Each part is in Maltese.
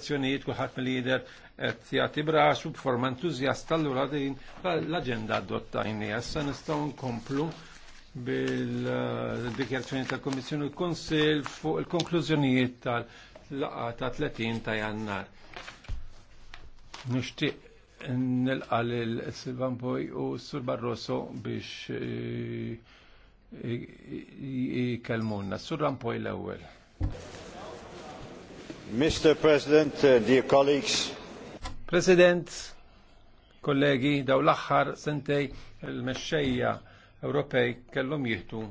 azzjonijiet kulħadd mill-lider qed jagħti braċu b'forma entużjasta allura din l-aġenda adottajni. Issa nistgħu nkomplu bil-dikjarazzjoni tal-Komissjoni u l-Konsil fuq il-konklużjonijiet tal-laqa ta' 30 ta' jannar. Nixtieq nilqa lil Silvan Boj u Sur Barroso biex jikelmunna. Sur Rampoj l-ewwel. Mr. President, uh, dear colleagues. President, kollegi, daw l-axħar sentej il-mexxejja Ewropej kellhom jieħdu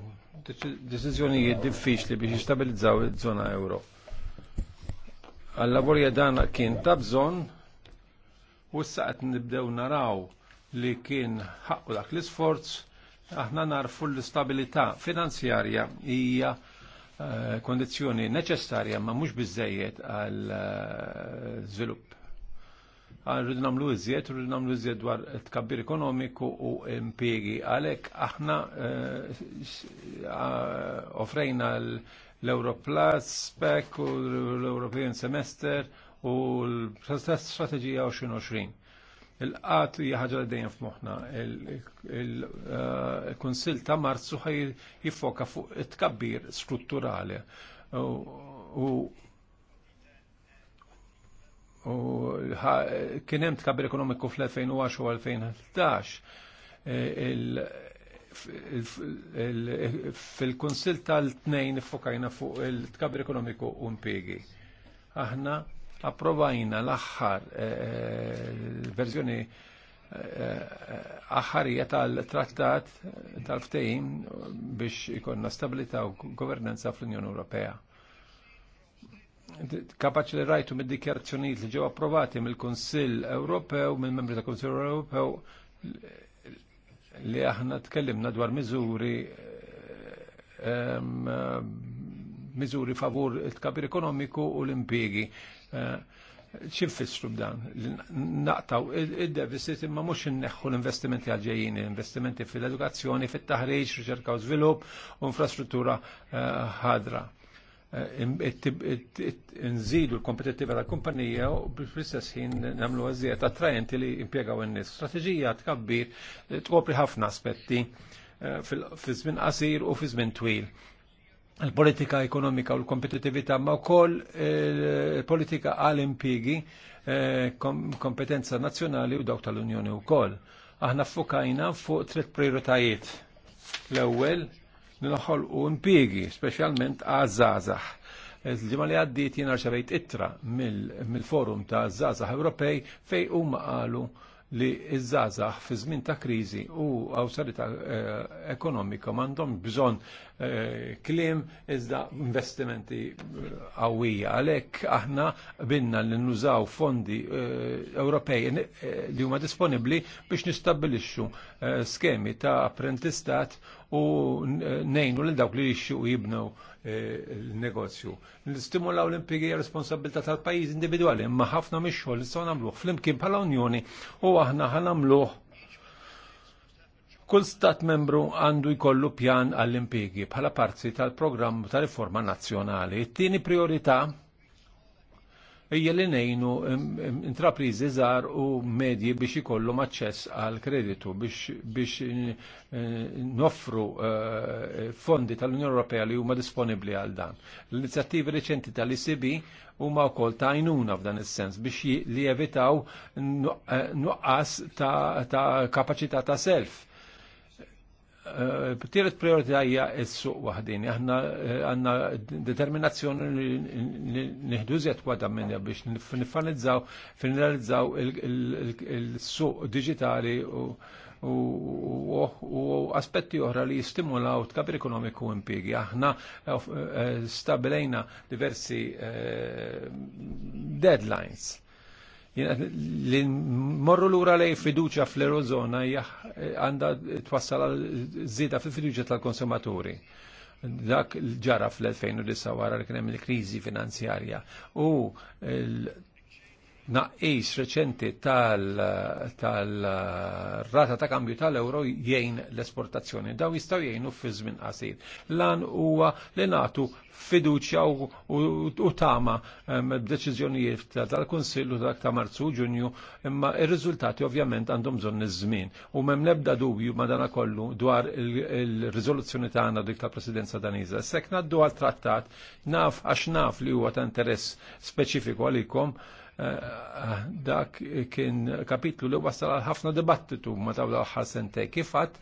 deċiżjonijiet diffiċli biex jistabilizzaw iż-żona euro. Għall-lavorja dan kien ta' bżonn u issa qed nibdew naraw li kien ħaqqu dak l-isforz aħna narfu l-istabilità finanzjarja hija Eh, kondizjoni neċessarja ma mhux biżejjed għal eh, żvilupp. Ah, rridu nagħmlu iżjed, rridu nagħmlu iżjed dwar tkabbir ekonomiku u impjegi. Għalhekk aħna eh, offrejna l-Europlus, spec u l-European Semester u l-Strategija 2020 Il-qat hija ħaġa li dejjem f'moħħna. Eh, Il-Kunsill ta' Marzu ħaj jiffoka fuq it-tkabbir strutturali. U kien hemm tkabbir ekonomiku fl-2010 u 2011 eh, fil-Kunsill tal-tnejn fokajna fuq il-tkabbir ekonomiku u impjegi. Aħna approvajna l-aħħar eh, eh, verżjoni eh, aħħarija tal-trattat tal-ftejn biex ikonna stabilita u governanza fl-Unjoni Ewropea. Kapaċi li rajtu mid-dikjarazzjonijiet li ġew approvati mill-Kunsill Ewropew, mill-membri tal kunsill Ewropew li aħna tkellimna dwar miżuri miżuri favur il-kabir ekonomiku u l-impiegi ċinfissru eh, b'dan, naqtaw il-deficit imma mux inneħħu l-investimenti għalġejjini: investimenti fil-edukazzjoni, fil-taħriġ, riċerka u svilup, u infrastruttura eh, ħadra. Eh, nżidu l-kompetittiva tal-kumpanija u bl istess ħin namlu għazziet attrajenti li impiegaw n-nis. Strategija tkabbir tkopri ħafna aspetti fi żmien qasir u fi żmien twil l-politika ekonomika u l-kompetitività ma wkoll il-politika għal-impigi eh, kompetenza nazzjonali u dawk tal-Unjoni wkoll. Aħna fukajna fuq tliet prioritajiet. L-ewwel nħol u impigi, speċjalment għaż-żgħażagħ. Il-ġimgħa li għaddiet jiena rċevejt ittra mill-forum ta' żgħażagħ Ewropej fejn huma qalu li iż-żazax fi żmien ta' kriżi u awtorità eh, ekonomika m'għandhom bżonn klim iżda investimenti għawija. Eh, Għalek aħna binna li nużaw fondi eh, Ewropej eh, li huma disponibli biex nistabilixxu skemi ta' apprentistat u nejnu li dawk li jixxu jibnew il-negozju. Nistimulaw l-impiegi e responsabilità tal pajiz individwali, imma ħafna mix-xogħol li nagħmluh fl-imkien bħala Unjoni u aħna ħanamluh kull stat membru għandu jkollu pjan għall impiegi bħala parti tal-programm ta' riforma nazzjonali. Tieni priorità hija li ngħinu intrapriżi żgħar u medji biex ikollhom aċċess għal kreditu biex biex eh, noffru eh, fondi tal-Unjoni Ewropea li huma disponibbli għal dan. L-inizjattivi reċenti tal icb huma wkoll ta' għajnuna f'dan is-sens biex li jevitaw eh, nuqqas ta' kapaċità ta' self Eh, Tiret priorità hija s-suq waħdin. Aħna eh, għandna determinazzjoni li nieħdu żed wada minnha biex nifanizzaw, finalizzaw il-suq digitali u aspetti oħra li jistimulaw tkabir ekonomiku u impiegi. Aħna eh, stabilejna diversi deadlines li morru l-ura lej fiduċa fl-erozona eh, għanda twassal zida fil-fiduċa tal-konsumaturi. Dak ġara fl-2009 wara li il-krizi finanzjarja u naqis reċenti tal-rata ta' kambju tal-euro jgħin l-esportazzjoni. Daw jistaw jgħinu fi żmien qasir. Lan huwa li nagħtu fiduċja u tama b'deċiżjonijiet tal-Kunsillu ta' Marzu Ġunju, imma ir-riżultati ovvjament għandhom bżonn iż-żmien. U mem nebda dubju madana kollu dwar il-riżoluzzjoni tagħna dik tal-Presidenza Daniza. Sekna ngħaddu għal-trattat naf għax naf li huwa ta' interess speċifiku għalikom Eh, dak kien kapitlu li wasal għal ħafna dibattitu ma tawla ħar sentej. Kifat,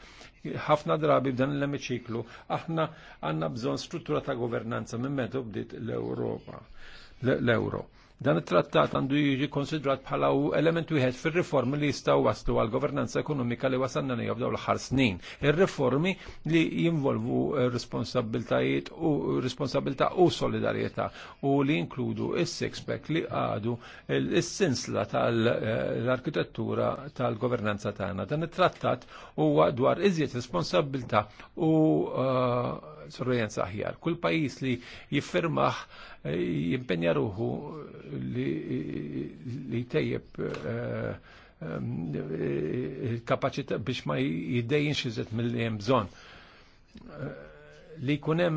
ħafna drabi b'dan l-emiċiklu, aħna għanna bżon struttura ta' governanza minn metu bdiet l-Europa, l Dan it-trattat għandu jiġi konsidrat bħala element wieħed fir-riformi li jistgħu waslu għal governanza ekonomika li wasalna li jobdaw l-ħar snin. Ir-riformi li jinvolvu responsabiltajiet u responsabilità u solidarjetà u li inkludu is-sixpack li għadu is-sinsla tal-arkitettura tal-governanza tagħna. Dan it-trattat huwa dwar iżjed responsabilità u uh, sorvejanza aħjar. Kull pajis li jiffirmaħ eh, jimpenja ruħu li tejjeb eh, eh, il biex ma jiddejjin xizet mill-li hemm bżonn li kunem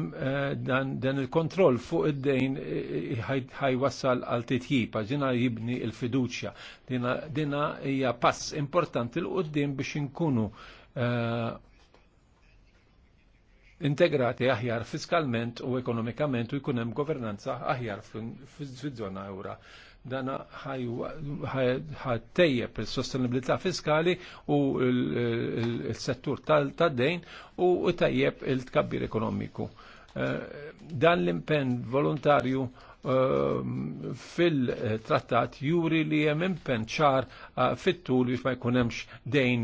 dan il-kontroll fuq id-dejn ħajwassal għal titjib, dina jibni il-fiduċja, dina hija pass importanti l-qoddim biex inkunu integrati aħjar fiskalment u ekonomikament u jkun hemm governanza aħjar fiż-żona ewra. Dana ħattejjeb il-sostenibilità fiskali u il-settur tad-dejn u tajjeb il-tkabbir ekonomiku. Eh, dan l-impenn volontarju eh, fil-trattat juri li jem impenn ċar eh, fit-tul biex ma jkunemx dejn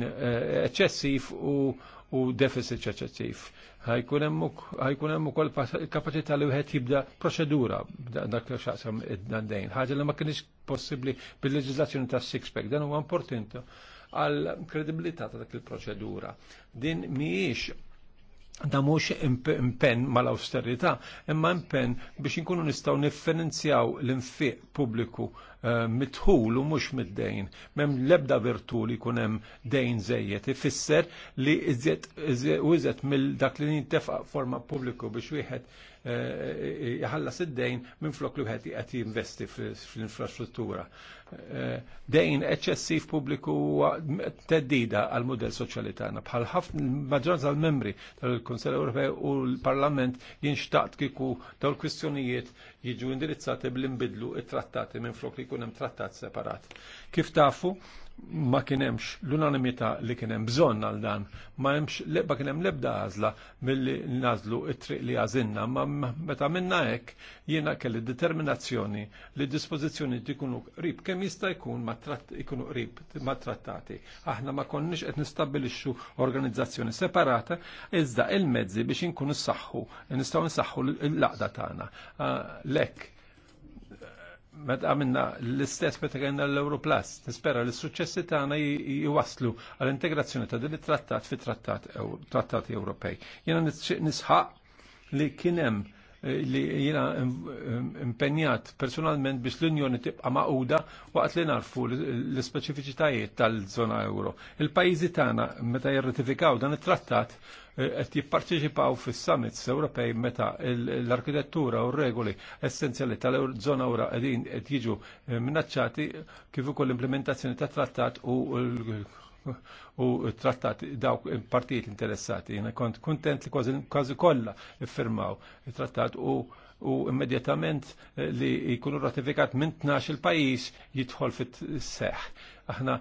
eċessif u deficit eċessif ħajkun hemm ukoll kapaċità li wieħed jibda proċedura dak xaqsam id-dandejn. Ħaġa li ma kienx possibbli bil-leġiżlazzjoni tas six pack dan huwa importanti għal kredibilità ta' dak il-proċedura. Din mhijiex da mux impen mal austerita imma impen biex nkunu nistaw niffinanzjaw l-infiq pubbliku Eh, mitħul u mhux mid-dejn. Mem lebda virtu li jkun hemm dejn żejjed ifisser li iżjed mill dak li nintefaq forma pubbliku biex wieħed jħallas eh, id-dejn minn flok li għet jgħet jinvesti fl-infrastruttura. Eh, dejn eċċessiv pubbliku huwa teddida għal mudell soċalitana. Bħal ħafna maġġoranza tal-membri tal-Kunsell Ewropew u l-Parlament jinxtaqt kieku dawn kwistjonijiet jiġu indirizzati bl imbidlu it-trattati minn flok li Kun hemm trattat separat. Kif tafu, ma kienemx l-unanimità li kienem bżonn għal dan, ma hemmx hemm l lebda għażla milli nażlu it-triq li għażilna, ma meta minna hekk jiena kelli determinazzjoni li dispożizzjoni ikunu qrib kemm jista' jkun ma tratt ikunu qrib ma trattati. Aħna ma konniex qed nistabbilixxu organizzazzjoni separata, iżda il-mezzi biex inkunu saħħu, nistgħu nsaħħu l-laqda tagħna. Ah, lek Meta għamilna l-istess meta kellna l europlas nispera li s-suċessi tagħna jwaslu għall-integrazzjoni ta' din it-trattat fi trattat trattati Ewropej. Jiena nisħaq li kien hemm eh, li jiena impenjat personalment biex l-Unjoni tibqa' maquda waqt li narfu l-ispeċifiċitajiet tal-żona euro. Il-pajjiżi tagħna meta jirratifikaw dan it-trattat qed jipparteċipaw fis-summits Ewropej meta l-arkitettura u r-regoli essenzjali tal-żona ewra qegħdin qed jiġu minaċċati kif ukoll l-implementazzjoni tat-trattat u u trattat dawk partijiet interessati. Jena kont kontent li kważi kollha iffirmaw it-trattat u u immedjatament li jkunu ratifikat minn 12 il-pajjiż jidħol fit-seħ. Aħna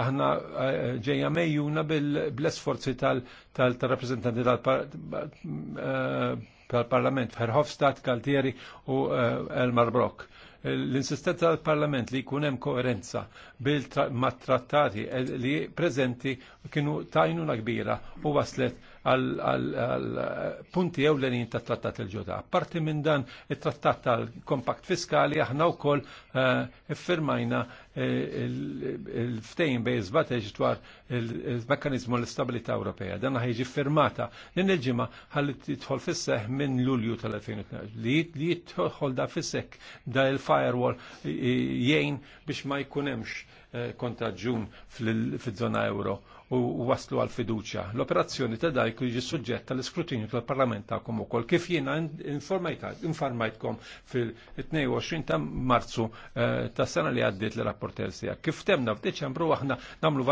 aħna eh, eh, ġejja mejjuna bil-esforzi tal-rappresentanti tal-Parlament, eh, Verhofstadt, Galtieri u Elmar Brock. L-insistenza tal-Parlament li jkun hemm koerenza bil-trattati li preżenti kienu tajnuna kbira u waslet għal punti ewlenin ta' trattat il ġoda Parti minn dan it-trattat tal-kompakt fiskali aħna wkoll eh, iffirmajna eh, il-ftejn bej zbateġ dwar il mekanizmu l istabilita Ewropea. Dan ħajġi firmata l-in il-ġimgħa ħalli tidħol fisseħ minn Lulju tal-2012 li jidħol da fissek da il-firewall jgħin biex ma jkunemx eh, kontagġun fil-żona euro u waslu għal fiduċja. L-operazzjoni ta' dajk jiġi suġġett tal-iskrutinju tal-Parlament tagħkom ukoll kif jiena informajtkom fil-22 ta' Marzu eh, ta' sena li għaddiet li rapporter tiegħek. Kif temna f'Diċembru aħna nagħmlu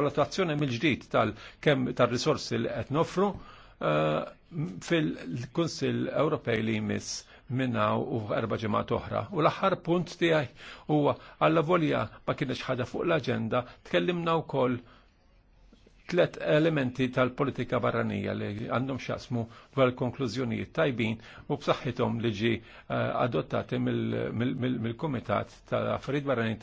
valutazzjoni mill-ġdid tal kem tar-risorsi li qed nofru eh, fil-Kunsill Ewropej li jmiss minnaw u erba ġemat oħra. U l-aħħar punt tiegħi huwa għalla volja ma kienx ħada fuq l-aġenda tkellimna wkoll tlet elementi tal-politika barranija li għandhom xasmu għal konklużjonijiet tajbin u b'saħħithom li ġi eh, adottati mill-Kumitat tal-Affarijiet Barranin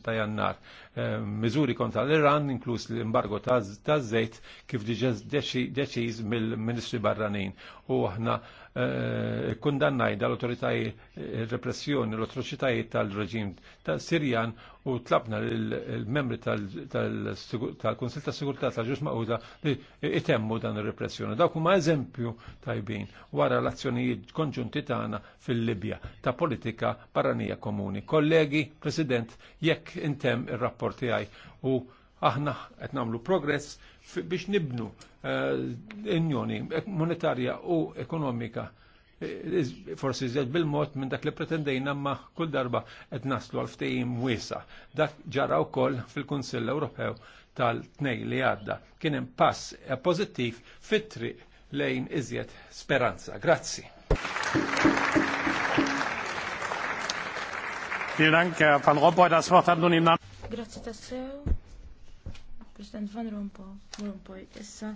ta' Jannar. Eh, miżuri kontra l-Iran, inkluż l-embargo ta' żejt kif deċiż mill-Ministri Barranin. U aħna eh, kundannajda l autoritaj repressjoni, l-atroċitajiet tal-reġim ta' Sirjan u tlabna l-membri tal-Konsil ta' Sigurtà tal ġusma li itemmu dan ir repressjoni Dawk huma eżempju tajbin wara l-azzjonijiet konġunti tagħna fil-Libja ta' politika barranija komuni. Kollegi, President, jekk intem ir-rapport tiegħi u aħna qed nagħmlu progress biex nibnu eh, unjoni monetarja u ekonomika eh, forsi zed bil-mod minn dak li pretendejna ma kull darba qed naslu għal ftehim wiesa. Dak ġara wkoll fil-Kunsill Ewropew tal-tnej li għadda. Kien hemm pass eh, pożittiv fit-triq lejn iżjed speranza. Grazzi. Vielen Dank, Herr Van Rompuy. Das Wort hat nun im Namen. Grazie tassew. President Van Rompuy, issa.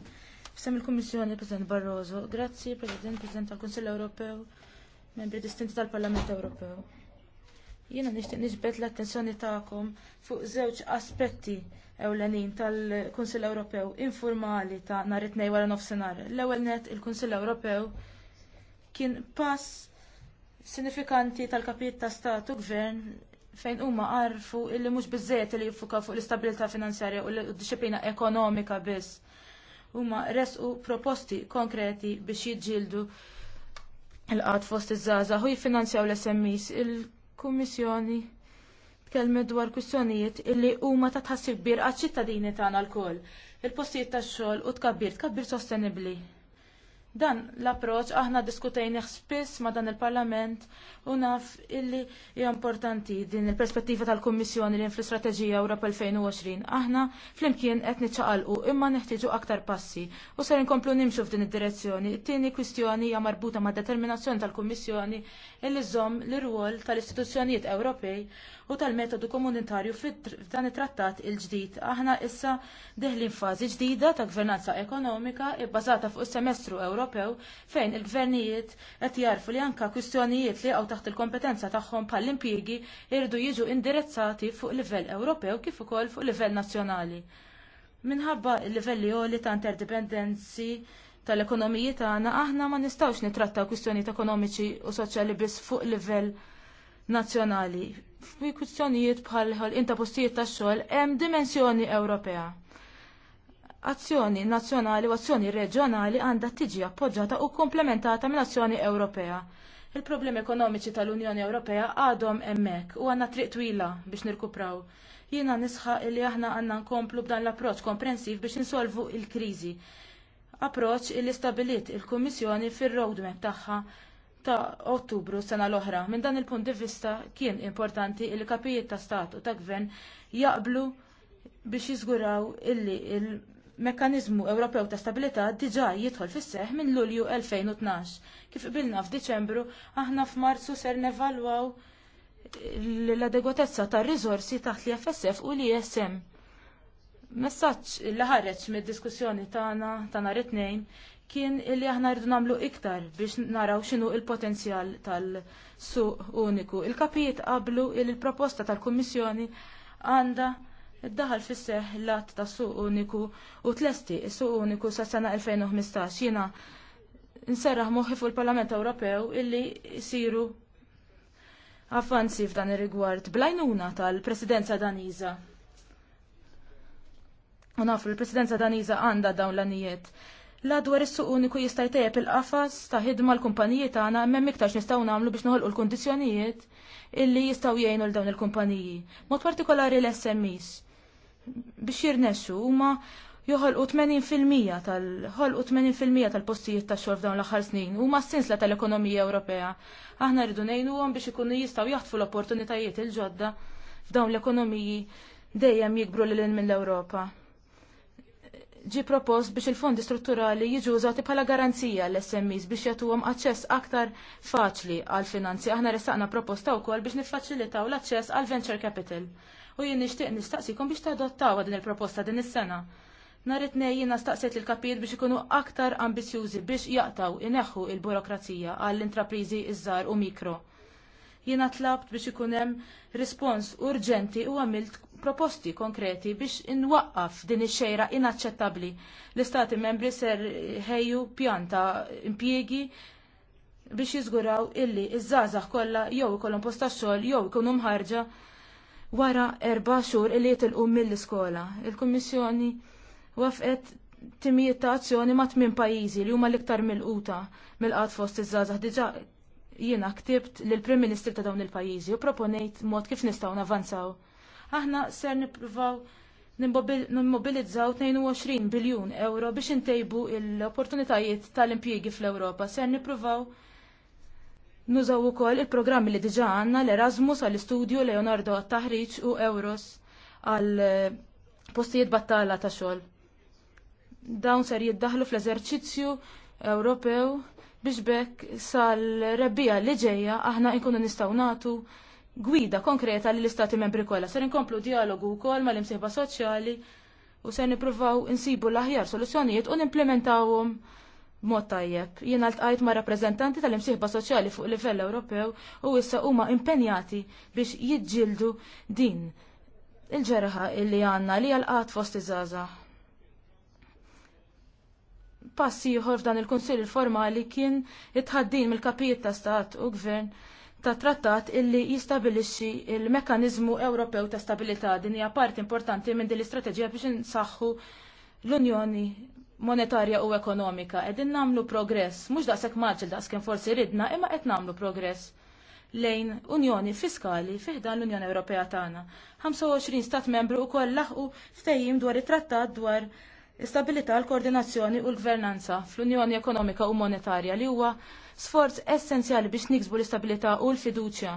Fissam il-Kommissjoni, President Barroso. Grazie, President, President tal-Konsil Ewropew, membri distinti tal-Parlament Ewropew. Jiena nixtieq niġbed l-attenzjoni tagħkom fuq żewġ aspetti ewlenin tal-Kunsill Ewropew informali ta' nhar it-tnejn wara nofsinhar. L-ewwel nett il-Kunsill Ewropew kien pass sinifikanti tal-kapijiet ta' Stat u gvern fejn huma għarfu illi mhux biżżejjed li jiffuka fuq l-istabilità finanzjarja u l-disciplina ekonomika biss. Huma resqu proposti konkreti biex jiġġieldu l-qad fost iż-żgħażagħ u jiffinanzjaw l-SMEs kummissjoni tkellmi dwar kwistjonijiet illi huma ta' tħassib kbir għaċ-ċittadini tagħna lkoll. Il-postijiet tax-xogħol u tkabbir, tkabbir sostenibbli. Dan l-approċ aħna diskutejni spiss ma dan il-Parlament u naf illi hija importanti din il-perspettiva tal-Kummissjoni li fl-Istrateġija Ewropa 2020. Aħna flimkien qed niċċaqalqu imma neħtieġu aktar passi u ser inkomplu nimxu f'din id-direzzjoni. It-tieni kwistjoni hija marbuta ma' determinazzjoni tal-Kummissjoni illi żomm l-irwol tal-istituzzjonijiet Ewropej u tal-metodu komunitarju f'dan it-trattat il-ġdid. Aħna issa deħlin fażi ġdida ta' gvernanza ekonomika bbażata fuq is-semestru Ewropew fejn il-gvernijiet qed jarfu li anke kwistjonijiet li għaw taħt il-kompetenza tagħhom bħall-impjiegi irdu jiġu indirezzati fuq livell Ewropew kif ukoll fuq livell nazzjonali minħabba l livelli għoli ta' interdependenzi tal-ekonomiji tagħna aħna ma nistgħux nitrattaw kwistjonijiet ekonomiċi u soċjali biss fuq livell nazzjonali kwistjonijiet bħal inta postijiet tax xogħol hemm dimensjoni Ewropea. Azzjoni nazzjonali u azzjoni reġjonali għandha tiġi appoġġjata u komplementata minn azzjoni Ewropea. Il-problemi ekonomiċi tal-Unjoni Ewropea għadhom hemmhekk u għandna triq twila biex nirkupraw. Jiena nisħa li aħna għandna nkomplu b'dan l-approċċ komprensiv biex insolvu l kriżi Approċċ li stabilit il-Kummissjoni fir-roadmap tagħha ta' Ottubru sena l-oħra. Minn dan il-punt di vista kien importanti li kapijiet ta' stat u ta' gvern jaqblu biex jiżguraw illi il-mekkanizmu Ewropew ta' stabilità diġà jidħol fis seħħ minn Lulju 2012. Kif qbilna f'Diċembru, aħna f'Marzu ser nevalwaw l-adegwatezza tar riżorsi taħt l FSF u l ISM. Messaġġ li ħareġ mid-diskussjoni tagħna ta' nhar it-tnejn kien illi aħna rridu nagħmlu iktar biex naraw x'inhu l potenzjal tal-suq uniku. Il-kapijiet qablu il-proposta tal-Kummissjoni għandha id-daħal fisseħ l-att tas-suq uniku u tlesti s-suq uniku sa' sena 2015 jiena nserraħ moħħi fuq il-Parlament Ewropew illi jsiru avvanzi f'dan ir-rigward blajnuna tal-Presidenza Daniża. U nafru l-Presidenza Daniża għandha dawn l-anijiet La dwar is-suq uniku jista' jtejjeb il-qafas ta' ħidma l-kumpaniji tagħna hemm iktarx nistgħu nagħmlu biex noħolqu l-kundizzjonijiet illi jistgħu jgħinu l dawn il-kumpaniji. Mod partikolari l-SMEs biex jirnexxu huma joħolqu 80% tal-ħolqu 80% tal-postijiet ta' xogħol f'dawn l-aħħar snin huma s-sinsla tal-ekonomija Ewropea. Aħna rridu ngħinuhom biex ikunu jistgħu jaħtfu l-opportunitajiet il-ġodda f'dawn l-ekonomiji dejjem jikbru lil minn l-Ewropa ġi propost biex il-fondi strutturali jiġu użati bħala garanzija l smis biex jagħtuhom aċċess aktar faċli għal finanzi. Aħna ressaqna proposta wkoll biex niffaċilitaw l-aċċess għal venture capital. U jien nixtieq nistaqsikom biex tadottaw din il-proposta din is-sena. Nhar it-tnejn jiena staqset il-kapijiet biex ikunu aktar ambizjużi biex jaqtaw ineħħu il-burokrazija għall intrapriżi iż-żgħar u mikro. Jiena tlabt biex ikun hemm rispons urġenti u għamilt proposti konkreti biex inwaqqaf din ix-xejra inaċċettabbli. L-Istati membri ser ħejju pjanta impjiegi biex jiżguraw illi iż-żgħażagħ kollha jew ikollhom posta xogħol jew ikunu mħarġa wara erba' xhur illi jitilqu mill-iskola. Il-Kummissjoni wafqet timijiet ta' azzjoni ma' tmien pajjiżi li huma l-iktar mill-quta mill-qat fost iż-żgħażagħ diġà jiena ktibt lill prim Ministri ta' dawn il-pajjiżi u proponejt mod kif nistgħu navanzaw aħna ser nippruvaw nimmobilizzaw 22 biljun euro biex intejbu l-opportunitajiet tal-impjiegi fl-Ewropa. Ser nippruvaw nużaw ukoll il-programmi li diġà għandna l-Erasmus għall-istudju Leonardo għat-taħriġ u Euros għal eh, postijiet battala ta' xogħol. Dawn ser jiddaħlu fl-eżerċizzju Ewropew biex bekk sal-rebbija li ġejja aħna nkunu nistgħu nagħtu gwida konkreta li l-istati membri kollha. Ser inkomplu dialogu wkoll mal imsiħba soċjali u ser nippruvaw insibu l-aħjar soluzzjonijiet u nimplementawhom mod tajjeb. Jien ltqajt ma' rappreżentanti tal imsiħba soċjali fuq livell Ewropew u issa huma impenjati biex jiġġieldu din il-ġerħa illi għandna li għal-qat fost iż-żgħażagħ passi ieħor f'dan il-Kunsill formali kien itħaddin mill-kapijiet ta' stat u gvern ta' trattat illi jistabilixxi il-mekkaniżmu Ewropew ta' stabilità din hija parti importanti minn din l-istrateġija biex insaħħu l-Unjoni monetarja u ekonomika. Qegħdin nagħmlu progress, mhux daqshekk maġil daqskemm forsi ridna, imma qed nagħmlu progress lejn Unjoni Fiskali fiħdan l-Unjoni Ewropea tagħna. 25 stat membru wkoll laħqu ftehim dwar it-trattat dwar stabilità l-koordinazzjoni u l-gvernanza fl-Unjoni Ekonomika u Monetarja li huwa sforz essenzjali biex niksbu l-istabilità u l-fiduċja.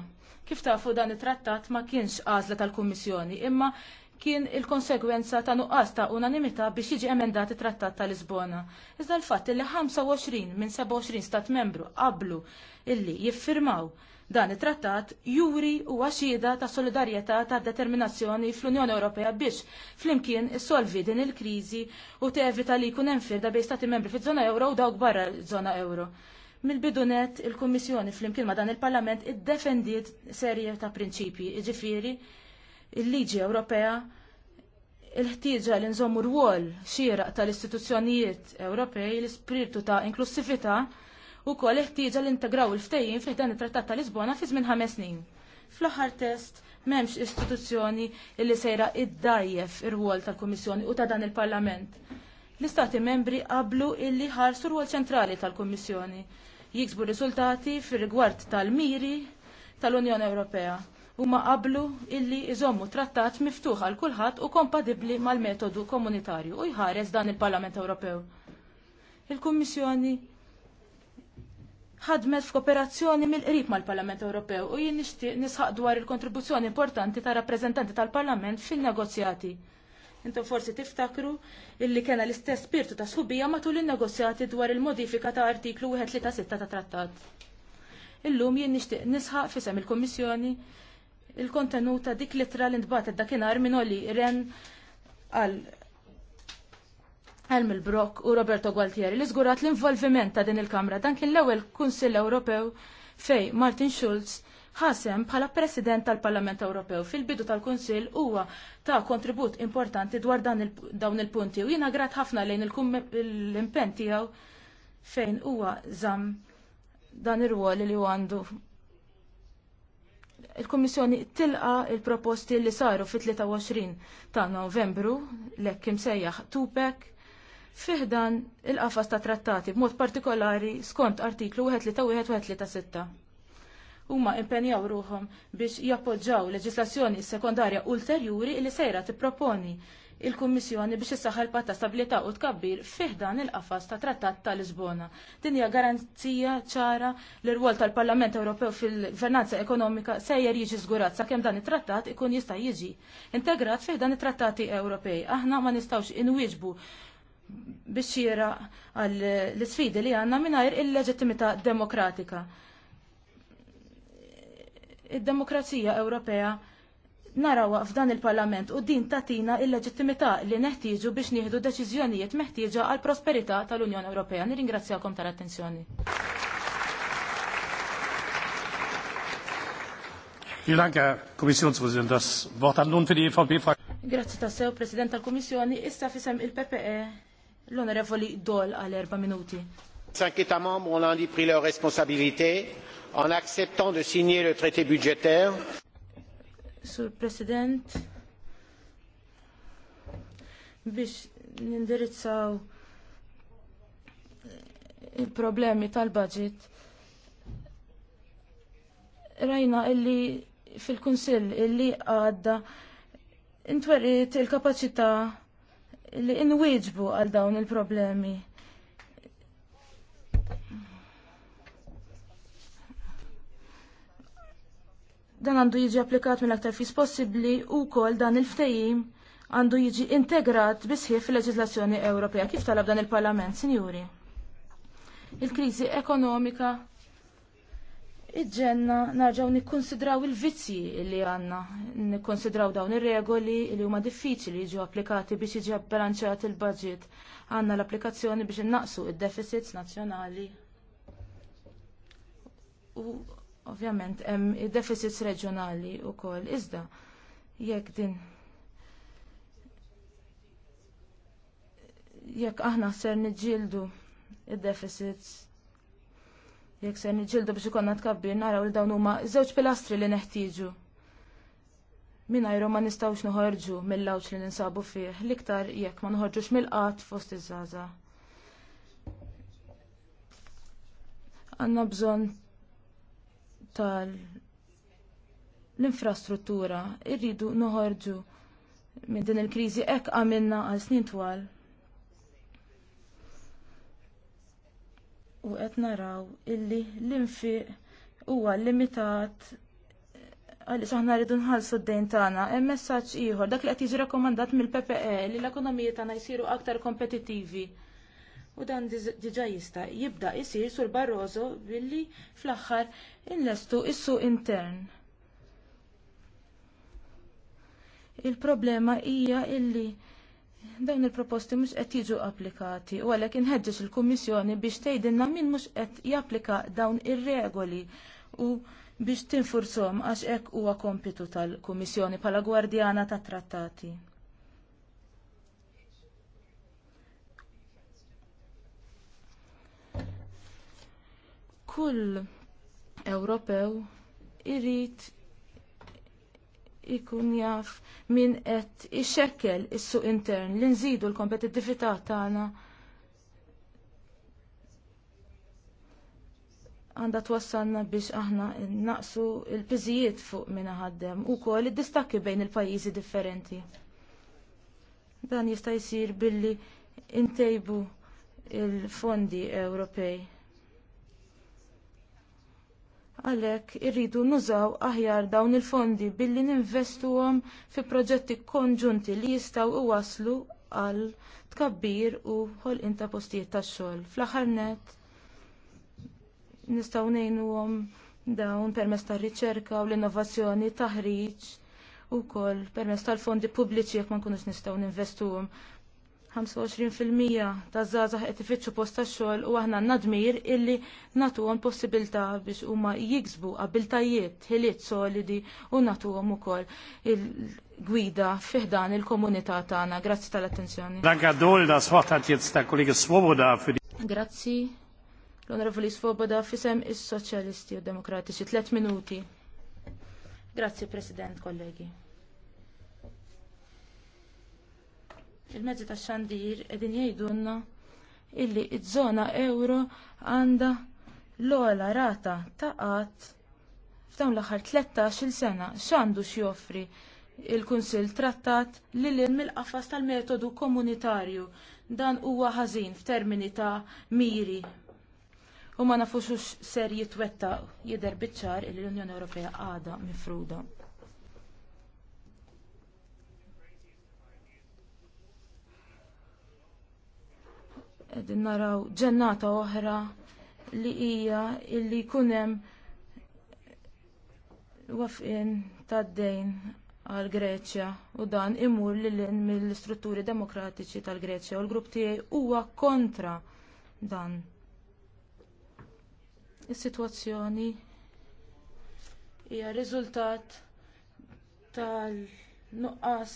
Kif tafu dan it-trattat ma kienx għażla tal-Kummissjoni, imma kien il-konsekwenza ta' nuqqas ta' unanimità biex jiġi emendat it-Trattat ta' Lisbona. Iżda l-fatt li 25 minn 27 stat membru qablu illi jiffirmaw dan it-trattat juri u għaxida ta' solidarjetà ta' determinazzjoni fl-Unjoni Ewropea biex flimkien issolvi din il-kriżi u tevita li jkun hemm firda bejn stati membri fiż-żona euro u dawk barra żona euro. Mill-bidunet il-Kummissjoni fl-imkien ma' dan il-Parlament iddefendiet serje ta' prinċipji, iġifiri, il-liġi Ewropea il-ħtieġa li nżommu rwol xieraq tal-istituzzjonijiet Ewropej l-ispirtu ta' inklusività u kol ħtieġa li integraw il-ftejjin fih dan it-Trattat ta' Lisbona fi żmien ħames snin. Fl-aħħar test m'hemmx istituzzjoni li sejra iddajjef ir-rwol tal-Kummissjoni u ta' dan il-Parlament. L-Istati membri qablu illi ħarsu rwol ċentrali tal-Kummissjoni jiksbu riżultati fir-rigward tal-miri tal-Unjoni Ewropea huma qablu illi iżommu trattat miftuħ għal kulħadd u kompatibbli mal-metodu komunitarju u jħares dan il-Parlament Ewropew. Il-Kummissjoni ħadmet f'kooperazzjoni mill-qrib mal-Parlament Ewropew u jien nixtieq nisħaq dwar il-kontribuzzjoni importanti ta' rappreżentanti tal-Parlament fin-negozjati. Intom forsi tiftakru illi kena l-istess spirtu ta' sħubija matul il-negozjati dwar il-modifika ta' artiklu 136 ta' trattat. Illum jien nixtieq nisħaq fisem il-Kommissjoni il kontenuta dik litra l ntbatet dakinhar minn Oli Ren għal Elmil Brock u Roberto Gualtieri li żgurat l-involviment ta' din il-Kamra dan kien l-ewwel Kunsill Ewropew fej Martin Schulz ħasem bħala President tal-Parlament Ewropew fil-bidu tal-Kunsill huwa ta' kontribut importanti dwar dawn il-punti u jiena grat ħafna lejn l-impenn tiegħu fejn huwa żamm dan ir-rwol li għandu il-Kommissjoni tilqa il-proposti li saru fit-23 ta' Novembru lekk imsejjaħ Tupek fiħdan il-qafas ta' trattati b'mod partikolari skont artiklu 1 u 1 6 huma impenjaw ruhom biex jappoġġaw leġislazzjoni sekondarja ulterjuri li sejra tipproponi il-Kummissjoni biex issaħħar patta stabilità u tkabbir fiħdan il-qafas ta' Trattat ta' Lisbona. Din hija garanzija ċara li r-rwol tal-Parlament Ewropew fil-gvernanza ekonomika sejjer jiġi żgurat sakemm dan it-trattat ikun jista' jiġi integrat fiħdan it-trattati Ewropej. Aħna ma nistgħux inwieġbu biex jira għall-sfidi li għandna mingħajr il-leġittimità demokratika id-demokrazija Ewropea narawha f'dan il-Parlament u din tatina il-leġittimità li neħtieġu biex nieħdu deċiżjonijiet meħtieġa għal prosperità tal-Unjoni Ewropea. Nirringrazzjakom tal-attenzjoni. Grazzi tassew, President tal-Kummissjoni, issa fisem il-PPE l-Onorevoli Dol għal erba' minuti. Cinq États membres ont lundi pris leurs responsabilités en acceptant de signer le traité budgétaire. Sur President, biex nindirizzaw il-problemi tal-budget, rajna illi fil-Kunsill illi għadda intwerit il-kapacità li inwieġbu għal dawn il-problemi. Dan għandu jiġi applikat minn aktar fis possibbli u kol dan il-ftejim għandu jiġi integrat bisħieħ fil-leġislazzjoni Ewropea kif talab dan il-Parlament, sinjuri. Il-kriżi ekonomika iġġenna narġaw nikkonsidraw il-vizzi li għanna, nikkonsidraw dawn ir-regoli li huma diffiċli jiġu applikati biex jiġi abbalanċat il-budget. Għanna l-applikazzjoni biex naqsu id-deficits nazzjonali. U Ovvjament, hemm deficits reġjonali wkoll iżda jekk din jekk aħna ser niġġieldu id-deficits jekk ser niġildu biex ikonna tkabbir naraw li dawn huma żewġ pilastri li neħtieġu. Minajru ma nistawx noħorġu mill-lawċ li ninsabu fih, liktar jekk ma nħorġux mill-qat fost iż-żaza. Għanna bżon tal l-infrastruttura irridu noħorġu minn din il-kriżi hekk għamilna għal snin twal. U qed naraw illi l-infiq huwa limitat għaliex aħna rridu nħallsu d-dejn tagħna. Hemm messaġġ ieħor dak li qed jiġi rakkomandat mill-PPE li l-ekonomija tagħna jsiru aktar kompetittivi u dan diġà jista jibda jsir sur Barroso billi fl-aħħar inlestu issu intern. Il-problema hija illi dawn il-proposti mhux qed jiġu applikati u għalhekk inħeġġeġ il-Kummissjoni biex tgħidilna min mhux qed japplika dawn ir-regoli u biex tinfurzhom għax hekk huwa kompitu tal-Kummissjoni bħala gwardjana tat-trattati. Kull Ewropew irid ikun jaf min qed ixekkel is-suq intern li nżidu l-kompetittività tagħna. għanda twassalna biex aħna naqsu il-piżijiet fuq minna ħaddem u kol id-distakki bejn il-pajjiżi differenti. Dan jista' jsir billi intejbu il-fondi Ewropej Għalhekk irridu nużaw aħjar dawn il-fondi billi ninvestuhom fi proġetti konġunti li jistgħu iwasslu għal tkabbir u ħolqien ta' postijiet tax-xogħol. Fl-aħħar nett nistgħu ngħinuhom dawn permezz tar-riċerka u l-innovazzjoni taħriġ ukoll permezz tal-fondi pubbliċi jekk ma nkunux nistgħu ninvestuhom. 25% ta' żgħażagħ qed ifittxu post tax-xogħol u aħna nadmir illi nagħtuhom possibilità biex huma jiksbu abiltajiet ħiliet solidi u nagħtuhom ukoll il-gwida fiħdan il-komunità tagħna. Grazzi tal-attenzjoni. Grazzi l-Onorevoli Svoboda fisem is-Soċjalisti u Demokratiċi. Tlet minuti. Grazzi President, kollegi. il-mezzi tax xandir qegħdin jgħidulna illi iż-żona euro għandha l-ogħla rata ta' qatt f'dawn l-aħħar 13-il sena x'għandu x'joffri il-Kunsill trattat lil li mill-qafas tal-metodu komunitarju dan huwa ħażin f'termini ta' miri u ma nafux ser jitwettaq jidher biċ-ċar li l-Unjoni Ewropea għadha mifruda. Qegħdin naraw ġennata oħra li hija illi jkun hemm wafqin tad-dejn għall Greċja u dan imur lil in mill-istrutturi demokratiċi tal-Greċja u l-grupp tiegħi huwa kontra dan. Is-sitwazzjoni hija riżultat tal-nuqqas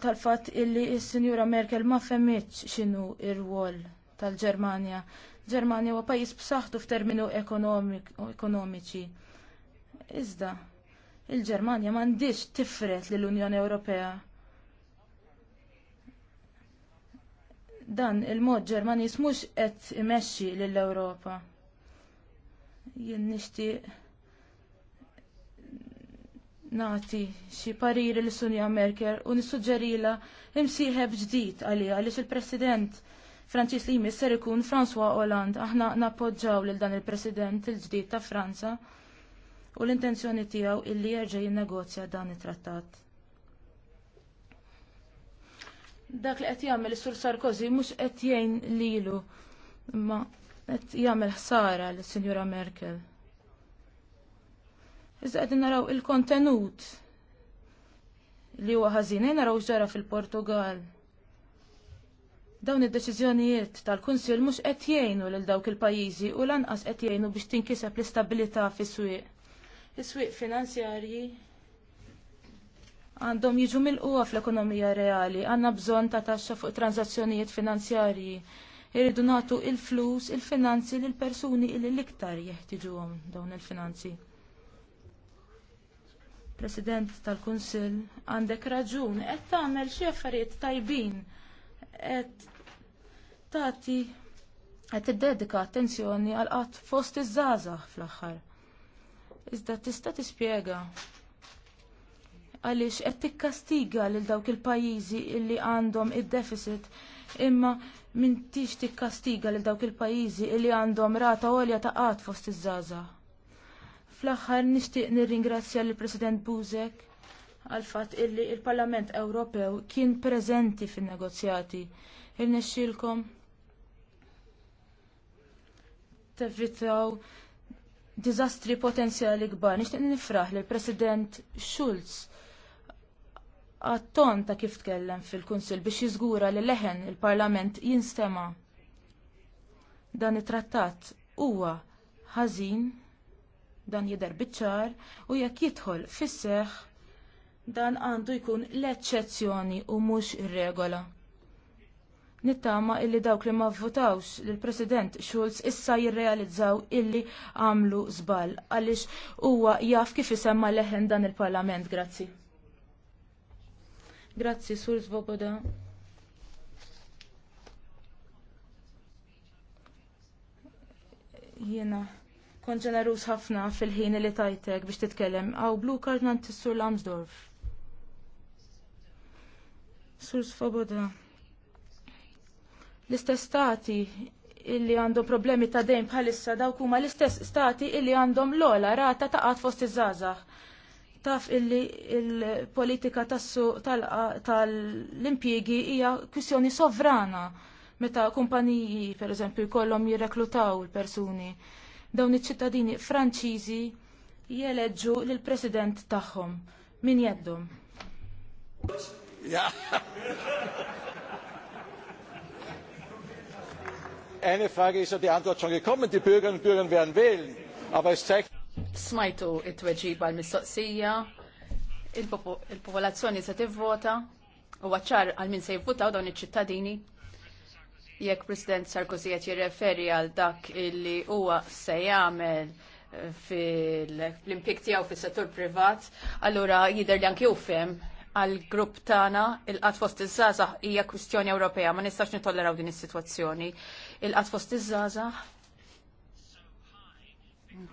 tal-fatt illi s-Sinjura Merkel ma femmitx x'inhu r wol tal-Ġermanja. Ġermanja huwa pajjiż b'saħħtu f'terminu ekonomiċi. Iżda, il-Ġermanja m'għandix tifret lill unjoni Ewropea. Dan il-mod Ġermaniż mhux qed imexxi lill-Ewropa. Jien nixtieq Nati xi pariri li Sunja Merkel u nissuġġerila imsieħeb ġdid għaliha għaliex il-President Franċis li jmiss ser ikun François Hollande. Aħna nappoġġaw lil dan il-President il-ġdid ta' Franza u l-intenzjoni tiegħu illi jerġa' jinnegozja dan it-trattat. Dak li qed jagħmel is-Sur Sarkozy mhux qed jgħin lilu, ma qed jagħmel ħsara lis-Sinjura Merkel. Iżda għedin naraw il-kontenut li huwa ħażin, naraw ġara fil-Portugal. Dawn id-deċiżjonijiet tal-Kunsill mhux qed jgħinu lil dawk il-pajjiżi u lanqas qed jgħinu biex tinkiseb l-istabilità fis-swieq. Is-swieq finanzjarji għandhom jiġu mill-qwa fl-ekonomija reali, għandna bżonn ta' taxxa fuq transazzjonijiet finanzjarji. Irridu nagħtu il-flus, il-finanzi lill persuni il liktar iktar jeħtiġuhom dawn il-finanzi. President tal-Kunsill, għandek raġun, qed tagħmel xi affarijiet tajbin, qed tagħti qed tiddedika attenzjoni għal qatt fost iż-żgħażagħ fl-aħħar. Iżda tista' tispjega għaliex qed tikkastiga lil dawk il-pajjiżi illi għandhom id-deficit imma mintix tikkastiga lil dawk il-pajjiżi illi għandhom rata għolja ta' qatt fost iż-żgħażagħ Fl-aħħar nixtieq nirringrazzja lill president Buzek għal fatt illi l il parlament Ewropew kien preżenti fin-negozjati. Il-nexxilkom tevitaw diżastri potenzjali kbar. Nixtieq nifraħ lill president Schulz għat-ton ta' kif tkellem fil-Kunsil biex jiżgura li leħen il-Parlament jinstema' dan it-trattat huwa ħażin dan jidher biċ-ċar u jekk jidħol fis-seħħ dan għandu jkun l-eċċezzjoni u mhux ir-regola. Nittama illi dawk li ma votawx lill president Schulz issa jirrealizzaw illi għamlu żball għaliex huwa jaf kif isemma leħen dan il-Parlament, grazzi. Grazzi, Sur Svoboda. Jiena Kon ġenerus ħafna fil-ħin li tajtek biex titkellem. Għaw blu card nan tissur Lamsdorf. Sur Svoboda. L-istess stati illi għandhom problemi ta' dejn bħalissa dawk huma l-istess stati illi għandhom l-ola rata ta' qatt fost iż żazax Taf illi il-politika tassu tal-impjiegi hija kwistjoni sovrana meta kumpaniji pereżempju jkollhom jirreklutaw il-persuni. il persuni dawn iċ-ċittadini Franċiżi jeleġġu lill president tagħhom min jeddum. Eine Frage ist ja die Antwort schon gekommen, die Bürgerinnen und Bürger werden wählen, aber es zeigt... Smajtu it-tweġiba l-mistoqsija, il-popolazzjoni se tivvota, u għacċar għal min se jivvota u dawn iċ-ċittadini jekk President Sarkozy qed jirreferi għal dak illi huwa se jagħmel eh, fil-impik tiegħu fis-settur privat, allura jidher li anke jufem għal grupp tagħna il-qatt fost iż-żgħażagħ hija kwistjoni Ewropea, ma nistax nitolleraw din is-sitwazzjoni. Il-qatt fost iż-żgħażagħ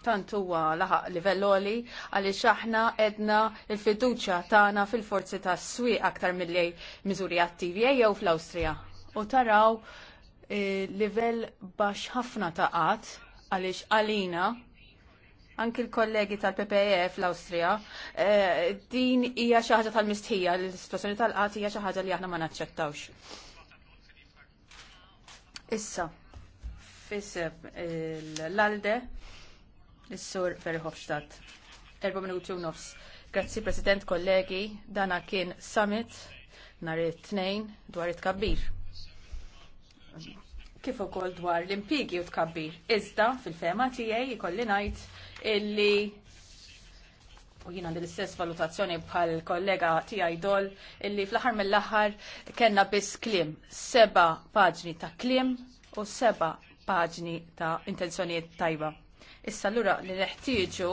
tant huwa laħaq livell oli għaliex aħna edna il-fiduċja tagħna fil-forzi tas-swieq aktar milli miżuri attivi jew fl-Awstrija. U taraw Eh, livell baxx ħafna ta' qatt għaliex għalina anki l-kollegi tal-PPF e l-Awstrija, eh, din hija xi ħaġa tal-mistħija, l-istituzzjoni tal-qatt hija xi ħaġa li aħna ma naċċettawx. Issa, fiseb eh, l-Alde, l-Sur Verhofstadt, erba minuti u nofs. Grazzi, President, kollegi, dana kien summit nhar it tnejn dwar it-kabbir kif ukoll dwar l-impigi u tkabbir. Iżda fil-fema tiegħi jkolli ngħid illi u jina għandi l-istess valutazzjoni bħal kollega tiegħi dol illi fl-aħħar mill-aħħar kellna biss klim, seba paġni ta' klim u seba paġni ta' intenzjonijiet tajba. Issa l-ura li neħtieġu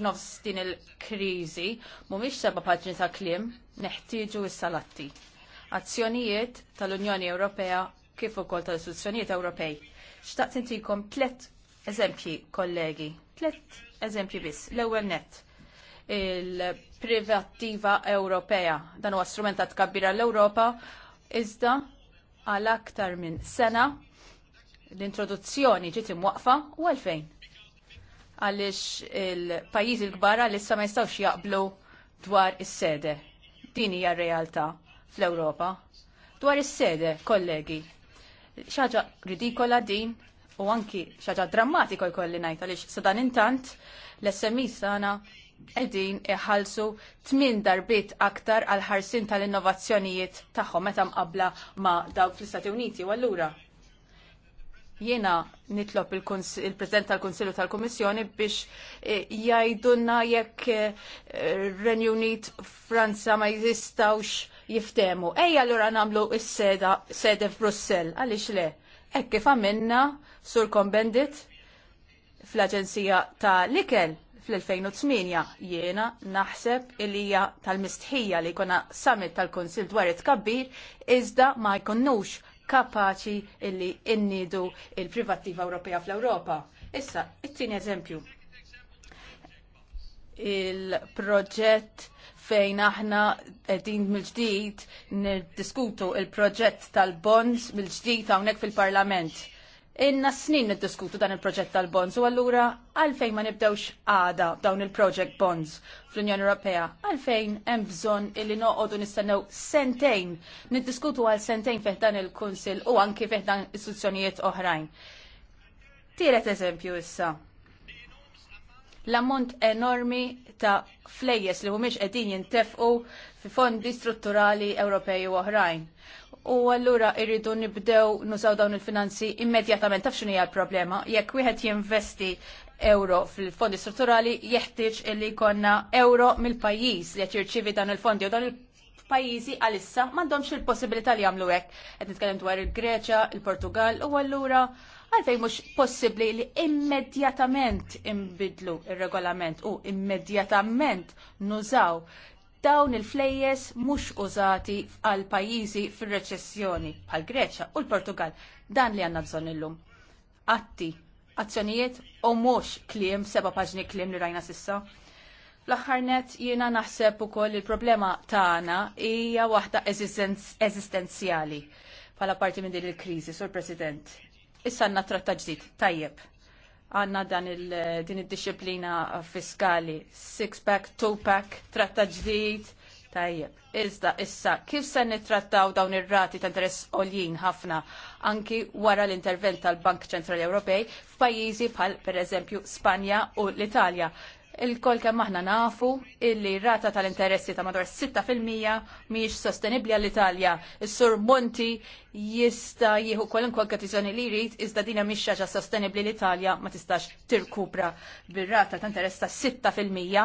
f'nofs din il-kriżi mhumiex seba' paġni ta' klim, neħtieġu is-salatti. Azzjonijiet tal-Unjoni Ewropea kif ukoll tal-istituzzjonijiet Ewropej. Xtaqt intikom tlet eżempji, kollegi, tlet eżempji biss. L-ewwel net il-privattiva Ewropea. Dan huwa strument ta' tkabbira l-Ewropa iżda għal aktar minn sena l-introduzzjoni ġiet imwaqfa u għalfejn. Għaliex il-pajjiżi l li issa ma jistgħux jaqblu dwar is-sede. Din hija r-realtà fl-Ewropa. Dwar is-sede, kollegi, xaġa ridikola din u anki xaġa drammatika jkolli ngħid għaliex sadan intant l-SMIs e għana qegħdin iħallsu tmin darbit aktar għal ħarsin tal-innovazzjonijiet tagħhom meta mqabbla ma' dawk fl-Istati Uniti u allura Jiena nitlob il-President tal-Konsilju tal-Komissjoni biex eh, jajdunna jekk eh, Renju Unit Franza ma jistawx jiftemu. Ejja allura nagħmlu s-seda sede f'Brussell, għaliex le. Hekk kif għamilna sur Kombendit fl-Aġenzija ta' Likel fl-2008 jiena naħseb li tal-mistħija li jkollna summit tal konsil dwar it kabbir iżda ma jkonnux kapaċi illi innidu il-privattiva Ewropea fl-Ewropa. Issa, it-tieni eżempju. Il-proġett fejn aħna mil mill-ġdid niddiskutu il-proġett tal-bonds mill-ġdid hawnhekk fil-Parlament. Inna snin niddiskutu dan il-proġett tal-bonds u allura għalfejn ma nibdewx għada dawn il-project bonds fl-Unjoni Ewropea. Għalfejn hemm bżonn illi noqogħdu nistennew sentejn niddiskutu għal sentejn fih dan il-Kunsill u anke fih dan istituzzjonijiet oħrajn. Tielet eżempju issa l-ammont enormi ta' flejjes li mhumiex qegħdin jintefqu fi fondi strutturali Ewropej u oħrajn. U allura irridu nibdew nużaw dawn il-finanzi immedjatament taf x'inhi l-problema jekk wieħed jinvesti euro fil-fondi strutturali jeħtieġ li jkollna euro mill-pajjiż li qed jirċievi dan il-fondi u dan il pajjiżi għalissa m'għandhomx il-possibilità li jagħmlu hekk. Qed nitkellem dwar il-Greċja, il-Portugal u allura Għalfejn mhux possibbli li immedjatament imbidlu il regolament u immedjatament nużaw dawn il-flejjes mhux użati għal pajjiżi fir-reċessjoni bħal Greċja u l-Portugal. Dan li għandna bżonn illum. Atti, azzjonijiet u mhux kliem, seba' paġni kliem li rajna sissa. L-aħħarnet jiena naħseb koll il-problema tagħna hija waħda eżistenzjali bħala parti minn din il-kriżi, Sur President. Issa għanna tratta ġdid, tajjeb. Għanna dan il, din id-disciplina fiskali, six-pack, two-pack, tratta ġdid, tajjeb. Iżda, issa, kif se nittrattaw dawn ir-rati ta' interess oljin ħafna anki wara l-intervent tal-Bank Ċentrali Ewropej f'pajjiżi bħal pereżempju Spanja u l-Italja Il-kol kemm aħna nafu illi rata tal-interessi ta' madwar 6% mhijiex sostenibbli għall-Italja. Is-Sur Monti jista' jieħu kwalunkwe okkażjoni li jrid iżda din mhix xaġa sostenibbli l-Italja ma tistax tirkupra bir-rata ta' interess ta' 6%.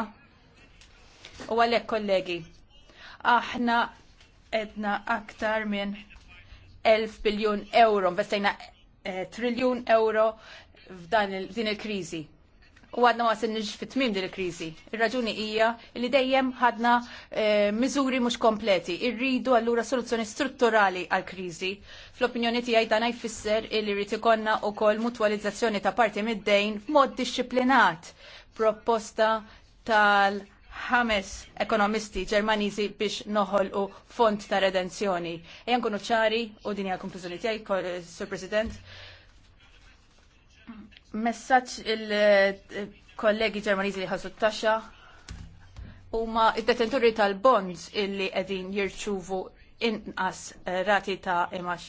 U għalhekk kollegi, aħna edna aktar minn 1000 biljun euro, investejna eh, triljun euro f'din il-kriżi u għadna ma s-sinniġ fit-tmim din il-krizi. Il-raġuni hija li dejjem għadna eh, miżuri mhux kompleti. Irridu allura soluzzjoni strutturali għal-krizi. Fl-opinjoni tiegħi dan jfisser li konna ikonna wkoll mutwalizzazzjoni ta' parti mid-dejn f'mod dixxiplinat. Proposta tal- ħames ekonomisti ġermaniżi biex noħolqu fond ta' redenzjoni. Ejan nkunu ċari u din hija konklużjoni tiegħi, eh, Sur President, messaċ il-kollegi ġermaniżi li ħassu t-taxxa huma id-detenturi tal-bonds illi qegħdin jirċuvu inqas eh, rati ta' imax.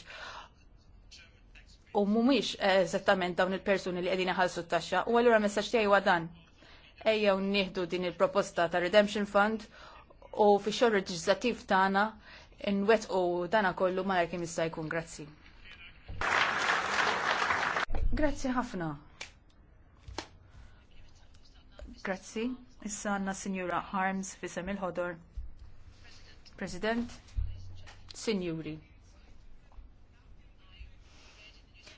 U mumiex eh, eżattament dawn il-persuni li qegħdin iħallsu t-taxxa. U allura messaġġ tijaj huwa dan. Ejjew nieħdu din il-proposta ta' Redemption Fund u fi xogħol in tagħna nwettqu dana kollu malar kien jista' jkun. Grazzi. Grazzi ħafna. Grazzi. Issa għanna Signora Harms fissem il-ħodor. President, Signori.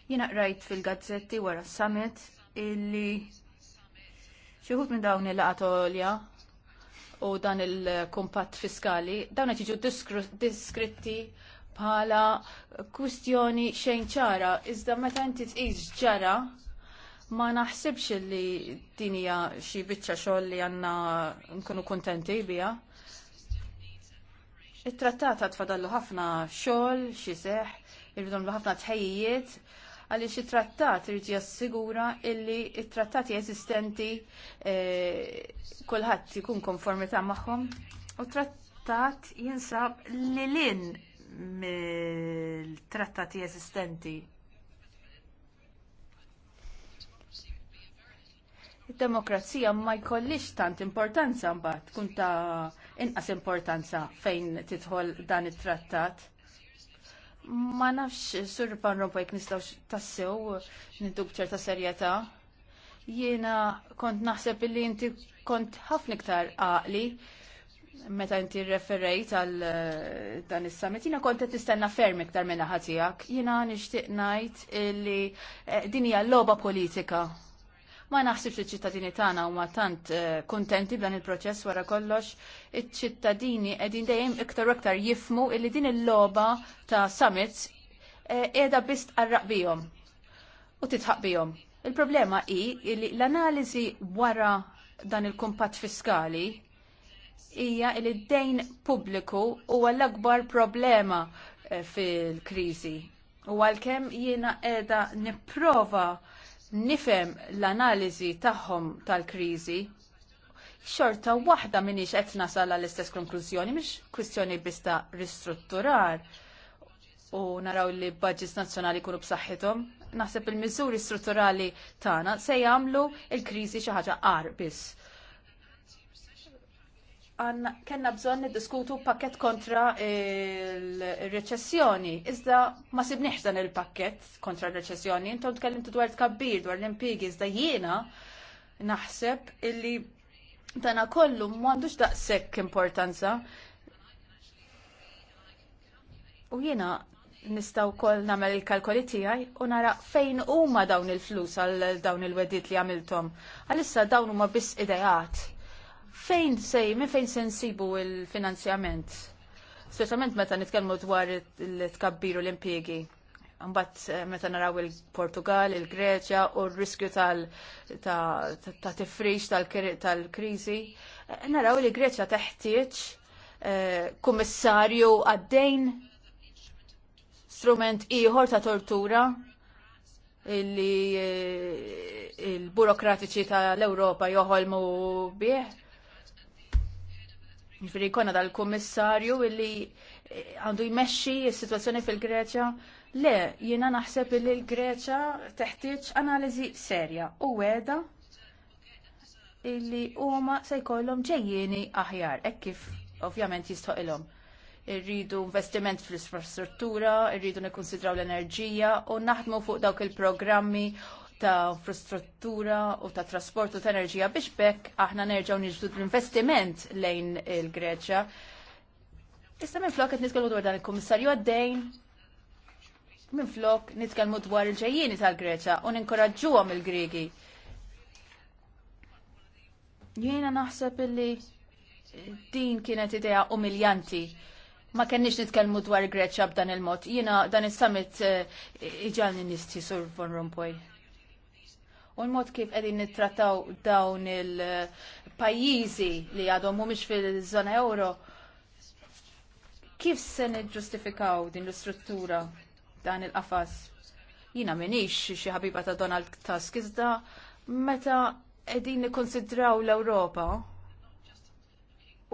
Jena rajt fil-gazzetti wara s summit illi xieħut minn dawn il atolja u dan il-kumpatt fiskali, dawn qed jiġu diskritti bħala kwistjoni xejn ċara, iżda meta inti tqis ġara ma naħsibx li din hija xi biċċa xogħol li għandna nkunu kuntenti biha. It-trattat għad fadallu ħafna xogħol, xi seħ, il-bidon ħafna tħejjiet, għaliex it-trattat irid jassigura illi it-trattati eżistenti eh, kulħadd ikun konformita magħhom. U trattat jinsab lilin mill-trattati eżistenti. id-demokrazija ma jkollix tant importanza mbagħad tkun ta' inqas importanza fejn tidħol dan it-trattat. Ma nafx sur Pan Rompoj nistgħu tassew nintub ċerta serjetà. Jiena kont naħseb li inti kont ħafna iktar għaqli meta inti referejt għal eh, dan is-summit, jiena kont qed nistenna ferm iktar minn tiegħek. Jiena nixtieq ngħid li eh, din hija logħba politika Ma naħsibx li ċittadini tagħna huma tant eh, kuntenti b'dan il-proċess wara kollox. Iċ-ċittadini qegħdin dejjem iktar u iktar jifmu illi din il-logħba ta' summits eh, qiegħda biss tqarraq bihom u titħaq bihom. Il-problema hi li l-analiżi wara dan il-kumpat fiskali hija li d-dejn pubbliku huwa l-akbar problema eh, fil-kriżi. U għalkemm jiena qiegħda nipprova nifhem l-analiżi tagħhom tal-kriżi xorta waħda minix qed nasal għall istess konklużjoni mhix kwistjoni biss ta' ristrutturar u naraw li budgets nazzjonali kunu b'saħħithom. Naħseb il-miżuri strutturali tagħna se jagħmlu l kriżi xi ħaġa qar biss għanna kena bżon diskutu pakket kontra il-reċessjoni. Iżda ma sibniħx dan il-pakket kontra il-reċessjoni. Intom tkellimtu dwar kabbir, dwar l-impigi, iżda jiena naħseb illi dana kollu m'għandux daqshekk importanza. U jiena nistaw kol namel il-kalkoli tijaj u nara fejn huma dawn il-flus għal dawn il-wedit li għamiltom. Għalissa dawn huma biss idejat fejn sej, minn fejn sensibu nsibu il-finanzjament? Specialment meta nitkellmu dwar il u l impiegi Mbatt eh, meta naraw il-Portugal, il-Greċja u r-riskju tal tifriċ tal-kriżi, eh, naraw li Greċja teħtieġ eh, kummissarju għaddejn strument ieħor ta' tortura li il-burokratiċi tal-Ewropa joħolmu bih Ġifiri konna dal-kummissarju illi eh, għandu jmexxi s-sitwazzjoni fil-Greċja. Le, jiena naħseb illi l-Greċja teħtieġ analiżi serja u weda illi huma se jkollhom ġejjieni aħjar, hekk kif ovvjament jistħoqilhom irridu investiment fl-infrastruttura, irridu nikkonsidraw l-enerġija u naħdmu fuq dawk il-programmi ta' infrastruttura u ta' trasport u ta' enerġija biex bekk aħna nerġgħu nġdu l-investiment lejn il-Greċja. Issa minn flok qed nitkellmu dwar dan il-Kummissarju għaddejn minn flok nitkellmu dwar il-ġejjieni tal-Greċja u ninkoraġġuhom il-Griegi. Jiena naħseb illi din kienet idea umiljanti ma kenniex nitkellmu dwar Greċja b'dan il-mod. Jiena dan is-summit eh, iġalni nisti sur Von Rompuy u l-mod kif qegħdin nittrattaw dawn il-pajjiżi li għadhom mhumiex fil-żona euro. Kif se niġġustifikaw din l-istruttura dan il-qafas? Jina minix xi ħabiba ta' Donald Tusk iżda meta qegħdin nikkonsidraw l-Ewropa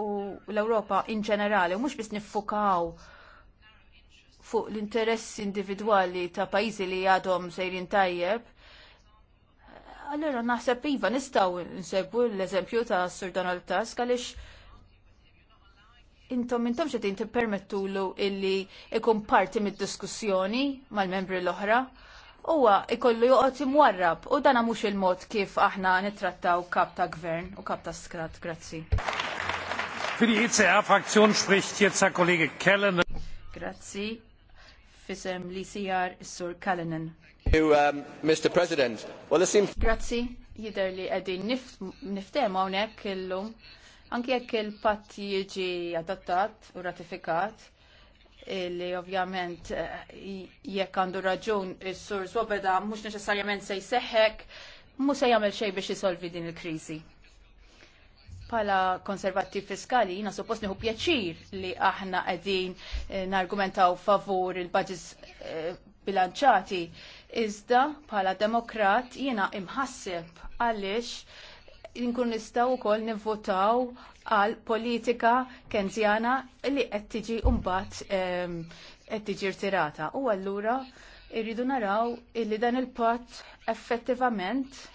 u l-Ewropa in ġenerali u mhux biss niffukaw fuq l-interessi individwali ta' pajjiżi li għadhom sejrin tajjeb, Allora naħseb iva nistgħu nsegwu l-eżempju ta' Sir Donald Tusk għaliex intom intom xedin tippermettulu illi ikun parti mid-diskussjoni mal-membri l-oħra huwa ikollu joqgħod imwarrab u dana mhux il-mod kif aħna nittrattaw kap ta' gvern u kap ta' skrat. Grazzi. Für ICA e ECR-Fraktion spricht jetzt Herr Kollege Kellenen. Grazzi. Fisem li sijar is-Sur Kellenen. Mr. Um, President. Well, seems... Grazzi, jider li għedin niftem għonek illum. Anki jekk il-patt jiġi adattat u ratifikat, li ovvjament eh, jekk għandu raġun is-sur Swobeda mhux neċessarjament se jseħħek, mhux se jagħmel xejn biex isolvi din il-kriżi. Pala konservattiv fiskali, jina suppost nieħu pjaċir li aħna qegħdin eh, nargumentaw favur il-budgets eh, bilanċati. Iżda bħala demokrat jiena imħassib għaliex inkun nistaw kol nivvotaw għal politika kenzjana li qed tiġi mbagħad ehm, qed tiġi rtirata. U allura irridu naraw illi dan il-patt effettivament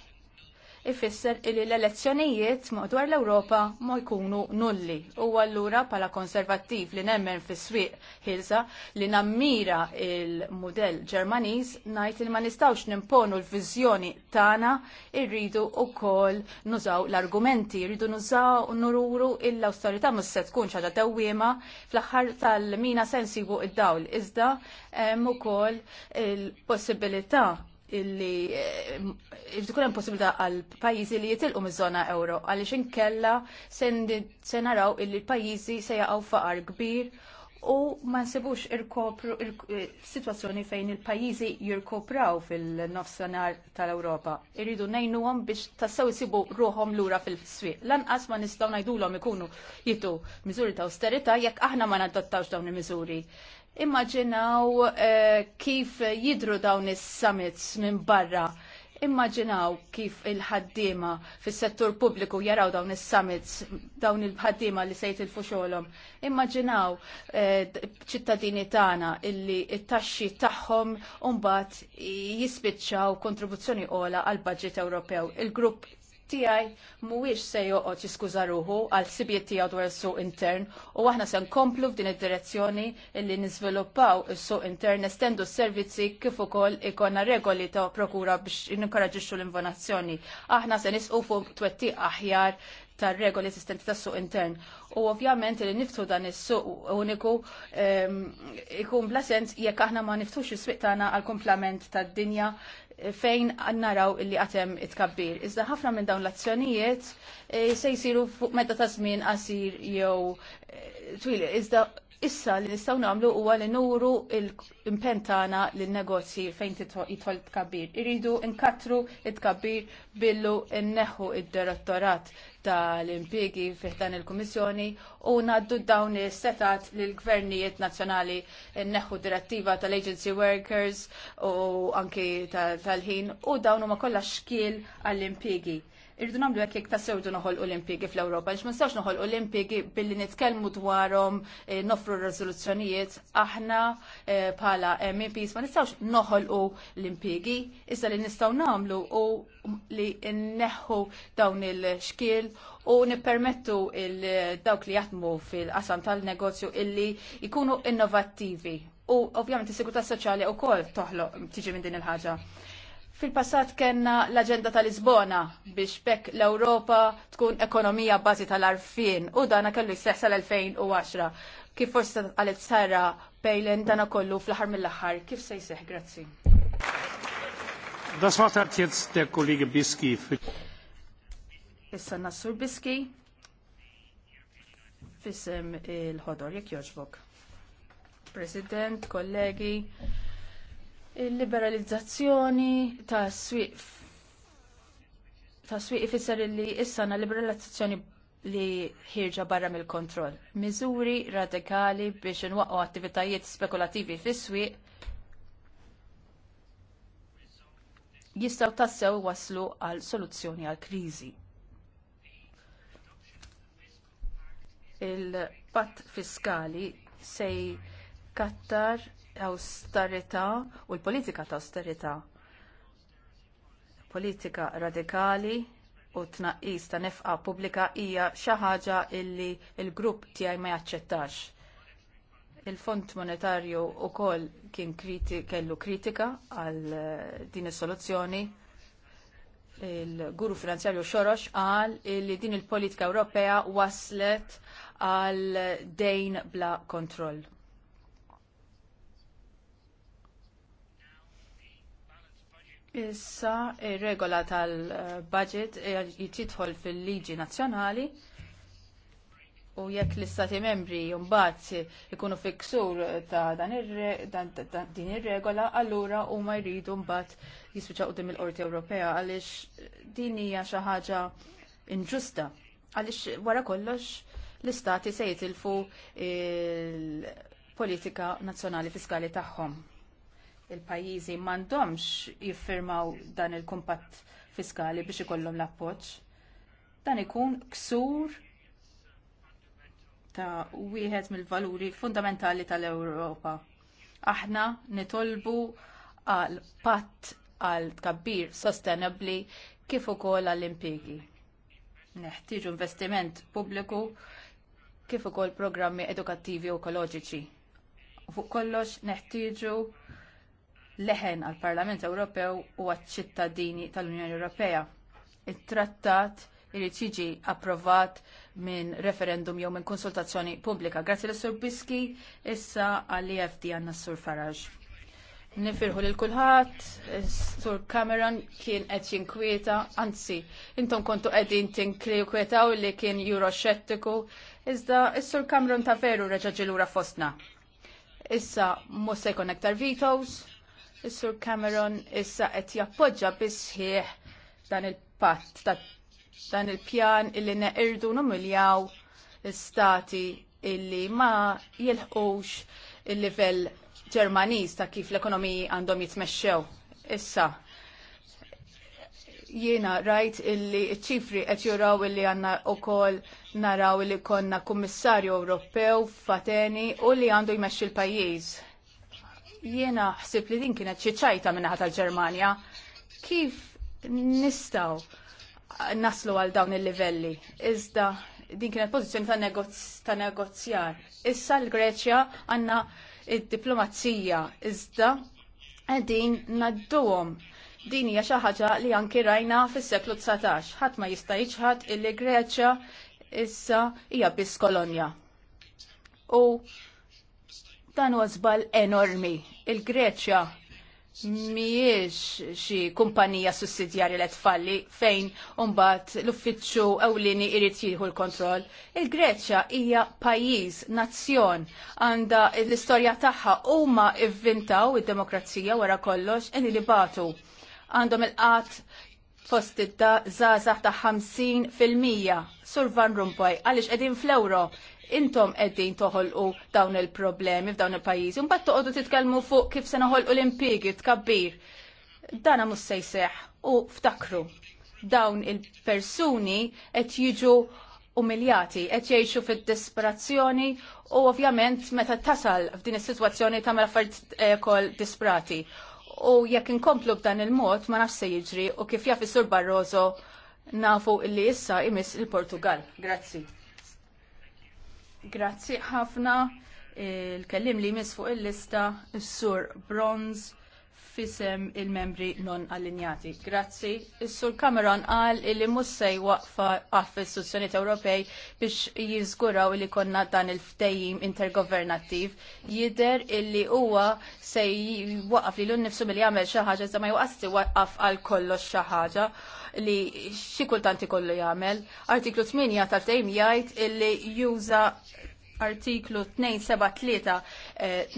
ifisser illi l-elezzjonijiet madwar l-Ewropa ma jkunu nulli. U allura pala konservattiv li nemmen fis swieq ħilsa li nammira il-modell Ġermaniż ngħid li ma nistgħux nimponu l-viżjoni tagħna irridu wkoll nużaw l-argumenti, rridu nużaw nururu l-awtorità mhux se tkun ċaġa dewwiema fl-aħħar tal-mina sensibu id-dawl iżda hemm ukoll il-possibilità illi tkun eh, hemm possibilità għal pajjiżi li jitilqu miż-żona euro għaliex inkella se naraw illi l-pajjiżi se jaqgħu faqar kbir u ma nsibux irkopru eh, situazzjoni fejn il-pajjiżi jirkopraw fil-nofsinhar tal-Ewropa. Irridu ngħinuhom biex tassew isibu ruhom lura fil-swieq. Lanqas ma nistgħu ngħidulhom ikunu jitu miżuri ta' austerità jekk aħna ma nadottawx dawn il-miżuri immaġinaw eh, kif jidru dawn is-summits minn barra. Immaġinaw kif il-ħaddiema fis-settur pubbliku jaraw dawn is-summits, dawn il-ħaddiema li sejt il-fuxolhom. Immaġinaw eh, ċittadini tagħna illi t-taxxi tagħhom mbagħad jispiċċaw kontribuzzjoni ola għal budget Ewropew. Il-grupp tijaj mhuwiex se joqot jiskuza ruħu għal sibiet tiegħu dwar is-suq intern u aħna se nkomplu f'din id-direzzjoni li niżviluppaw is-suq intern estendu s-servizzi kif ukoll ikonna regoli ta' prokura biex ninkoraġixxu l-invonazzjoni. Aħna se nisqu fuq twettiq aħjar tar regoli esistenti tas suq intern. U ovvjament li niftu dan is-suq uniku ehm, ikun bla sens jekk aħna ma niftux is-suq tagħna għal kumplament tad-dinja fejn naraw illi għatem it-kabbir. Iżda ħafna minn dawn l-azzjonijiet eh, se jisiru fuq medda ta' żmien qasir jew eh, twil. Iżda Issa li nistgħu nagħmlu huwa li nuru l-impentana lin negozji fejn jitħol tkabbir. Iridu nkatru tkabbir billu nneħħu id-direttorat tal-impjegi fih dan il-Kummissjoni u ngħaddu dawn is-setat lill gvernijiet nazzjonali nneħħu direttiva tal-agency workers u anki tal-ħin u dawn huma kollha xkiel għall impjiegi irridu namlu jekk tassew tasewdu noħol Olimpijgi fl-Ewropa, għax mistawx noħol Olimpijgi billi nitkellmu dwarhom eh, nofru rezoluzzjonijiet, aħna eh, bħala MPs ma nistax noħol u l-impjegi, iżda li nistaw namlu u li nneħħu dawn il-xkiel u nippermettu dawk li jaħdmu fil-qasam tal-negozju illi jkunu innovattivi. U ovvjament is-sigurtà soċjali wkoll toħloq tiġi minn din il-ħaġa. Fil-passat kena l-agenda tal-Lisbona biex bekk l-Europa tkun ekonomija bazi tal-arfin u dana kellu jisseħ l 2010 Kif forse għalet Sara Pejlen dana kollu fl-ħar mill-ħar, kif se jisseħ? Grazzi. Das war tat jetzt der Kollege Biski. Issa Nassur Biski fissem il-ħodor, jek joġbok. President, kollegi, Il-liberalizzazzjoni ta' swieq ta' swieq ifisser li issa na liberalizzazzjoni li ħirġa barra mill-kontroll. Miżuri radikali biex inwaqqgħu attivitajiet spekulativi fis-swieq jistgħu tassew waslu għal soluzzjoni għal kriżi. Il-patt fiskali se kattar austerità u l-politika ta' austerità. Politika radikali u tnaqqis ta' nefqa pubblika hija xi ħaġa illi l-grupp tiegħi ma jaċċettax il-Fond Monetarju wkoll kien kriti, kellu kritika għal eh, din is-soluzzjoni. Il-guru finanzjarju Xorox qal li din il-politika Ewropea waslet għal dejn bla kontroll. Issa, regola tal-budget eh, jitidħol fil-liġi nazzjonali u jekk l-istati membri mbagħad ikunu fiksur ta' din ir-regola, allura huma jridu mbagħad u dim il-Qorti Ewropea għaliex din hija xi ħaġa inġusta. Għaliex wara kollox l-istati se jitilfu il-politika nazzjonali fiskali tagħhom il-pajjiżi m'għandhomx jiffirmaw dan il-kumpatt fiskali biex ikollhom l-appoġġ. Dan ikun ksur ta' wieħed mill-valuri fundamentali tal-Ewropa. Aħna nitolbu għal patt għal tkabbir sostenibbli kif ukoll għall impjiegi Neħtieġu investiment pubbliku kif ukoll programmi edukattivi u ekoloġiċi. Fuq kollox neħtieġu leħen għall parlament Ewropew u għaċ-ċittadini tal-Unjoni Ewropea. Il-trattat irid jiġi approvat minn referendum jew minn konsultazzjoni pubblika. Grazzi l-Sur Biski, issa għall-EFD għanna s-Sur Farage. Nifirħu lil kulħadd, Sur Cameron kien qed jinkwieta, anzi, intom kontu qegħdin tinkwetaw li kien euroxettiku, iżda s-Sur Cameron ta' veru reġa' ġilura fostna. Issa mhux se jkun aktar vetoes, Is-Sur Cameron issa qed jappoġġa bisħieħ dan il-patt dan il-pjan illi neqirdu numiljaw l-istati illi ma jilħqux il-livell Ġermaniż ta' kif l-ekonomiji għandhom jitmexxew. Issa, jiena rajt illi ċifri qed juraw illi għandna wkoll naraw illi konna kummissarju Ewropew fateni u li għandu jmexxi l-pajjiż Jiena ħsib li din kienet xi ċajta ħata tal-Ġermanja. Kif nistaw naslu għal dawn il-livelli? Iżda din kienet pożizzjoni ta', negoz, ta negozjar. Issa l-Greċja għandna id-diplomazija iżda din nadduwom. Din hija xi ħaġa li anki rajna fis-seklu 19. Ħadd ma jista' jiġħad il Greċja issa hija biss kolonja. U Dan huwa żball enormi. Il-Greċja miex xi kumpanija sussidjarja li tfalli fejn umbat l-uffiċċju ewlieni irid jieħu l-kontroll. Il-Greċja hija pajjiż, nazzjon, għandha l-istorja tagħha huma ivvintaw id-demokrazija wara kollox in li batu. Għandhom il-qatt fost id-da zazax ta' 50% Sur Van Rompuy għaliex qegħdin fl-Ewro intom qegħdin toħolqu dawn il-problemi f'dawn il-pajjiżi, mbagħad toqgħodu titkellmu fuq kif se noħolqu l-impjiegi tkabbir. Dana mhux se jseħħ u ftakru dawn il-persuni qed jiġu umiljati, qed jgħixu fid-disperazzjoni u ovvjament meta tasal f'din is-sitwazzjoni tagħmel affarijiet eh, kol disprati. U jekk inkomplu b'dan il-mod ma nafx se jiġri u kif jaf is-Sur Barroso nafu li issa imis il-Portugal. Grazzi. Grazzi ħafna il-kellim li jmiss fuq il-lista, s sur Bronze fisem il-membri non allinjati. Grazzi. Is-Sur Cameron qal illi mhux se jwaqfa għaf istituzzjonijiet Ewropej biex jiżguraw li konna dan il-ftejjim intergovernattiv. Jider illi huwa se jwaqaf li l unnifsu mill jagħmel xi ħaġa iżda ma jwaqasti waqaf għal kollox xi ħaġa li xi kultant ikollu jagħmel. Artiklu 8 tal-ftejjim jgħid illi juża artiklu 273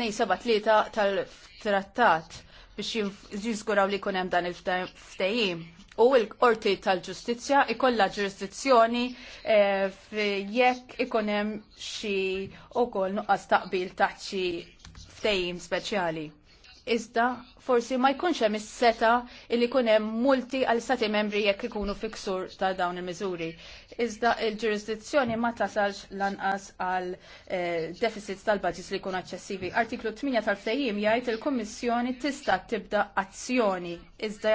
273 eh, tal-trattat biex jizguraw li jkun hemm dan il ftejim U l-qorti tal-ġustizzja ikollha ġurisdizzjoni eh, jekk ikun hemm xi wkoll nuqqas taqbil taħt xi ftehim speċjali iżda forsi ma jkunx hemm is-seta li jkun hemm multi għal stati membri jekk ikunu fiksur ta' dawn il-miżuri. Iżda il-ġurisdizzjoni ma tasalx lanqas għal eh, deficits tal-budgets li jkunu aċċessivi. Artiklu 8 tal-fejjim jgħid il-Kummissjoni tista' tibda azzjoni. Iżda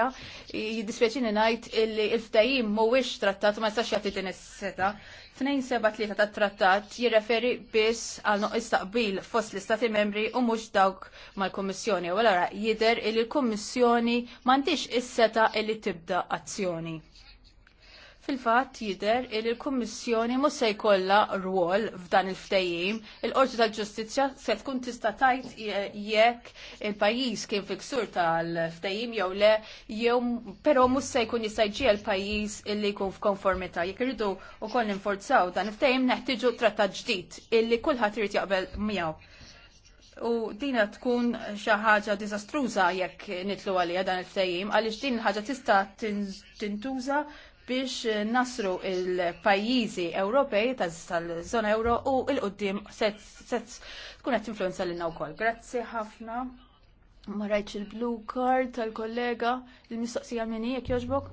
jiddispjaċini ngħid illi l-fejjim mhuwiex trattat ma jistax jagħti din is-seta. 273 ta' trattat jirreferi biss għal noqis taqbil fost l-Istati membri u mhux dawk mal-Kummissjoni. U għalara jider il-Kummissjoni m'għandix is-seta' illi tibda azzjoni fil-fatt jidher il l-Kummissjoni mhux se jkollha rwol f'dan il-ftehim. Il-Qorti tal-Ġustizzja se tkun tista' tajt jekk il-pajjiż kien fiksur tal-ftehim jew le jew però mhux se jkun jista' jġi l-pajjiż illi jkun f'konformità. Jekk irridu wkoll ninforzaw dan il-ftehim neħtieġu trattat ġdid illi kulħadd irid jaqbel miegħu. U dina tkun xi ħaġa diżastruża jekk nitlu għalija dan il-ftehim, għaliex din ħaġa tista' tintuża biex nasru il-pajjiżi Ewropej tal-żona Ewro u il-qoddim set tkun qed influenza lilna wkoll. Grazzi ħafna. Ma rajtx il-blue card tal-kollega il-mistoqsija minni jekk jogħġbok.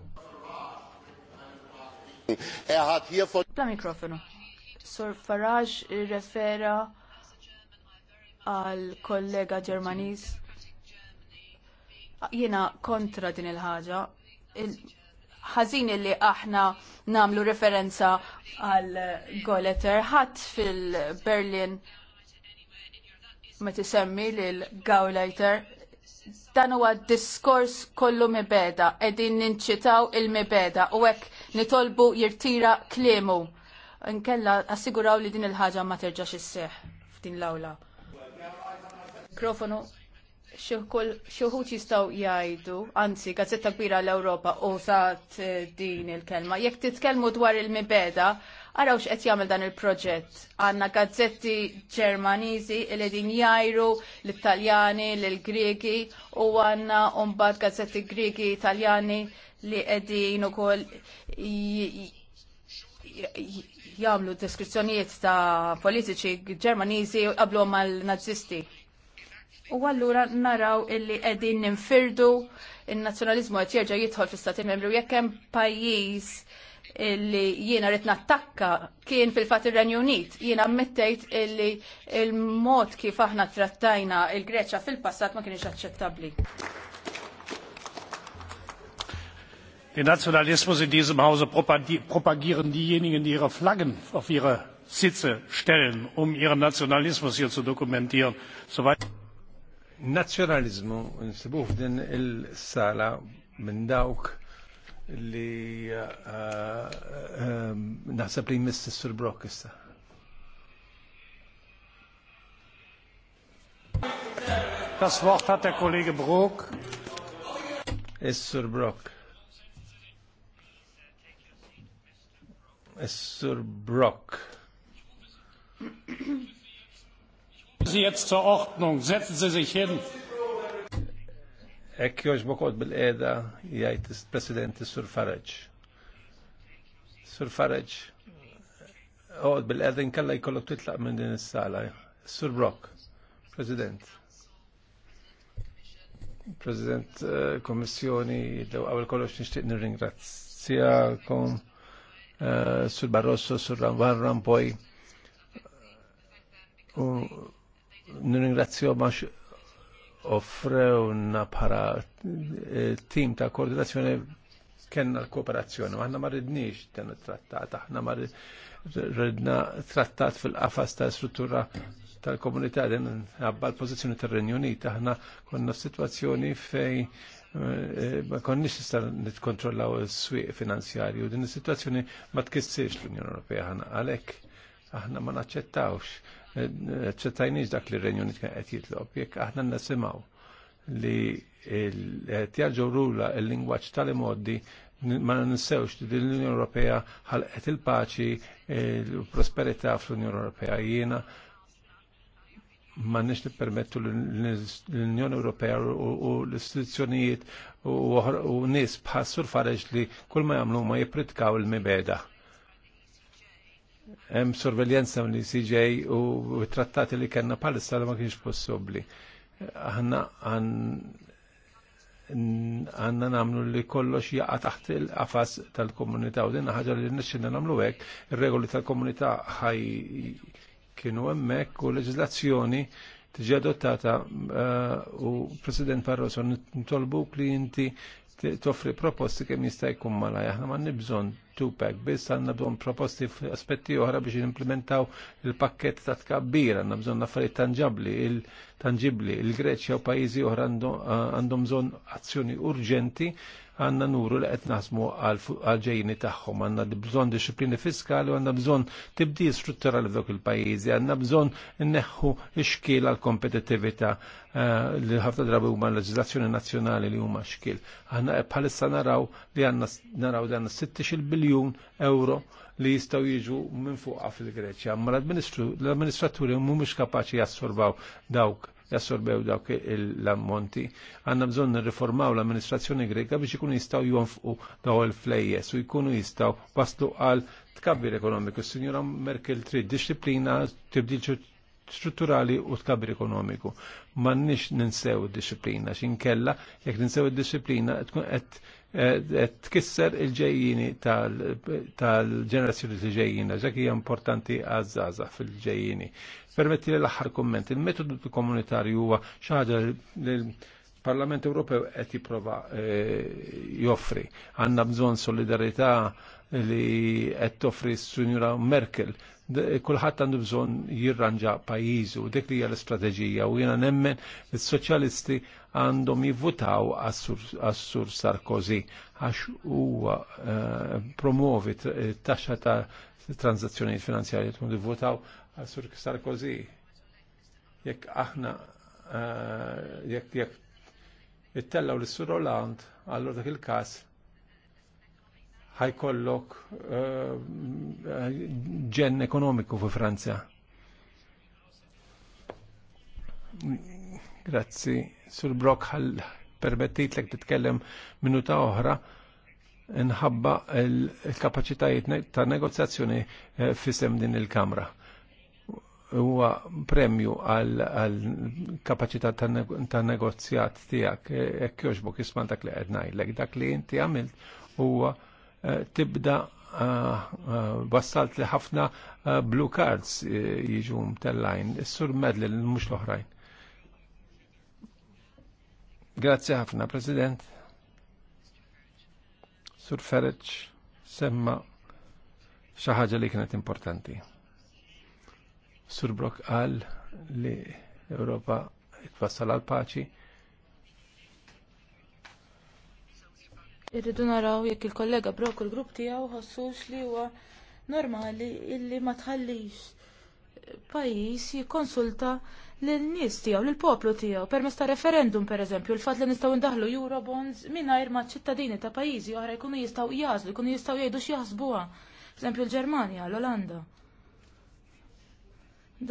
Er Bla mikrofonu. Sur Farage refera għal kollega Ġermaniż. Jiena kontra din il-ħaġa ħażin li aħna namlu referenza għal Goleter ħadd fil-Berlin ma tisemmi lil Gauleiter dan huwa diskors kollu mibeda qegħdin ninċitaw il-mibeda u hekk nitolbu jirtira kliemu. Nkella assiguraw li din il-ħaġa ma terġax isseħ f'din l-awla. Mikrofonu xuħuċ jistaw jajdu, anzi, gazzetta kbira l-Europa u saħt eh, din il-kelma. Jek titkelmu dwar il-mibeda, għaraw xqed jagħmel dan il-proġett. Għanna gazzetti ġermaniżi li din jajru l-Italjani, l-Griegi u għanna umbat gazzetti Gregi Italjani li qegħdin ukoll jagħmlu deskrizzjonijiet ta' politiċi Ġermaniżi għablu mal-Nazisti. U għallura naraw illi qegħdin ninfirdu il-nazjonalizmu għet jirġa jitħol fil stati Membri u jekk pajjiż illi jiena rritna attakka kien fil fat ir-Renju Unit. Jiena ammettejt illi il-mod kif aħna trattajna il greċa fil-passat ma kienx aċċettabbli. Den Nationalismus in diesem Hause propagieren diejenigen, die ihre Flaggen auf ihre Sitze stellen, um ihren Nationalismus hier zu dokumentieren. Soweit nazjonalizmu nsibuħ f'din il-sala minn dawk li uh, um, naħseb li jmiss s-sur Brock issa. Das Wort hat der Kollege Brock. Is-Sur Brock. Is-Sur Brock. Sie jetzt zur Ordnung, setzen Sie sich hin. Ek joġbokot bil-eda jgħajt il-President Sur Farage. Sur Farage, oqt bil-eda nkalla jkollok titlaq minn din is-sala. Sur Brock, President. President eh, Kommissjoni, għawel kollox nishtiq nirringrazzjakom eh, Sur Barroso, Sur Van Rampoj u Nirringrazzju għax offrewna bħala eh, tim ta' koordinazzjoni kenna l-kooperazzjoni, ma' ma rridniex dan trattat, aħna ma ridna trattat fil-qafas ta' struttura tal-komunità, din għabba l-pozizjoni tal-Renju Unit, aħna konna f-situazzjoni fej eh, ma konniex nista' nitkontrollaw is-swieq finanzjarju, din is-sitwazzjoni ma tkissirx l-Unjoni Ewropea ħana għalhekk aħna ma naċċettawx ċettajniġ dak li r-Renju Unit kien qed jitlob, jekk aħna nasimaw li tjaġġu rula l-lingwaġġ tal-imoddi ma nissewx li l-Unjoni Ewropea ħalqet il-paċi u prosperità fl-Unjoni Ewropea jiena ma nix nippermettu l-Unjoni Ewropea u l-istituzzjonijiet u nies bħassur fareġ li kull ma jamlu ma jipritkaw il-mibeda hemm sorveljanza mill CJ u trattati li kellna palissa li ma kienx possibbli. Aħna għanna namlu li kollox jaqa taħt il-qafas tal-komunità u dinna ħaġa li nixxinna namlu hekk, ir-regoli tal-komunità ħaj kienu hemmhekk u leġislazzjoni tiġi adottata eh, u President n-tolbuk li inti toffri proposti kemm jista' jkun mala aħna ma nibżon tupek, biss għandna bżon proposti aspetti oħra biex nimplementaw il-pakket ta' tkabbir, għandna bżonn affarijiet tanġabli, il-tanġibli, il-Greċja u pajjiżi oħra għandhom bżonn azzjoni urġenti għanna nuru li qed nasmu għal-ġejni tagħhom, għandna bżonn disciplini fiskali, għandna bżonn tibdil strutturali dok il-pajjiżi, għandna bżonn inneħħu xkiel għal kompetitivita eh, li ħafna drabi huma l leġizazzjoni nazzjonali li huma xkiel. Aħna bħalissa naraw li għandna naraw li għanna 16 biljun euro li jistaw jiġu minn fuqa fil-Greċja, ma l-amministraturi mhumiex kapaċi jassorbaw dawk jassorbew dawk l-ammonti. Għanna bżon nirriformaw l-amministrazzjoni greka biex ikunu jistaw jonfqu daw il-flejjes u jkunu jistaw waslu għal tkabbir ekonomiku. Signora Merkel trid disciplina tibdil strutturali u tkabbir ekonomiku. Ma nix ninsew id-disciplina, xinkella, jek ninsew id-disciplina, tkun qed Eh, eh, tkisser il-ġejjini tal-ġenerazzjoni li ġejjina, ġak hija importanti għazzaza fil-ġejjini. Permetti li l-aħħar komment, il-metodu komunitarju huwa xaġa Parlament Ewropew qed jipprova eh, joffri. Għandna bżonn solidarità li qed toffri s-Sinjura Merkel kulħadd għandu bżonn jirranġa pajizu, dik li hija l-istrateġija u jiena nemmen is-soċjalisti għandhom jivvutaw għas-sur Sarkozy għax huwa eh, promuovi eh, taxxa ta' transazzjoni finanzjarji għandu jivvutaw għassur Sarkozy. Jekk aħna eh, jekk jekk ittellaw l-sur Oland, allura dak il-każ ħajkollok eh, ġen ekonomiku fi Franza. Grazzi. Sur Brok għal permettit lek titkellem minuta oħra nħabba l-kapacitajiet ta' negozjazzjoni eh, fissem din il-Kamra huwa premju għal kapacità ta' negozjat tiegħek hekk eh, jogħġbok isman dak li qed ngħidlek dak li inti għamilt huwa Eh, tibda eh, eh, wassalt li ħafna blue cards jiġu mtellajn. Is-sur medli mhux l-oħrajn. Grazzi ħafna, President. Sur Ferreċ semma xaħġa li kienet importanti. Sur Brok li Europa twassal għal paċi Irridu naraw jekk il-kollega Brok il grupp tiegħu ħossux li huwa normali illi ma tħallix pajjiż jikkonsulta lil nies tiegħu, lil poplu tiegħu, permezz ta' referendum pereżempju, il fatt li nistgħu ndaħlu Eurobonds mingħajr ma' ċittadini ta' pajjiżi oħra jkunu jistgħu jażlu, jkunu jistgħu jgħidu x'jaħsbuha. Eżempju l-Ġermanja, l-Olanda.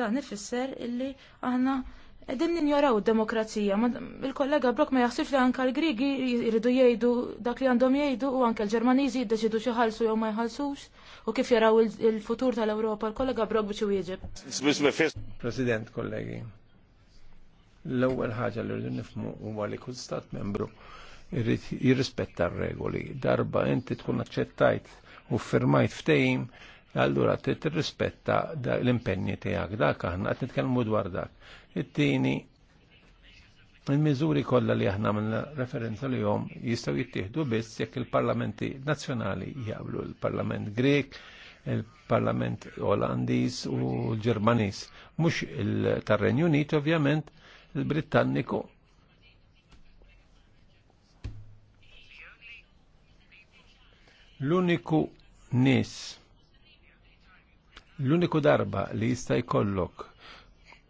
Dan ifisser illi aħna Edin ninjoraw demokrazija, il-kollega Brok ma jaħsibx li anka l-Grigi jridu jgħidu dak li għandhom jgħidu u anka l-Ġermaniżi jiddeċidu xi ħalsu jew ma jħallsux u kif jaraw il-futur tal-Ewropa, l-kollega Brok biex jieġib. President, kollegi, l-ewwel ħaġa li rridu nifhmu huwa li kull stat membru jirrispetta r-regoli. Darba inti tkun aċċettajt u firmajt ftehim, allura trid tirrispetta l-impenni tiegħek dak aħna qed nitkellmu dwar dak It-tieni il-miżuri kollha li aħna minn referenza li jom jistaw jittieħdu biss jekk il-parlamenti nazzjonali jaqblu il-parlament Grek, il-parlament Olandiż u l-Ġermaniż. Mhux il tarren Unit ovvjament il-Brittanniku. L-uniku nis, l-uniku darba li jista' jkollok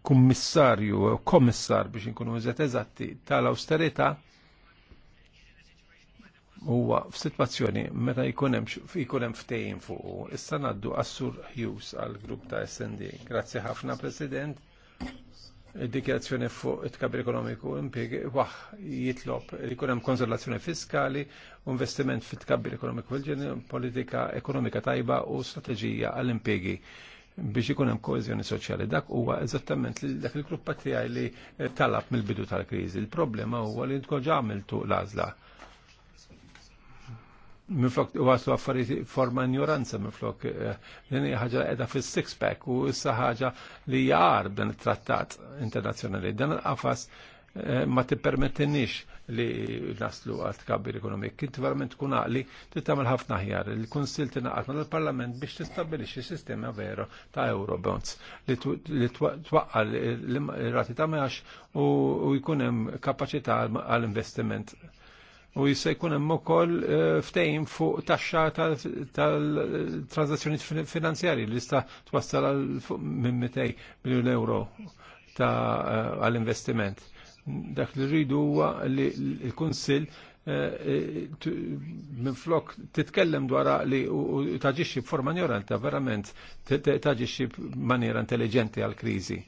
kummissarju, komissar biex nkunu użet eżatti tal-austerita huwa f'sitwazzjoni meta jkun hemm ftehim fuq. Issa ngħaddu Assur Hughes għall-grupp ta' SND. Grazzi ħafna President. Id-dikjazzjoni fuq it kabri ekonomiku impieg waħ jitlob li jkun hemm konservazzjoni fiskali, investiment fit-kabir ekonomiku fil-ġeni, politika ekonomika tajba u strateġija għall-impjegi biex ikun hemm koeżjoni soċjali. Dak huwa eżattament dak il-gruppa tiegħi li talab mill-bidu tal-kriżi. Il-problema huwa li tkun ġamiltu l-għażla. Minflok għaslu affarijiet forma ignoranza minflok eh, din hija ħaġa qiegħda fis-six pack u issa ħaġa li jgħar dan it-trattat internazzjonali. Dan il-qafas Eh, ma tippermettinix li naslu għal tkabbir ekonomik. Kint verament tkun għaqli tittamil ħafna ħjar. Il-Konsil tinaqat l parlament biex tistabilixi sistema vero ta' Eurobonds li twaqqa l-rati ta' meħax u jkun hemm kapaċità għal-investiment U jissa jkun hemm ukoll eh, ftejn fuq taxxa tal-transazzjoni finanzjarji li jista' twassal minn 200 miljun euro ta' eh, għall-investiment dak li rridu huwa li l-Kunsill eh, minflok titkellem dwar li taġixxi b'forma ignoranta verament taġixxi b'maniera intelligenti għal kriżi.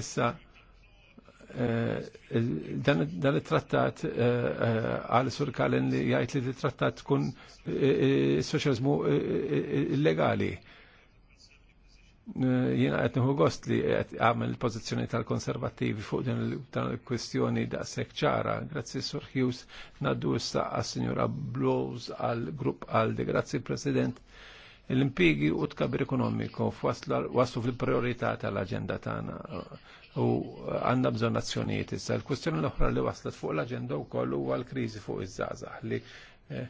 Issa eh, dan it-trattat eh, għal sur Kalen li jgħid li trattat tkun soċjalizmu illegali jiena qed nieħu gost li qed għamil il-pożizzjoni tal-konservattivi fuq din il-kwestjoni daqshekk ċara. Grazzi Sur Hughes ngħaddu issa għas-Sinjura Blows għal grupp Aldi. Grazzi President. L-impigi u tkabir ekonomiku waslu fil-priorità tal-aġenda tagħna u għandna bżon azzjonijiet issa. Il-kwestjoni l-oħra li waslet fuq l agenda wkoll kollu l-kriżi fuq iż-żgħażagħ li eh,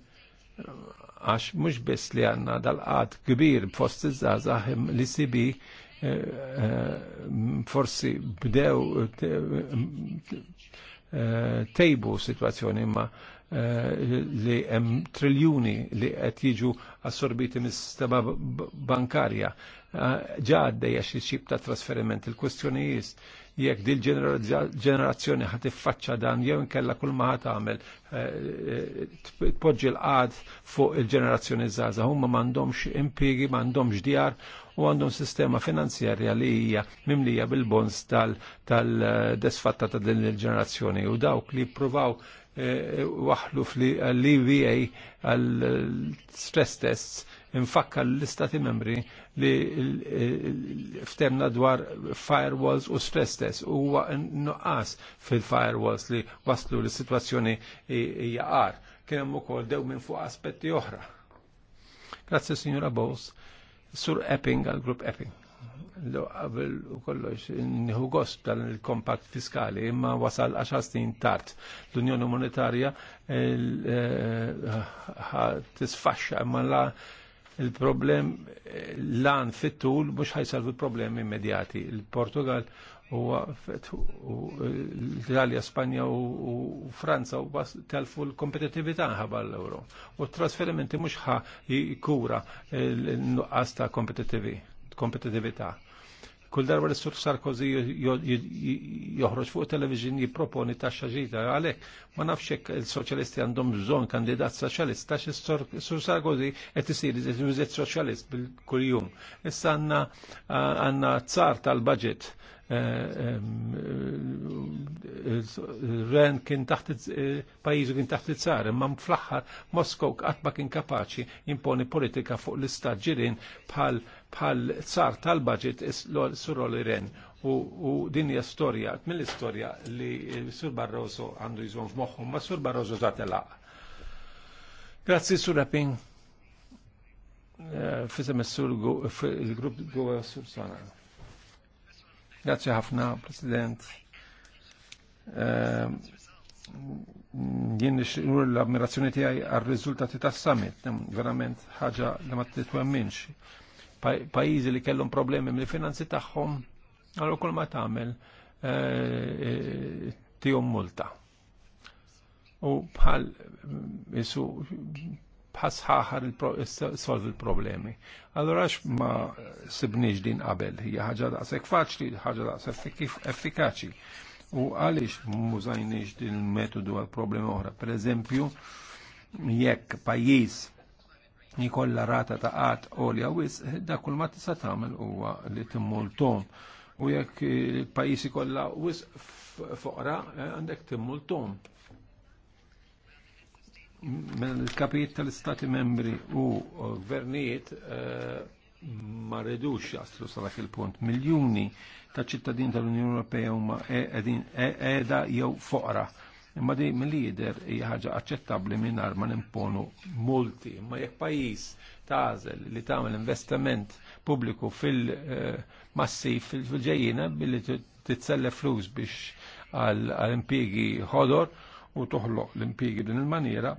għax mux biss li għanna dal għad kbir fost iż-żazah li sibi eh, eh, forsi bdew eh, tejbu situazzjoni imma li hemm triljuni li qed jiġu assorbiti mis-sistema bankarja ġa għaddejja xi xib ta' trasferiment il-kwestjonijiet jekk dil ġenerazzjoni ħat tiffaċċa dan jew inkella kull ma ħat għamel eh, eh, tpoġġi l-qad fuq il-ġenerazzjoni żgħażagħ huma m'għandhomx impjiegi, m'għandhomx djar u għandhom sistema finanzjarja li hija mimlija bil-bonds tal-desfatta eh, ta' din il-ġenerazzjoni u dawk li pruvaw waħlu fl-EVA għal-stress tests nfakka l-istati membri li ftemna dwar firewalls u stress test u nuqqas fil-firewalls li waslu l-situazzjoni jaqar. Kien hemm ukoll dew minn fuq aspetti oħra. Grazzi Signora Bowes, Sur Epping għal grupp Epping l-qabel u kollox nħu gost dan il-kompakt fiskali imma wasal 10 snin tard l-Unjoni Monetarja eh, tisfaxxa imma la il-problem lan fit-tul mhux ħajsalvu problemi immedjati. Il-Portugal u l-Italja, Spanja u Franza u telfu l-kompetitività ħabba l-euro. U trasferimenti mhux ħa jkura l-nuqqas ta' kompetitività Kull darba li s sur Sarkozy joħroġ fuq television jiproponi ta' xaġita għalek, ma nafxek il soċalisti għandhom bżon kandidat soċalist, ta' tax sur Sarkozy t-sir iżiet soċjalist bil-kuljum. Issa għanna għandna tsar tal-budget eh, eh, eh, Ren kien taħt pajizu kien taħt it-sar, imma fl-aħħar Moskow qatt ma kien kapaċi jimponi politika fuq l-istat ġirin bħal bħal tsar tal-budget surol Iren u din hija storja, mill-istorja li Sur Barroso għandu jżon f'moħħu, ma Sur Barroso zatelaq. Grazzi Sur Rapin. Eh, fisem il-grupp sur Gowa Sur Sana. Grazzi ħafna, President. Eh, jien nixrur l-ammirazzjoni tijaj għal rizultati tas-summit, verament ħagġa li ma t titwemminx pajizi li kellhom problemi mill-finanzi tagħhom, allura kull ma tagħmel eh, eh, tihom multa. U bħal isu bħasħaħar solvi l-problemi. Allora ma sibniġ din qabel, hija ħaġa daqshekk faċli, ħaġa daqshekk effikaċi. U għaliex mużajniex din il-metodu għal problemi oħra. Per eżempju, jekk pajjiż jikolla rata ta' għat olja wis, da kull ma tista' tagħmel huwa li timmur tom. U jekk il-pajjiż ikolla wis foqra, eh, għandek timmur tom. Men mela, il-kapijiet tal-istati membri u eh, gvernijiet eh, ma redux jaslu sa dak il-punt. Miljuni ta' ċittadin tal-Unjoni Ewropea huma qiegħda jew foqra Imma di mill-lider hija ħaġa aċċettabbli mingħajr ma nimponu multi. Ma' jekk pajjiż tażel li tagħmel investiment pubbliku fil-massif fil-ġejjina billi tselle flus biex għal-impjegi ħodor u toħloq l-impjegi din il-maniera,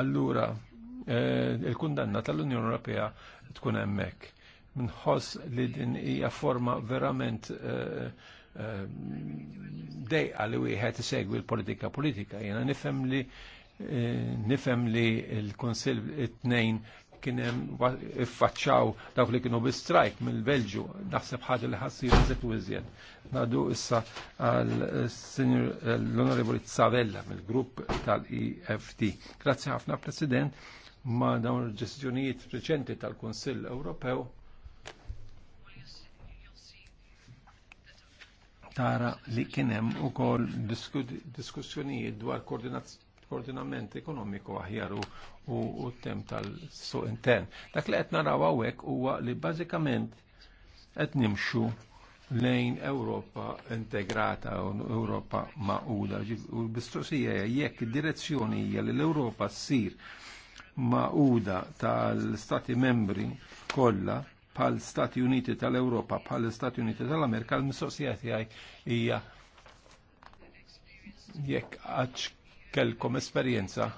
allura eh, il-kundanna tal-Unjoni Ewropea tkun hemmhekk. Minħoss li din hija forma verament uh, Ehm, dejqa li wieħed isegwi l-politika politika. Jena nifhem li eh, nifhem li l-Konsil it-tnejn kien iffaċċaw dawk li kienu bi-strajk mill-Belġu, naħseb ħaġa li ħassir iżet u iżjed. Nadu issa eh, eh, l-Onorevoli Tsavella mill-grupp tal-EFT. Grazzi ħafna, President, ma dawn il-ġestjonijiet reċenti tal-Konsil Ewropew tara li kienem u kol diskussjonijiet dwar koordinament ekonomiku aħjar u tem tal-suq intern. Dak li qed naraw hawnhekk huwa li bażikament qed nimxu lejn Ewropa integrata u Ewropa maquda. U l hija jekk id-direzzjoni hija li l-Ewropa ssir maquda tal-Stati membri kollha bħal Stati Uniti tal-Europa, bħal Stati Uniti tal-Amerika, l-mistoqsija għaj hija jekk għax kelkom esperjenza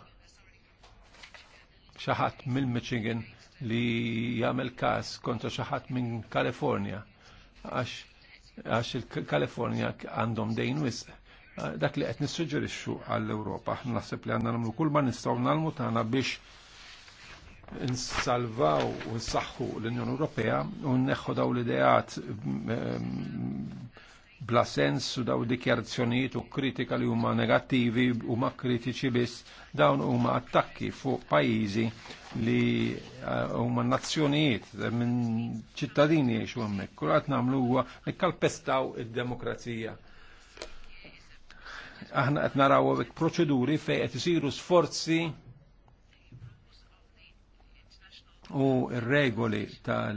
xaħat mill-Michigan li jagħmel każ kontra xaħat minn Kalifornja għax għax il-Kalifornja għandhom dejn wisq. Dak li qed nissuġġerixxu għall-Ewropa, naħseb li għandna nagħmlu kull ma nistgħu nagħmlu tagħna biex nsalvaw u nsaħħu l-Unjoni Ewropea u neħħu daw l-ideat ehm, bla sens u daw dikjarazzjonijiet u kritika li huma negattivi u ma kritiċi biss dawn huma attakki fuq pajjiżi li eh, huma nazzjonijiet eh, minn ċittadini jiexu hemmhekk. Kurat nagħmlu huwa nikkalpestaw id-demokrazija aħna qed naraw proċeduri fejn qed isiru sforzi u regoli eh,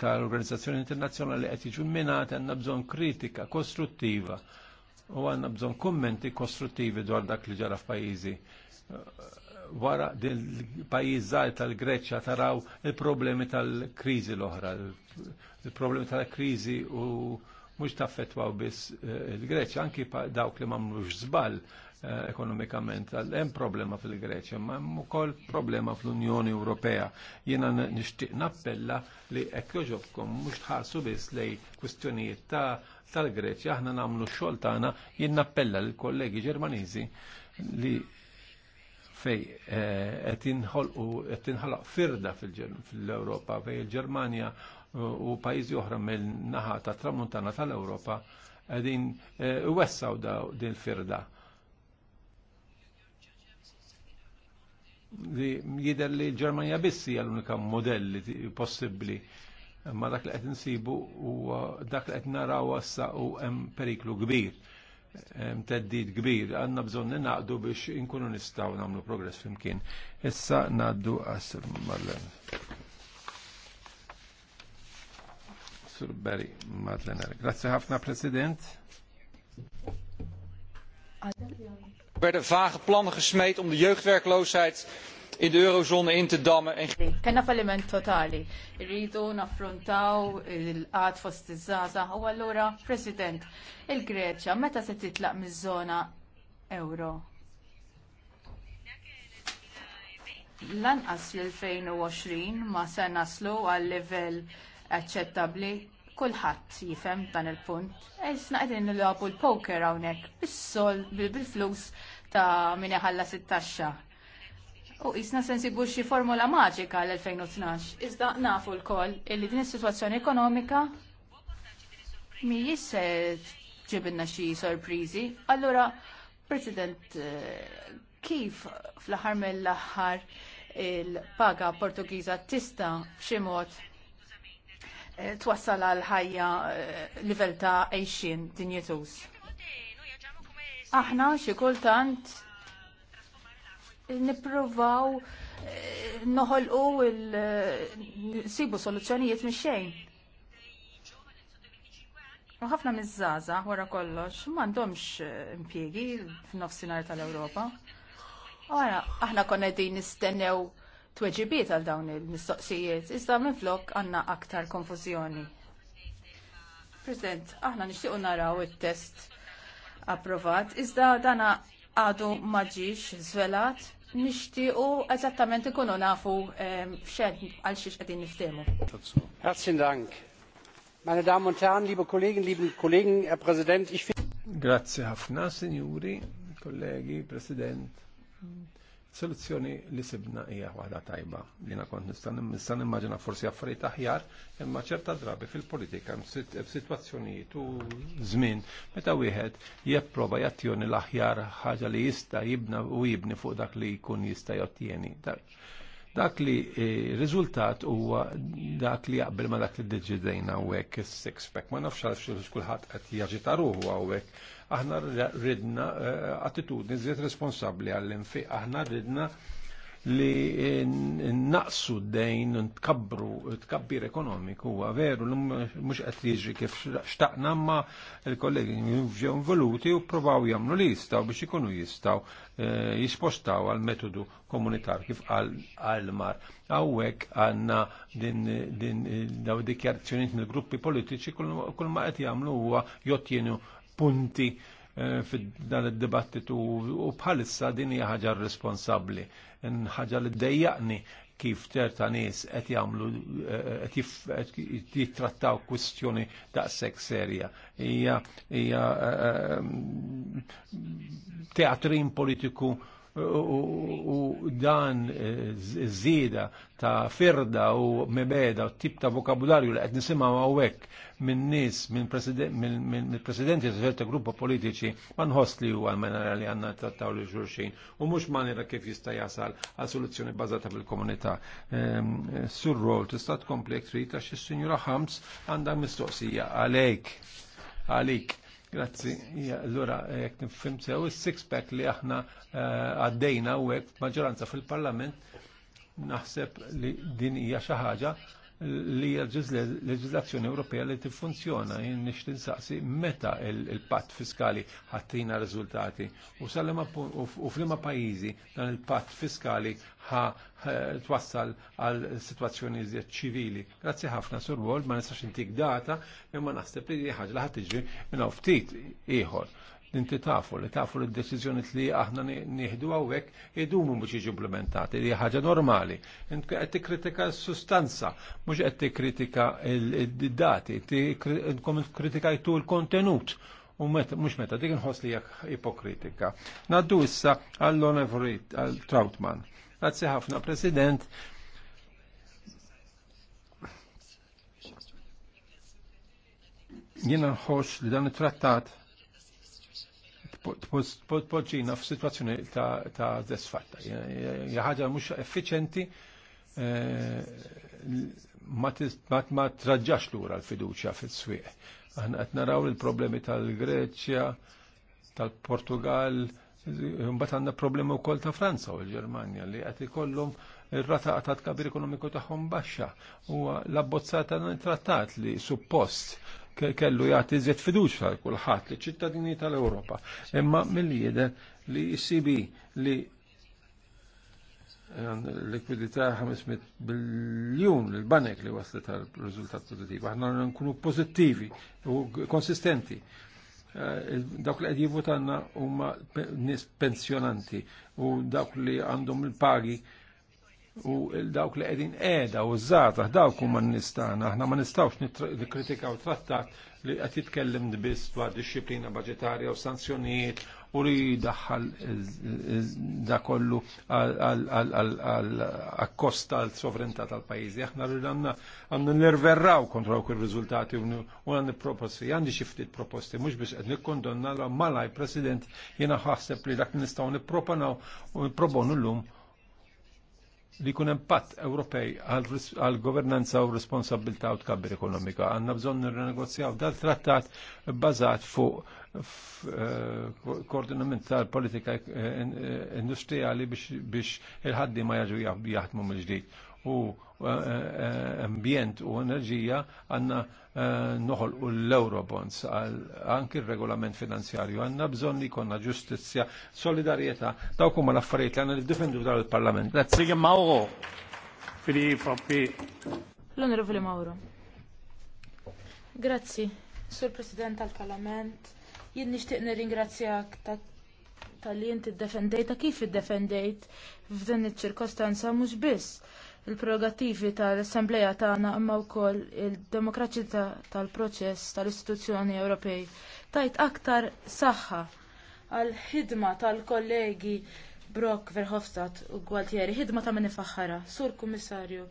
tal-Organizzazzjoni Internazzjonali qed jiġu minat għandna bżonn kritika kostruttiva u għandna bżonn kummenti kostruttivi dwar dak li ġara f'pajjiżi. Wara il-pajjiż tal greċja taraw il-problemi tal-kriżi l-oħra, il-problemi tal-kriżi u mhux taffetwaw biss eh, il greċja anki dawk li m'għamlux żball Eh, ekonomikament. Hemm problema fil-Greċja, ma hemm ukoll problema fl-Unjoni Ewropea. Jiena nixtieq nappella li hekk joġobkom mhux tħarsu biss lej kwistjonijiet ta' tal-Greċja, aħna nagħmlu x-xogħol tagħna, jien nappella lill kollegi Ġermaniżi li fej eh, qed inħolqu qed inħolaq firda fil-Ewropa fej il-Ġermanja u pajjiżi oħra mill-naħa tat tramuntana tal-Ewropa qegħdin eh, wessaw din il-firda li jider li l germania bissi għal-unika modelli possibli. Ma dak li għet nsibu u dak li għet naraw għassa u għem periklu kbir, hemm teddid kbir, bżon li naqdu biex inkunu nistaw namlu progress flimkien. Issa ngħaddu għasir Marlen. Sur Berry Madlener. Grazie ħafna President. Er werden vage plannen gesmeed om de jeugdwerkloosheid in eurozone in te dammen. Kenna falliment totali. Irridu naffrontaw il-qad fost iż-żaza u allura President, il-Greċja meta se titlaq miż-żona euro? Lanqas l-2020 ma se naslu għal livell aċċettabbli kulħadd jifhem dan il-punt. Isna qegħdin nilagħbu l-poker hawnhekk bis-sol bil-flus ta' min iħalla sit taxxa U jisna sensibu xi formula maġika l-2012. Iżda nafu l-koll illi din is-sitwazzjoni ekonomika mi jisset ġibinna xi sorprizi. Allura, President, eh, kif fl-aħħar mill-aħħar il-paga Portugiża tista' b'xi mod eh, twassal għal ħajja eh, livell ta' għejxin dinjetuż. Aħna xi kultant nippruvaw eh, noħolqu il-sibu eh, soluzzjonijiet minn xejn. U ħafna miż-żaza wara kollox m'għandhomx eh, impjiegi f'nofsinhar tal-Ewropa. Ora, aħna konna din nistennew tweġibiet għal dawn il-mistoqsijiet, iżda minflok għandna aktar konfużjoni. President, aħna nixtiequ naraw it-test approvat, iżda dana għadu maġiġ zvelat nishtiqu eżattament ikunu nafu ehm, xed għal xiex għedin niftemu. Grazie Dank. Meine Damen und Herren, liebe Kollegen, liebe Kollegen, Herr Präsident, ich finde Grazie ħafna, Signori, kollegi, Präsident, Soluzzjoni li sibna hija waħda tajba. Jiena kont nistan nimmaġina forsi affarijiet aħjar, imma ċerta drabi fil-politika f'sitwazzjonijiet u żmien meta wieħed jipprova jattjoni l-aħjar ħaġa li jista' jibna u jibni fuq dak li jkun jista' jottieni. Dak li eh, riżultat huwa dak li jaqbel ma dak li deċidejna u is-six pack. Ma nafx għalx xkulħat qed jagġitaru u għek Aħna ridna eh, attitudni żied responsabbli għall-infiq, aħna ridna li naqsu d-dejn, ntkabru, tkabbir ekonomiku, huwa veru, mux qed jiġri kif xtaqna ma l-kollegi ġew voluti u provaw jagħmlu li jistaw biex ikunu jistgħu eh, jispostaw għal metodu komunitar kif għal mar. għawek għandna din daw dikjarazzjonijiet mill-gruppi politiċi kull ma qed jagħmlu huwa jottienu punti eh, fid dan id-dibattitu u bħalissa din hija ħaġa responsabbli ħaġa li ddejjaqni kif ċerta nies qed jagħmlu eh, qed jittrattaw kwistjoni ta' daqshekk serja. Hija hija eh, eh, teatrin politiku u dan e, zida ta' firda u mebeda u tip ta' vokabularju li qed nisimgħu għawek minn nies minn presidenti ta' gruppa politiċi ma nħoss li huwa l-manera li għandna ta li xulxin u mhux manira kif jista' jasal għal soluzzjoni bazata fil-komunità. Ehm, sur roll tista' tkompli trid għax is-Sinjura Ħams għandha mistoqsija għalek. Għalik. Grazzi, allura eh, jek nifim sew il-six-pack li aħna eh, għaddejna u għek maġoranza fil-parlament naħseb li din hija xi ħaġa li hija leġislazzjoni Ewropea li tiffunzjona jien nix tinsaqsi meta il-patt fiskali ħattina riżultati u salema u flima pajjiżi dan il-patt fiskali ħa twassal għal situazzjoni ċivili. Grazzi ħafna sur wol ma nistax intik data imma naħseb li ħaġa li ħad tiġri minn ftit ieħor inti tafu li tafu li d-deċizjoni li aħna nieħdu għawek idumu mhux mux implementati li ħaġa normali. Għed qed tikkritika s-sustanza, mhux qed tikkritika d-dati, kritika jtu l-kontenut. U mux meta, dik nħos li jekk ipokritika. Naddu issa għall-Onorevoli Trautman. Grazzi ħafna, President. Jiena nħos li dan it-trattat tpoġġina f'sitwazzjoni ta' desfatta. Jaħġa mhux effiċenti eh, ma traġġax lura l-fiduċja fis-swieq. Aħna qed naraw il-problemi tal-Greċja, tal-Portugal, mbagħad għandna problemi wkoll ta' Franza u l-Ġermanja li qed ikollhom ir-rata ta' kabir ekonomiku tagħhom baxxa. Huwa l-abbozzata trattat li suppost kellu jagħti zjed fiduċa għal kulħadd li ċittadini tal europa Imma milli jidher li ECB li eh, likwidità 500 biljun l-banek li waslet għal riżultat pozittiv. Aħna nkunu pozittivi u konsistenti eh, dawk li qed jivutanna huma nis pensjonanti u dawk li għandhom il-pagi u dawk li qegħdin qiegħda u żgħata dawk man nistana aħna ma nistgħux nikkritikaw trattat li qed jitkellem biss dwar disċiplina budgetarja u sanzjonijiet u li daħħal da kollu għal-kosta għal-sovrenta tal-pajizi. Aħna rridanna għanna nerverraw kontra kull rizultati u għanna proposti, għandi xiftit proposti, mux biex għedni kondonna l għamalaj president jena ħasseb li dak nistaw niproponu l-lum li kun impatt Ewropej għal governanza u responsabilità u tkabbir ekonomika. Għanna bżon nirrenegozjaw dal-trattat bazat fuq eh, koordinament tal-politika eh, eh, industrijali biex il-ħaddi ma jaġu jaħdmu mill-ġdid u eh, eh, ambjent u enerġija għanna eh, noħol u l-Eurobonds anki il-regolament finanzjarju għanna bżon li konna ġustizja, solidarieta, daw kumma l-affarijiet li għanna l defendu dal il-Parlament. Grazie. Mauro, l Fili Mauro. Grazzi, Sur President tal-Parlament. Jien nixtieq nirringrazzjak tal-li inti ddefendejt, ta' kif iddefendejt f'dan iċ-ċirkostanza mhux biss il-prerogativi tal-Assembleja tagħna imma wkoll il-demokraċità tal-proċess tal-istituzzjoni Ewropej tajt aktar saħħa għal ħidma tal-kollegi Brock Verhofstadt u Gualtieri, ħidma ta' minni faħħara, sur kummissarju.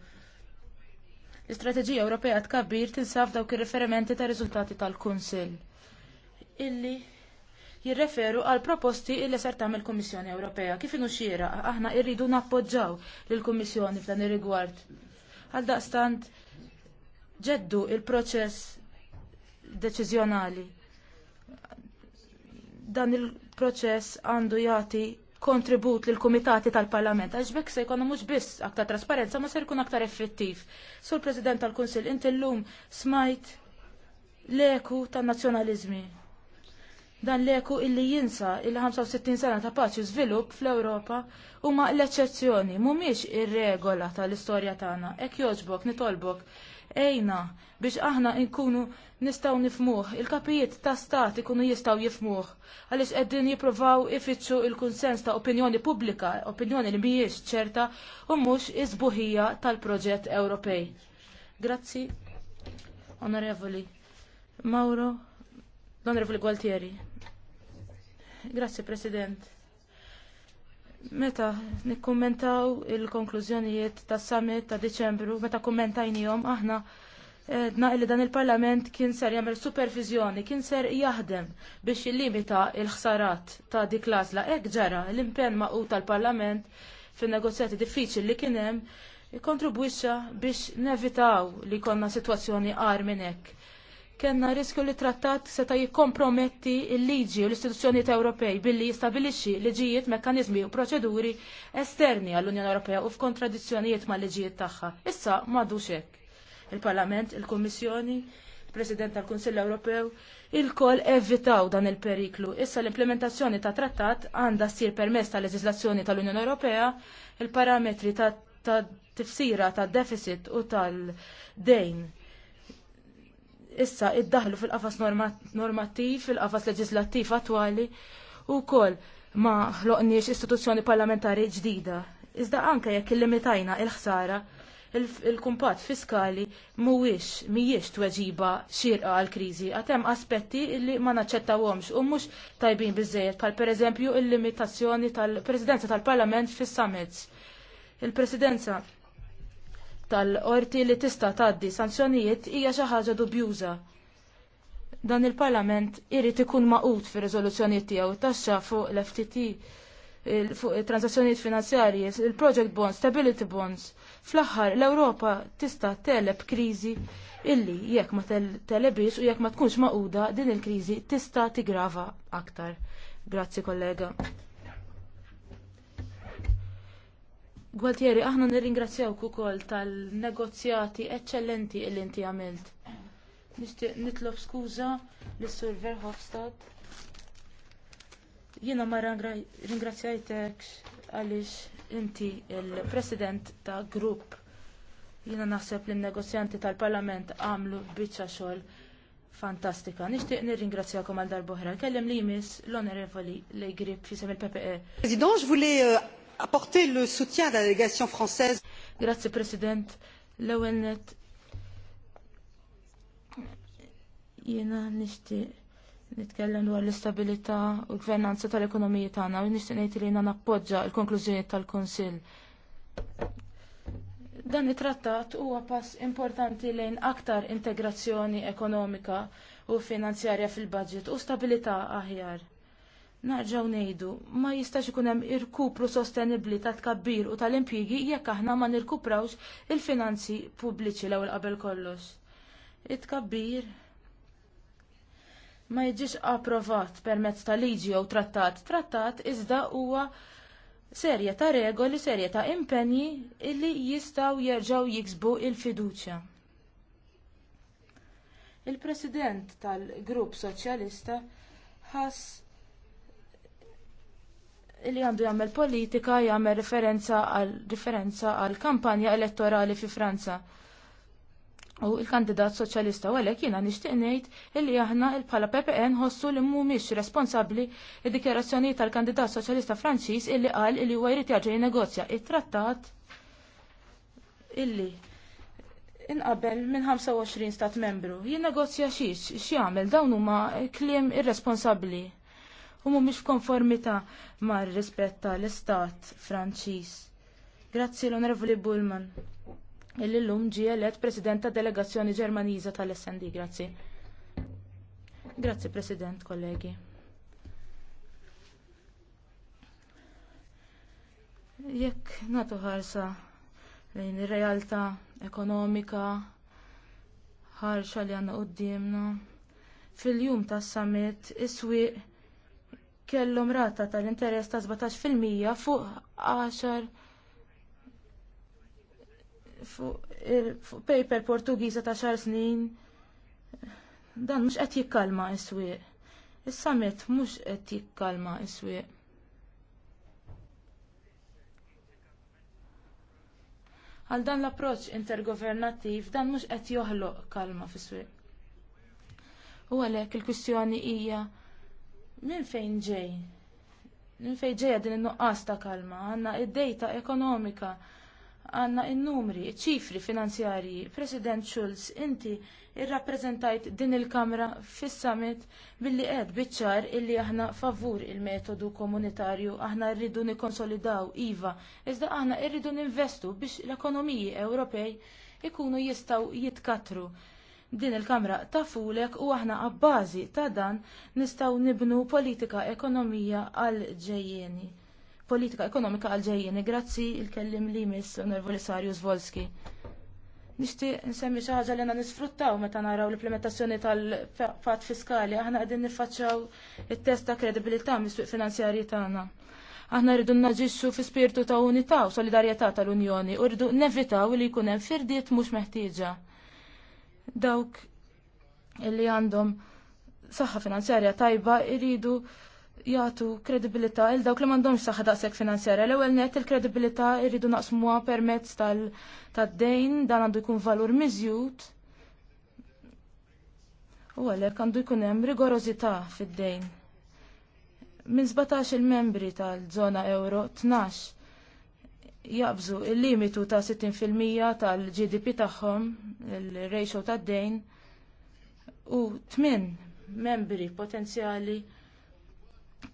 L-istrateġija Ewropea tkabbir tinsab dawk ir-referimenti ta' riżultati tal-Kunsill. Illi jirreferu għal proposti illi ser tagħmel kummissjoni Ewropea. Kif inhu aħna rridu nappoġġaw lill-Kummissjoni f'dan ir-rigward. Għal daqstant ġeddu il-proċess deċiżjonali. Dan il-proċess għandu jagħti kontribut lil kumitati tal-Parlament għax bekk se jkunu mhux biss aktar trasparenza ma ser ikun aktar effettiv. Sur President tal-Kunsill inti llum smajt l-eku tan-nazzjonaliżmi Dan l-eku illi jinsa il-65 sena ta' paċi u żvilupp fl-Ewropa huma l-eċċezzjoni, mhumiex ir-regola tal-istorja tagħna. Ek jogħġbok, nitolbok, ejna biex aħna nkunu nistgħu nifmuħ, il-kapijiet ta' stat ikunu jistgħu jifmuħ, għaliex qegħdin jippruvaw ifittxu il-kunsens ta' opinjoni pubblika, opinjoni li mhijiex ċerta u mhux iżbuħija tal-proġett Ewropej. Grazzi, onorevoli Mauro, l-onorevoli Gualtieri. Grazzi, President. Meta nikkommentaw il-konklużjonijiet tas summit ta' Diċembru, meta kommentajnijom aħna edna eh, illi dan il-Parlament kien ser jagħmel supervizjoni, kien ser jaħdem biex jillimita il-ħsarat ta' dik l-għażla. Hekk ġara l-impenn ma' tal-Parlament fin-negozjati diffiċli li kien hemm kontribwixxa biex nevitaw li konna sitwazzjoni qar minn hekk kena riskju li trattat seta' jikkomprometti il-liġi u l-istituzzjonijiet Ewropej billi jistabilixxi liġijiet, mekkaniżmi u proċeduri esterni għall-Unjoni Ewropea u f'kontradizzjonijiet ma' liġijiet tagħha. Issa m'għadux hekk. Il-Parlament, il-Kummissjoni, il-President tal-Kunsill Ewropew, il-kol evitaw dan il-periklu. Issa l-implementazzjoni ta' trattat għandha ssir permess ta' leġislazzjoni tal-Unjoni Ewropea, il-parametri ta' tifsira ta' deficit u tal-dejn issa iddaħlu fil-qafas normattiv, fil-qafas leġislattiv attwali u kol ma ħloqniex istituzzjoni parlamentari ġdida. Iżda anke jekk illimitajna il-ħsara, il-kumpat fiskali mhuwiex mhijiex tweġiba xirqa għal kriżi għad hemm aspetti li ma naċċettawhomx u mhux tajbin biżejjed bħal pereżempju il-limitazzjoni tal-Presidenza tal-Parlament fis-summits. Il-Presidenza tal-qorti li tista' tgħaddi sanzjonijiet hija xi ħaġa dubjuża. Dan il-Parlament irid ikun maqut fir riżoluzzjonijiet tiegħu taxxa fuq l-FTT fuq transazzjonijiet finanzjarji, il-project bonds, stability bonds. Fl-aħħar l-Ewropa tista' teleb kriżi illi jekk ma telebix u jekk ma tkunx maquda din il-kriżi tista' tigrava aktar. Grazzi kollega. Gualtieri, aħna nirringrazzjawk ukoll tal-negozjati eċċellenti li inti għamilt. Nixtieq nitlob skuża l sur Verhofstadt. Jiena ma ringrazzjajtek għaliex inti l president ta' grupp. Jiena naħseb li n-negozjanti tal-Parlament għamlu biċċa xogħol fantastika. Nixtieq nirringrazzjakom għal darbohra. Kellem li jmiss l-onorevoli li jgrib fisem il-PPE. voulais euh, apporter le soutien à la délégation française. Grazie President. L-ewwel net jiena nixtieq nitkellem dwar l-istabilità u l-gvernanza tal-ekonomija tagħna u nixtieq ngħid li jiena nappoġġa l konklużjoni tal-Kunsill. Dan it-trattat huwa pass importanti lejn aktar integrazzjoni ekonomika u finanzjarja fil-budget u stabilità aħjar. Narġaw nejdu, ma jistax ikun hemm irkupru sostenibbli ta' tkabbir u tal-impjigi jekk aħna ma nirkuprawx il-finanzi pubbliċi l-ewwel qabel kollox. It-tkabbir ma jiġix approvat permezz ta' liġi jew trattat. Trattat iżda huwa serje ta' regoli, serje ta' impenji illi jistgħu jerġgħu jiksbu il-fiduċja. Il-President tal-Grupp Soċjalista ħass li għandu jagħmel politika jagħmel referenza għal referenza għal kampanja elettorali fi Franza. U il-kandidat soċjalista u għalek jina nishtiq ngħid illi aħna il bħala PPN ħossu li mhumiex responsabbli id-dikjarazzjoni tal-kandidat soċjalista Franċiż illi qal illi huwa jrid jaġri negozja it-trattat illi inqabel minn 25 stat membru. Jinnegozja xiex, x'jagħmel dawn huma kliem irresponsabbli u mhumiex konformità mar rispett tal-Istat Franċiż. Grazzi l-Onorevoli Bullman. Illi llum ġie elett President tad Delegazzjoni Ġermaniża tal-SND, grazzi. Grazzi President, kollegi. Jekk nagħtu ħarsa lejn ir-realtà ekonomika ħarxa li għandna qudiemna fil-jum tas summit is-swieq kellhom rata tal-interess ta' 17% fuq 10 eh, fuq paper Portugiża ta' xar snin. Dan mhux qed jikkalma s-swieq. Is-summit mhux qed jikkalma s-swieq. Għal dan l-approċċ intergovernattiv dan mhux qed joħloq kalma fis-swieq. U għalhekk il-kwistjoni hija Minn fejn ġej? Minn fejn ġejja din in-nuqqas ta' kalma? Għandna id-dejta ekonomika, għandna n numri iċ-ċifri finanzjarji. President Schulz, inti irrappreżentajt din il-Kamra fis-summit billi qed biċċar illi aħna favur il-metodu komunitarju, aħna rridu nikkonsolidaw iva, iżda aħna rridu ninvestu biex l-ekonomiji Ewropej ikunu jistgħu jitkatru din il-Kamra tafulek u aħna għabbażi ta' dan nistaw nibnu politika ekonomija għal ġejjeni. Politika ekonomika għal ġejjeni, grazzi il-kellim li mis Nervolisarju Zvolski. Nishti nsemmi xaħġa li għana nisfruttaw meta naraw l-implementazzjoni tal-fat fiskali, aħna għedin nifacċaw il-test ta' kredibilità mis-suq finanzjari tagħna. Aħna rridu naġixxu fi spiritu ta' unità u solidarjetà tal-Unjoni u rridu nevitaw li jkun hemm firdiet mhux meħtieġa dawk illi għandhom saħħa finanzjarja tajba iridu jagħtu kredibilità il dawk li m'għandhomx saħħa daqshekk finanzjarja. L-ewwel net il-kredibilità iridu naqsmuha permezz tad-dejn dan għandu jkun valur miżjud. U għalhekk għandu jkun hemm rigorożità fid-dejn. Minn 17 il-membri tal-żona euro 12 jaqbżu il-limitu ta' 60% tal-GDP tagħhom, il-ratio tad-dejn, u tmien membri potenzjali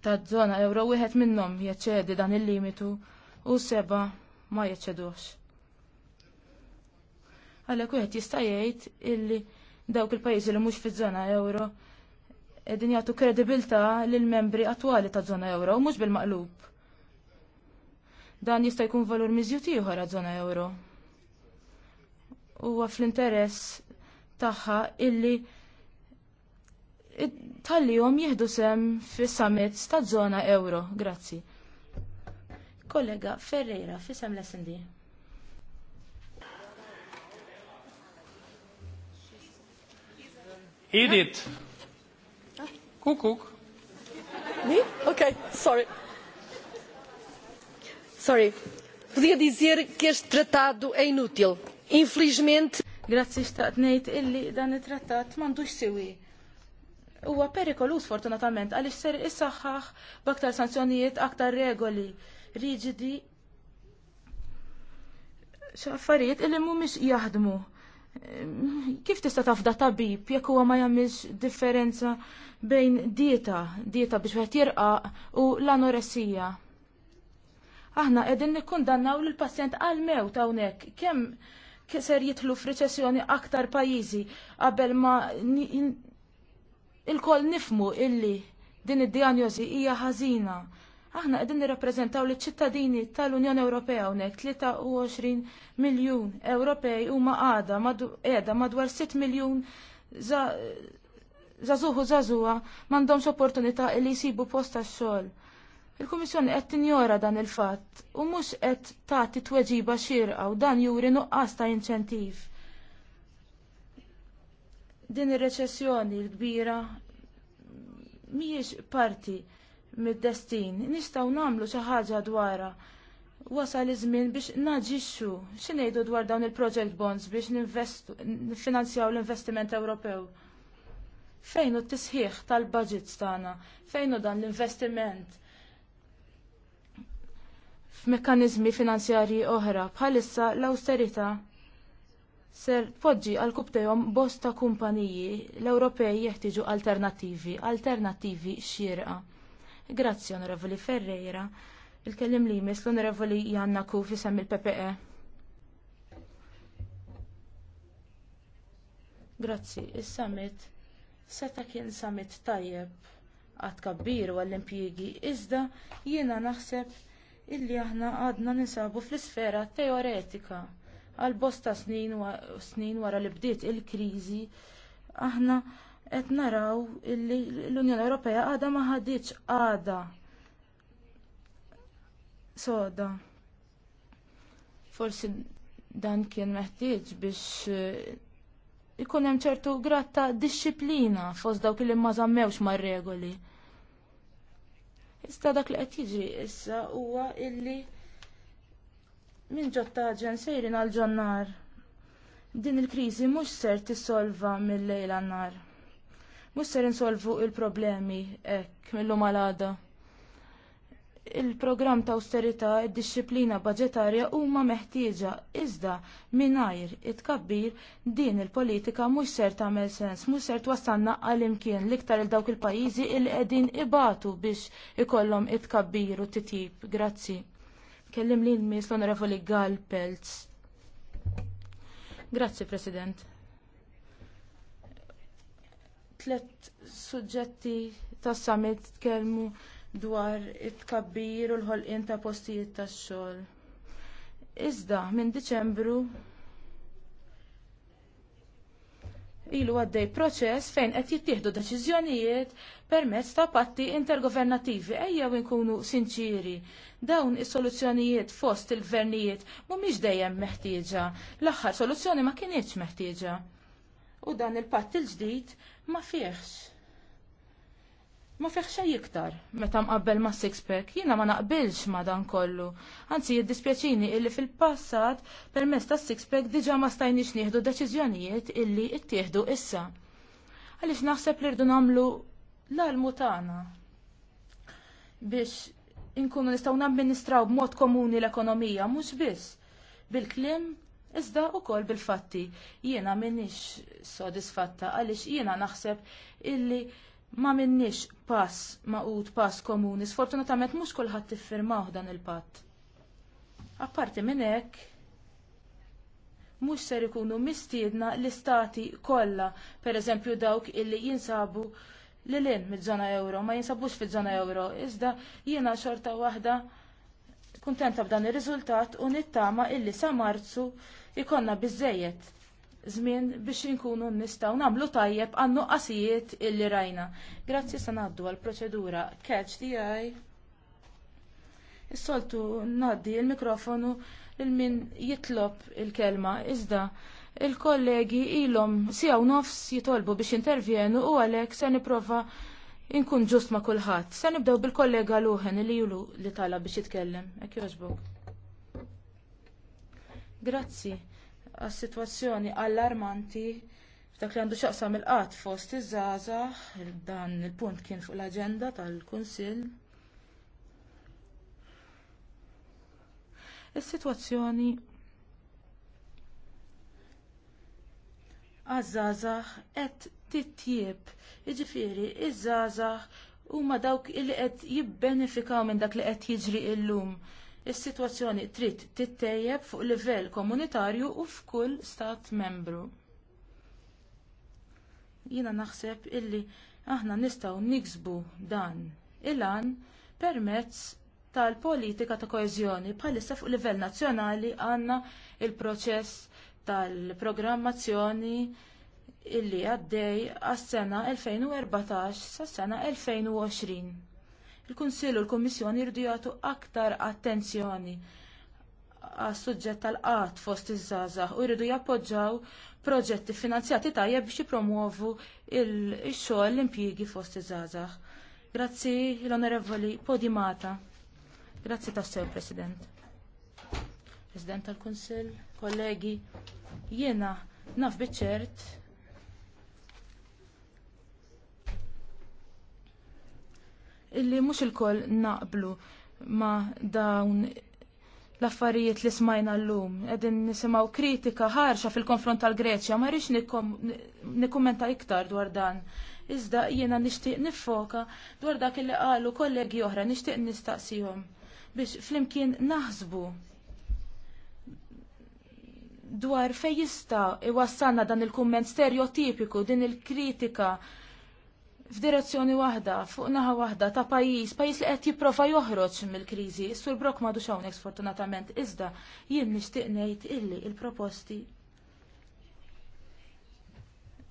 taż-żona euro wieħed minnhom jeċċedi dan il-limitu u seba ma jeċċedux. Għalhekk wieħed jista' jgħid illi dawk il-pajjiżi li mhux fiż-żona euro qegħdin jagħtu kredibilità lill-membri attwali taż-żona euro u mhux bil-maqlub Dan jista' jkun valur miżju ieħor għaż-żona euro. Huwa fl-interess tagħha illi tal-jom jihdu sem fis-summits taż-żona euro. Grazzi. Kollega Ferreira, fisem l-SND. Edith. Ah. Kukuk. Me? Okay, sorry. Sorry. Podia dizer que este tratado é inútil. Infelizmente. Grazzi xtaqt ngħid illi dan it-trattat m'għandux siwi. Huwa perikolus fortunatament għaliex ser issaħħaħ b'aktar sanzjonijiet aktar regoli riġidi xaffarijiet illi mhumiex jaħdmu. Kif tista' tafda tabib jekk huwa ma jagħmilx differenza bejn dieta, dieta biex wieħed jirqaq u l-anoressija? Aħna qegħdin nikkundannaw l pazjent għal mew hawnhekk kemm ser jitlu f'reċessjoni aktar pajjiżi qabel ma il-koll nifmu illi din id-diagnosi hija ħażina. Aħna qegħdin nirrappreżentaw liċ ċittadini tal-Unjoni Ewropea hawnhekk 23 miljun Ewropej huma għada qiegħda madwar 6 miljun zazuħu zazuha m'għandhomx opportunità li jsibu post tax-xogħol. Il-Kummissjoni qed tinjora dan il-fatt u mhux qed tagħti tweġiba xirqa u dan juri nuqqas ta' inċentiv. Din ir-reċessjoni l-kbira mhijiex parti mid-destin, nistgħu nagħmlu xi ħaġa dwarha. Wasal iż-żmien biex naġixxu x'ngħidu dwar dawn il-project bonds biex nifinanzjaw l-investiment Ewropew. Fejn hu t-tisħiħ tal-budgets tagħna? Fejn hu dan l-investiment? f'mekkaniżmi finanzjarji oħra bħalissa l-austerità ser tpoġġi għal kubtejhom bosta kumpaniji l-Ewropej jeħtieġu alternattivi, alternattivi xierqa. Grazzi Onorevoli Ferreira, il-kellim li jmiss l-Onorevoli Janna Kufi sem il-PPE. Grazzi, is-summit seta kien summit tajjeb għad kabbir għall-impjiegi iżda jiena naħseb illi aħna għadna ninsabu fl-isfera teoretika għal bosta snin, wa, snin wara li bdiet il-kriżi aħna qed naraw illi l-Unjoni Ewropea għadha ma ħadiċ għadha soda. Forsi dan kien meħtieġ biex eh, ikun hemm ċertu gratta disċiplina fost dawk li ma żammewx mar-regoli. Issa dak li qed jiġri issa huwa illi minn ġen sejrin għal ġonnar. Din il-kriżi mhux ser tissolva mill lejla nar Mhux ser insolvu l problemi hekk mill-lum għal il-programm ta' austerità id-disciplina budġetarja huma meħtieġa iżda mingħajr it-tkabbir din il-politika mhux ser tagħmel sens, mhux ser twassalna għal imkien l-iktar il dawk il-pajjiżi li qegħdin ibatu biex ikollhom it-tkabbir u titjib. Grazzi. Kellim li l-mis l-Onorevoli Gal Pelz. Grazzi, President. Tlet suġġetti tas-summit tkellmu dwar it-tkabbir u l-ħolqien ta' postijiet tax-xogħol. Iżda minn Diċembru ilu għaddej proċess fejn qed jittieħdu deċiżjonijiet permezz ta' patti intergovernattivi ejjew inkunu sinċiri. Dawn is-soluzzjonijiet fost il-gvernijiet mhumiex dejjem meħtieġa. L-aħħar soluzzjoni ma kinitx meħtieġa. U dan il-patt il-ġdid ma fihx ma feħxa iktar meta mqabbel ma' six-pack, jiena ma naqbilx ma' dan kollu. Anzi, jiddispjaċini illi fil-passat permezz ta' six-pack diġa ma stajnix nieħdu deċiżjonijiet illi ttieħdu issa. Għaliex naħseb li rridu nagħmlu l-almu tagħna biex inkunu nistgħu namministraw b'mod komuni l-ekonomija mhux biss bil-kliem Iżda u kol bil-fatti, jiena minix sodisfatta għalix jiena naħseb illi ma minnix pass maqut pass komuni, sfortunatament mhux kulħadd tiffirmaw dan il-patt. Apparti minn hekk, mhux ser ikunu mistiedna l-istati kollha, pereżempju dawk illi jinsabu li lin mid-żona euro, ma jinsabux fiż-żona euro, iżda jiena xorta waħda kuntenta b'dan ir-riżultat u nittama illi sa marzu ikonna biżżejjed żmien biex inkunu nistgħu nagħmlu tajjeb għan nuqqasijiet illi rajna. Grazzi se ngħaddu għall proċedura catch the eye. Is-soltu ngħaddi l mikrofonu lil min jitlob il-kelma iżda il-kollegi ilhom siegħu nofs jitolbu biex intervjenu u għalhekk se nipprova inkun ġust ma' kulħadd. Se nibdew bil-kollega Luħen li julu li tala biex jitkellem. Hekk jogħġbok. Grazzi għas-sitwazzjoni allarmanti f'dak li għandu xaqsam il-qat fost iż-żgħażagħ, dan il-punt kien fuq l-aġenda tal-Kunsill. Is-sitwazzjoni għaż-żgħażagħ qed titjieb, jiġifieri iż-żgħażagħ huma dawk li qed jibbenefikaw minn dak li qed jiġri llum. Is-sitwazzjoni trid tittejjeb fuq livell komunitarju u f'kull stat membru. Jiena naħseb illi aħna nistgħu niksbu dan il-għan permezz tal-politika ta' koeżjoni bħalissa fuq livell nazzjonali għandna l proċess tal-programmazzjoni illi għaddej għas-sena 2014 sas-sena 2020. Il-Kunsill u l-Kummissjoni jridu jagħtu aktar attenzjoni għas suġġett tal qat fost iż-żgħażagħ u jridu jappoġġjaw proġetti finanzjati tajjeb biex jipromuovu il-xogħol l-impjiegi fost iż-żgħażagħ. Grazzi l-Onorevoli Podimata. Grazzi tassew, President. President tal-Kunsill, kollegi, jiena naf biċ-ċert illi mhux ilkoll naqblu ma' dawn l-affarijiet li smajna l-lum. Edin nisimaw kritika ħarxa fil-konfront tal-Greċja, ma rix nikkommenta iktar dwar dan. Iżda jiena nixtieq nifoka dwar dak li qalu kollegi oħra nixtieq nistaqsihom biex flimkien naħsbu dwar fejn jista' iwassalna dan il-kumment stereotipiku din il-kritika f'direzzjoni waħda, fuq naħa waħda ta' pajjiż, pajjiż li qed jipprova joħroġ mill-kriżi. Sur Brok m'għadux hawnhekk sfortunatament, iżda jien nixtieq ngħid illi il-proposti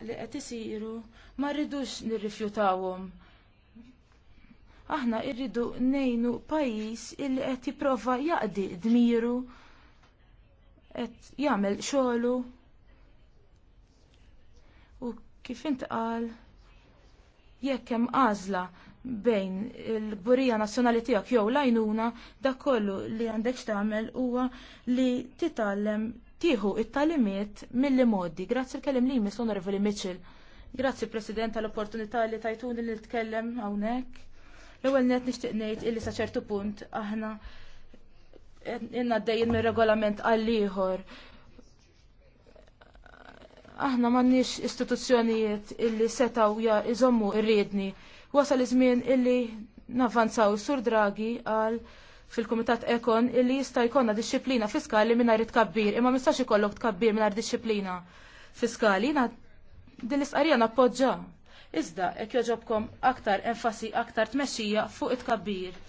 li qed isiru ma rridux nirrifjutawhom. Aħna rridu nejnu pajjiż illi qed jipprova jaqdi dmiru qed jagħmel xogħlu u kif intqal jekk hemm għażla bejn il-gburija nazzjonali tiegħek jew lajnuna dak kollu li għandek x'tagħmel huwa li titgħallem tieħu it-talimiet milli modi. Grazzi l-kellim li jmiss l-Onorevoli Mitchell. Grazzi President tal-opportunità li tajtuni li tkellem hawnhekk. L-ewwel net nixtieq ngħid illi sa ċertu punt aħna inna d dajin minn regolament għal ieħor Aħna m'għandniex istituzzjonijiet illi setaw ja iżommu irridni. Wasal iż-żmien illi navvanzaw sur Draghi għal fil-Kumitat Ekon illi jista' jkollna disċiplina fiskali mingħajr tkabbir, imma mistax ikollok tkabbir mingħajr disċiplina fiskali, na din l-isqarija nappoġġa. Iżda hekk joġobkom aktar enfasi aktar tmexxija fuq it-tkabbir.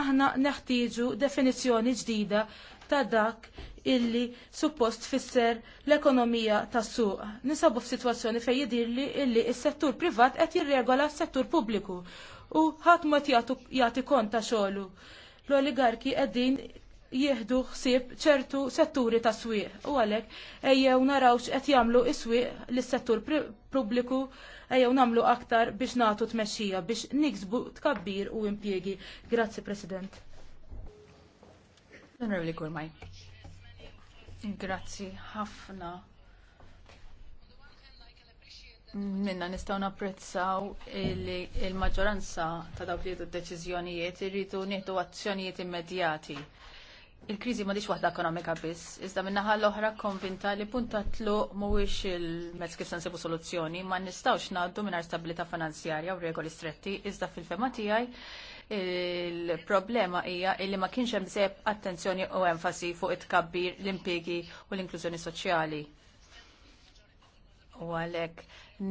Aħna neħtieġu definizzjoni ġdida ta' dak illi suppost fisser l-ekonomija tas suq. Nisabu f'sitwazzjoni fejn jidirli illi s-settur privat qed jirregola s-settur pubbliku u ħadd ma jagħti kont ta' xogħlu. L-oligarki qegħdin jieħdu ħsieb ċertu setturi ta' swieq u għalhekk ejjew narawx qed jagħmlu is-swieq lis-settur pubbliku ejjew nagħmlu aktar biex nagħtu tmexxija biex niksbu tkabbir u impjiegi. Grazzi President. Onorevoli Gurmaj. Grazzi ħafna. Minna nistgħu napprezzaw il-maġġoranza ta' dawk li deċiżjonijiet irridu nieħdu azzjonijiet immedjati. Il-kriżi diċ waħda ekonomika biss, iżda min-naħa l-oħra konvinta li punta tlu mhuwiex il-mezz kif sensibu soluzzjoni, ma nistgħux ngħaddu mingħajr stabilità finanzjarja u regoli stretti, iżda fil-fema tiegħi Il-problema hija li ma kienx hemm bżeb attenzjoni u enfasi fuq it-tkabbir l-impjegi u l-inklużjoni soċjali. U għalhekk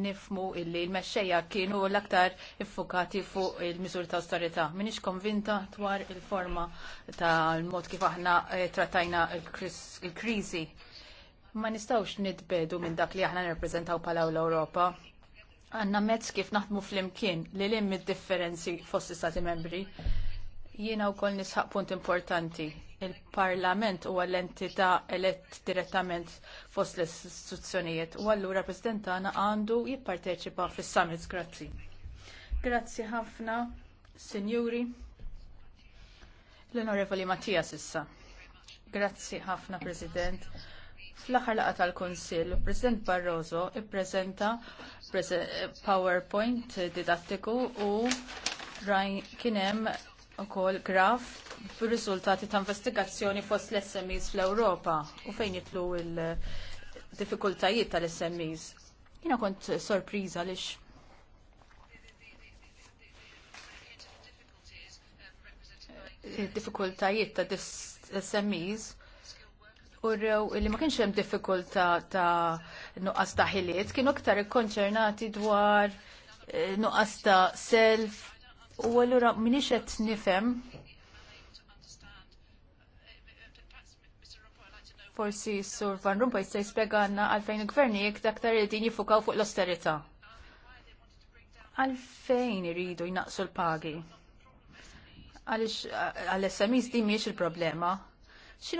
nifmu illi l-mexxejja kienu l-aktar iffukati fuq il-miżur ta' austerità. Minix konvinta dwar il-forma tal-mod kif aħna eh, trattajna il-kriżi ma nistawx nitbedu minn dak li aħna nirrepreżentaw pala l-Ewropa għanna mezz kif naħdmu fl-imkien li l-im differenzi fost stati membri. Jiena u nisħaq punt importanti. Il-parlament huwa l-entità elett direttament fost l-istituzzjonijiet u għallura president għana għandu jipparteċipa fis-summits. Grazzi. Grazzi ħafna, sinjuri. L-Onorevoli Mattias issa. Grazzi ħafna, President. Fl-aħħar laqgħa tal-Kunsill, President Barroso ippreżenta PowerPoint didattiku u kien hemm ukoll graf bir riżultati ta' investigazzjoni fost l-SMEs fl-Ewropa u fejn jitlu il-diffikultajiet tal-SMEs. Jiena kont sorpriża lix diffikultajiet ta' SMEs urrew li ma kienx hemm diffikultà ta' nuqqas ta' ħiliet, kienu aktar ikkonċernati dwar eh, nuqqas ta' self u allura minix qed nifhem forsi Sur Van Rumpa jista' jispjegana għalfejn il-gvernijiet aktar iridin jifukaw fuq l-austerità. Għalfejn iridu jnaqsu l-pagi? għaliex għal-SMIs di miex il-problema,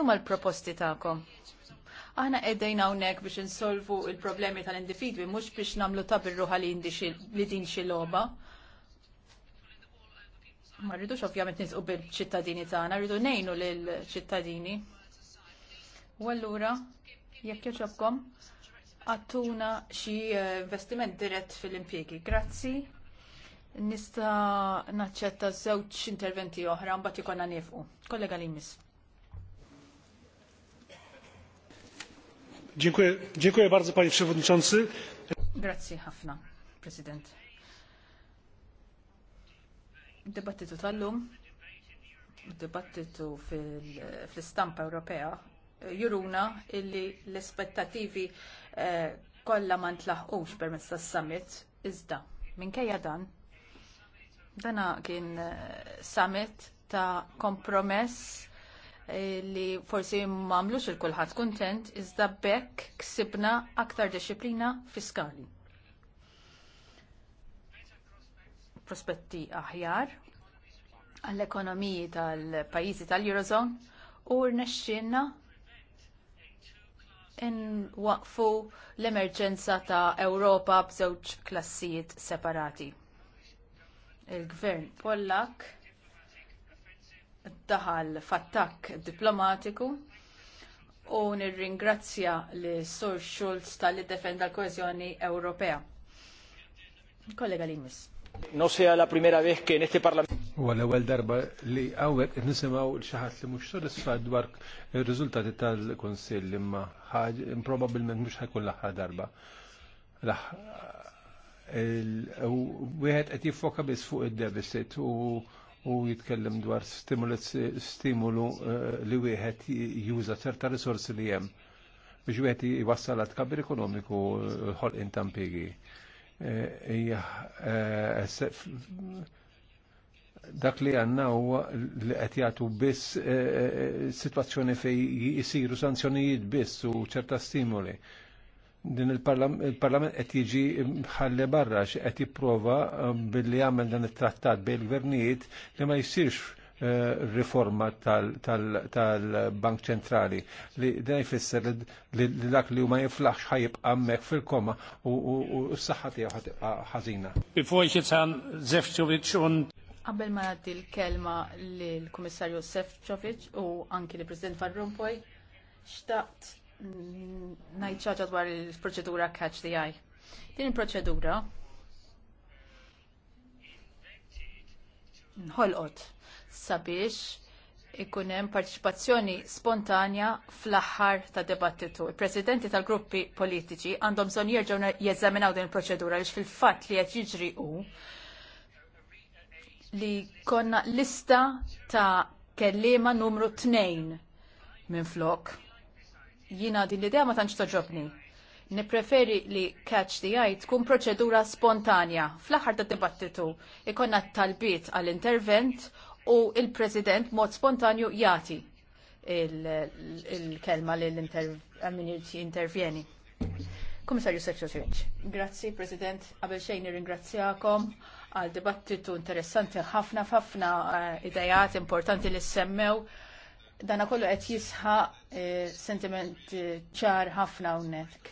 ma l-proposti tagħkom? Aħna qegħdin hawnhekk biex insolvu l problemi tal-individwi mhux biex nagħmlu ta' birruħa li din xi logħba. Ma rridux ovvjament nizqu bil-ċittadini tagħna, rridu ngħinu lill-ċittadini. U allura jekk joċobkom, għattuna xi eh, investiment dirett fil impiegi Grazzi. Nista naċċetta żewġ interventi oħra mbati konna nifqu. Kollega Limis. Dziękuję, bardzo ħafna, President. Dibattitu tal-lum, dibattitu fil-istampa Ewropea juruna illi l-espettativi eh, kollha ma ntlaħqux permezz tas-summit iżda minkejja dan dana kien eh, summit ta' kompromess Eh, li forsi mamlux il-kulħadd kuntent iżda bekk ksibna aktar disciplina fiskali. Prospetti aħjar għall-ekonomiji tal-pajjiżi tal-Eurozone u rnexxinna waqfu l-emerġenza ta' Ewropa b'żewġ klassijiet separati. Il-gvern Pollak daħal fattak diplomatiku u nirringrazzja li Sur Schulz tal defenda l-koezjoni Ewropea. Kollega Limis. No sea la primera vez que en este Parlamento. U l-ewwel darba li hawnhekk qed nisimgħu xi ħadd li mhux sodisfa dwar ir-riżultati tal-Kunsill imma ħaġa probabbilment mhux ħajkun l-aħħar darba. Wieħed qed jiffoka biss fuq id-deficit u u jitkellem dwar stimulu eh, li wieħed juża ċerta risorsi li hemm biex wieħed jwassal għad kabir ekonomiku eh, ħolqien tampigi. Eh, dak li għanna huwa li qed jagħtu biss sitwazzjoni fejn jisiru sanzjonijiet biss u ċerta stimoli din il-parlament qed jiġi ħalli barra xi qed jipprova um, billi jagħmel dan it-trattat bejn il-gvernijiet li ma jsirx uh, riforma tal-Bank Ċentrali li dan jfisser li dak li huma jiflaħx ħajibqa' hemmhekk fil-koma u s-saħħa tiegħu ħatibqa' ħażina. Qabel ma nagħti l-kelma lill-Kummissarju Sefcovic u anki l-President Van Rompuy, xtaqt ngħid dwar il-proċedura catch the eye. Din il-proċedura nħolqot sabiex ikun hemm partiċipazzjoni spontanja fl-aħħar ta' debattitu. Il-presidenti tal-gruppi politiċi għandhom bżonn jerġgħu jeżaminaw din il-proċedura għaliex fil-fatt li qed jiġri hu li konna lista ta' kellima numru 2 minn flok. Jina din l-idea ma tantx toġobni. Nipreferi li catch the eye tkun proċedura spontanja fl-aħħar ta' dibattitu. Ikonna talbiet għall-intervent u il-President mod spontanju jati il-kelma li l intervjeni. Komissarju Sekxoċeċ, grazzi President, għabel xejn ringrazzjakom għal dibattitu interessanti ħafna ħafna eh, idejat importanti li semmew dana kollu qed jisħa e, sentiment e, ċar ħafna hawnhekk.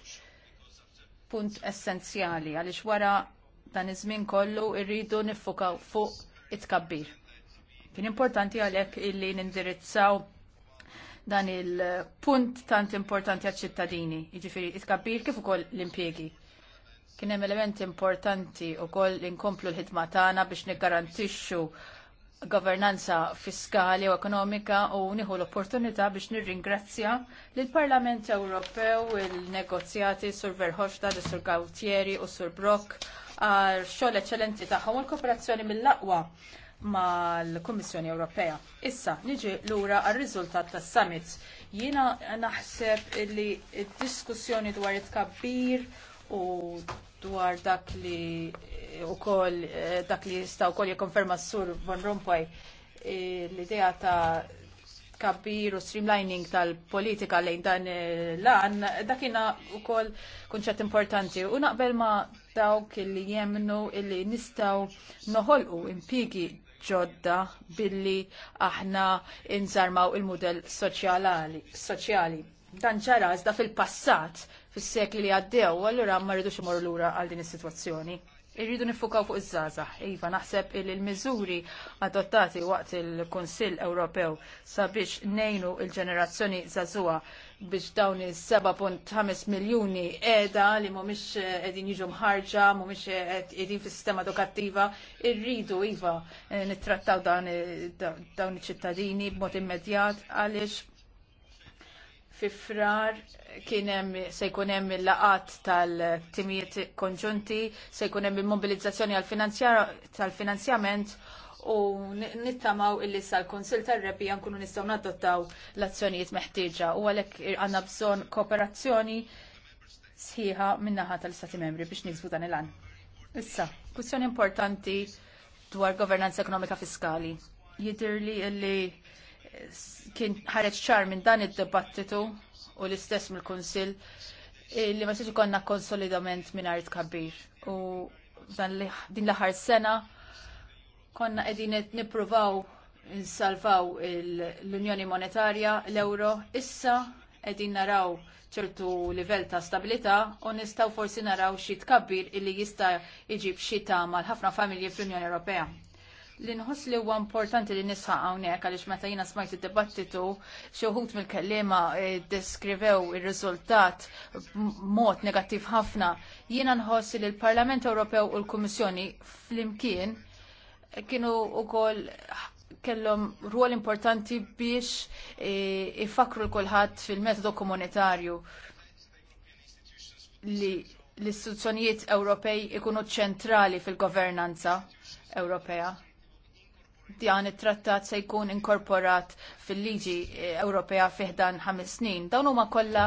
Punt essenzjali għaliex wara dan iż-żmien kollu rridu nifuka fuq it-tkabbir. Kien importanti għalhekk illi nindirizzaw dan il-punt tant importanti għal ċittadini, jiġifieri it-tkabbir kif ukoll l-impjegi. Kien hemm element importanti wkoll inkomplu l-ħidma tagħna biex niggarantixxu governanza fiskali u ekonomika u nieħu l-opportunità biex nirringrazzja lill parlament Ewropew il-negozjati sur Verhofsta, sur Gautieri u sur Brock għal xogħol eċċellenti tagħhom u l-kooperazzjoni mill-aqwa mal-Kummissjoni Ewropea. Issa, niġi lura għal riżultat tas summit Jiena naħseb li d diskussjoni dwar it-kabbir u dwar dak li u kol eh, dak li sta' kol koll jikonferma s-sur Von Rompuy eh, l-idea ta' kabbir u streamlining tal-politika lejn dan eh, l-an, dakina u kol kunċet importanti. U naqbel ma dawk li jemnu illi nistaw noħolqu impigi ġodda billi aħna inżarmaw il-model soċjali. Dan ġara iżda fil-passat, fis-sekli li għaddew, allura ma rridux imorru lura għal din is-sitwazzjoni. Irridu nifukaw fuq iż-żgħażagħ. Iva, naħseb il miżuri adottati waqt il-Kunsill Ewropew sabiex nejnu il-ġenerazzjoni żagħżugħa biex dawn is-7.5 miljuni qiegħda li mhumiex qegħdin jiġu mħarġa, mhumiex qegħdin fis-sistema edukattiva, irridu iva eh, nittrattaw eh, dawn iċ-ċittadini b'mod immedjat għaliex fi frar kienem se jkunem il-laqat tal-timijiet konġunti, se jkunem il-mobilizzazzjoni tal-finanzjament u nittamaw illi sal-Konsil tal-Rebi nkunu nistaw nadottaw l-azzjonijiet meħtieġa u għalek għanna bżon kooperazzjoni sħiħa minnaħa tal-Stati membri biex nizbu dan il-għan. Issa, kwistjoni importanti dwar governanza ekonomika fiskali. Jidirli illi kien ħareġ ċar minn dan id debattitu u l-istess mill-Kunsill li ma siex konna konsolidament minn art kabir. U din l-aħħar sena konna edin nippruvaw nsalvaw l-Unjoni Monetarja, l-Euro, issa edin naraw ċertu livell ta' stabilità u nistgħu forsi naraw xi tkabbir illi jista' iġib xi mal ħafna familji fl-Unjoni Ewropea li nħoss li huwa importanti li nisħaq hawnhekk għaliex meta jiena smajt id-dibattitu xi wħud mill-kellima eh, deskrivew ir-riżultat b'mod negattiv ħafna. Jiena nħoss li l-Parlament Ewropew u l-Kummissjoni flimkien kienu wkoll kellhom ruol importanti biex eh, ifakru l-kulħadd fil-metodu komunitarju li l-istituzzjonijiet Ewropej ikunu ċentrali fil-governanza Ewropea dan it-trattat se jkun inkorporat fil-liġi eh, Ewropea fiħdan ħames snin. Dawn huma kollha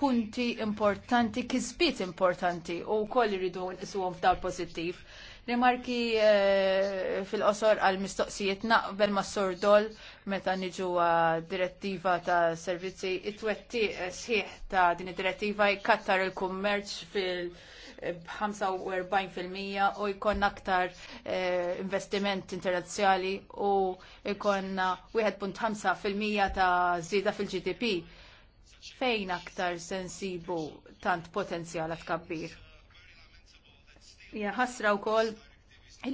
punti importanti, kisbiet importanti u koll irridu nqisuhom f'dar pożittiv. Rimarki eh, fil-qosor għal mistoqsijiet naqbel ma' sordol meta niġu direttiva ta' servizzi it-twetti sħiħ ta' din id-direttiva jkattar il-kummerċ fil- b-45% u jkonna aktar eh, investiment internazzjali u jkonna 1.5% ta' zida fil-GDP. Fejn aktar sensibu tant potenzjala tkabbir? Ja, ħasra u koll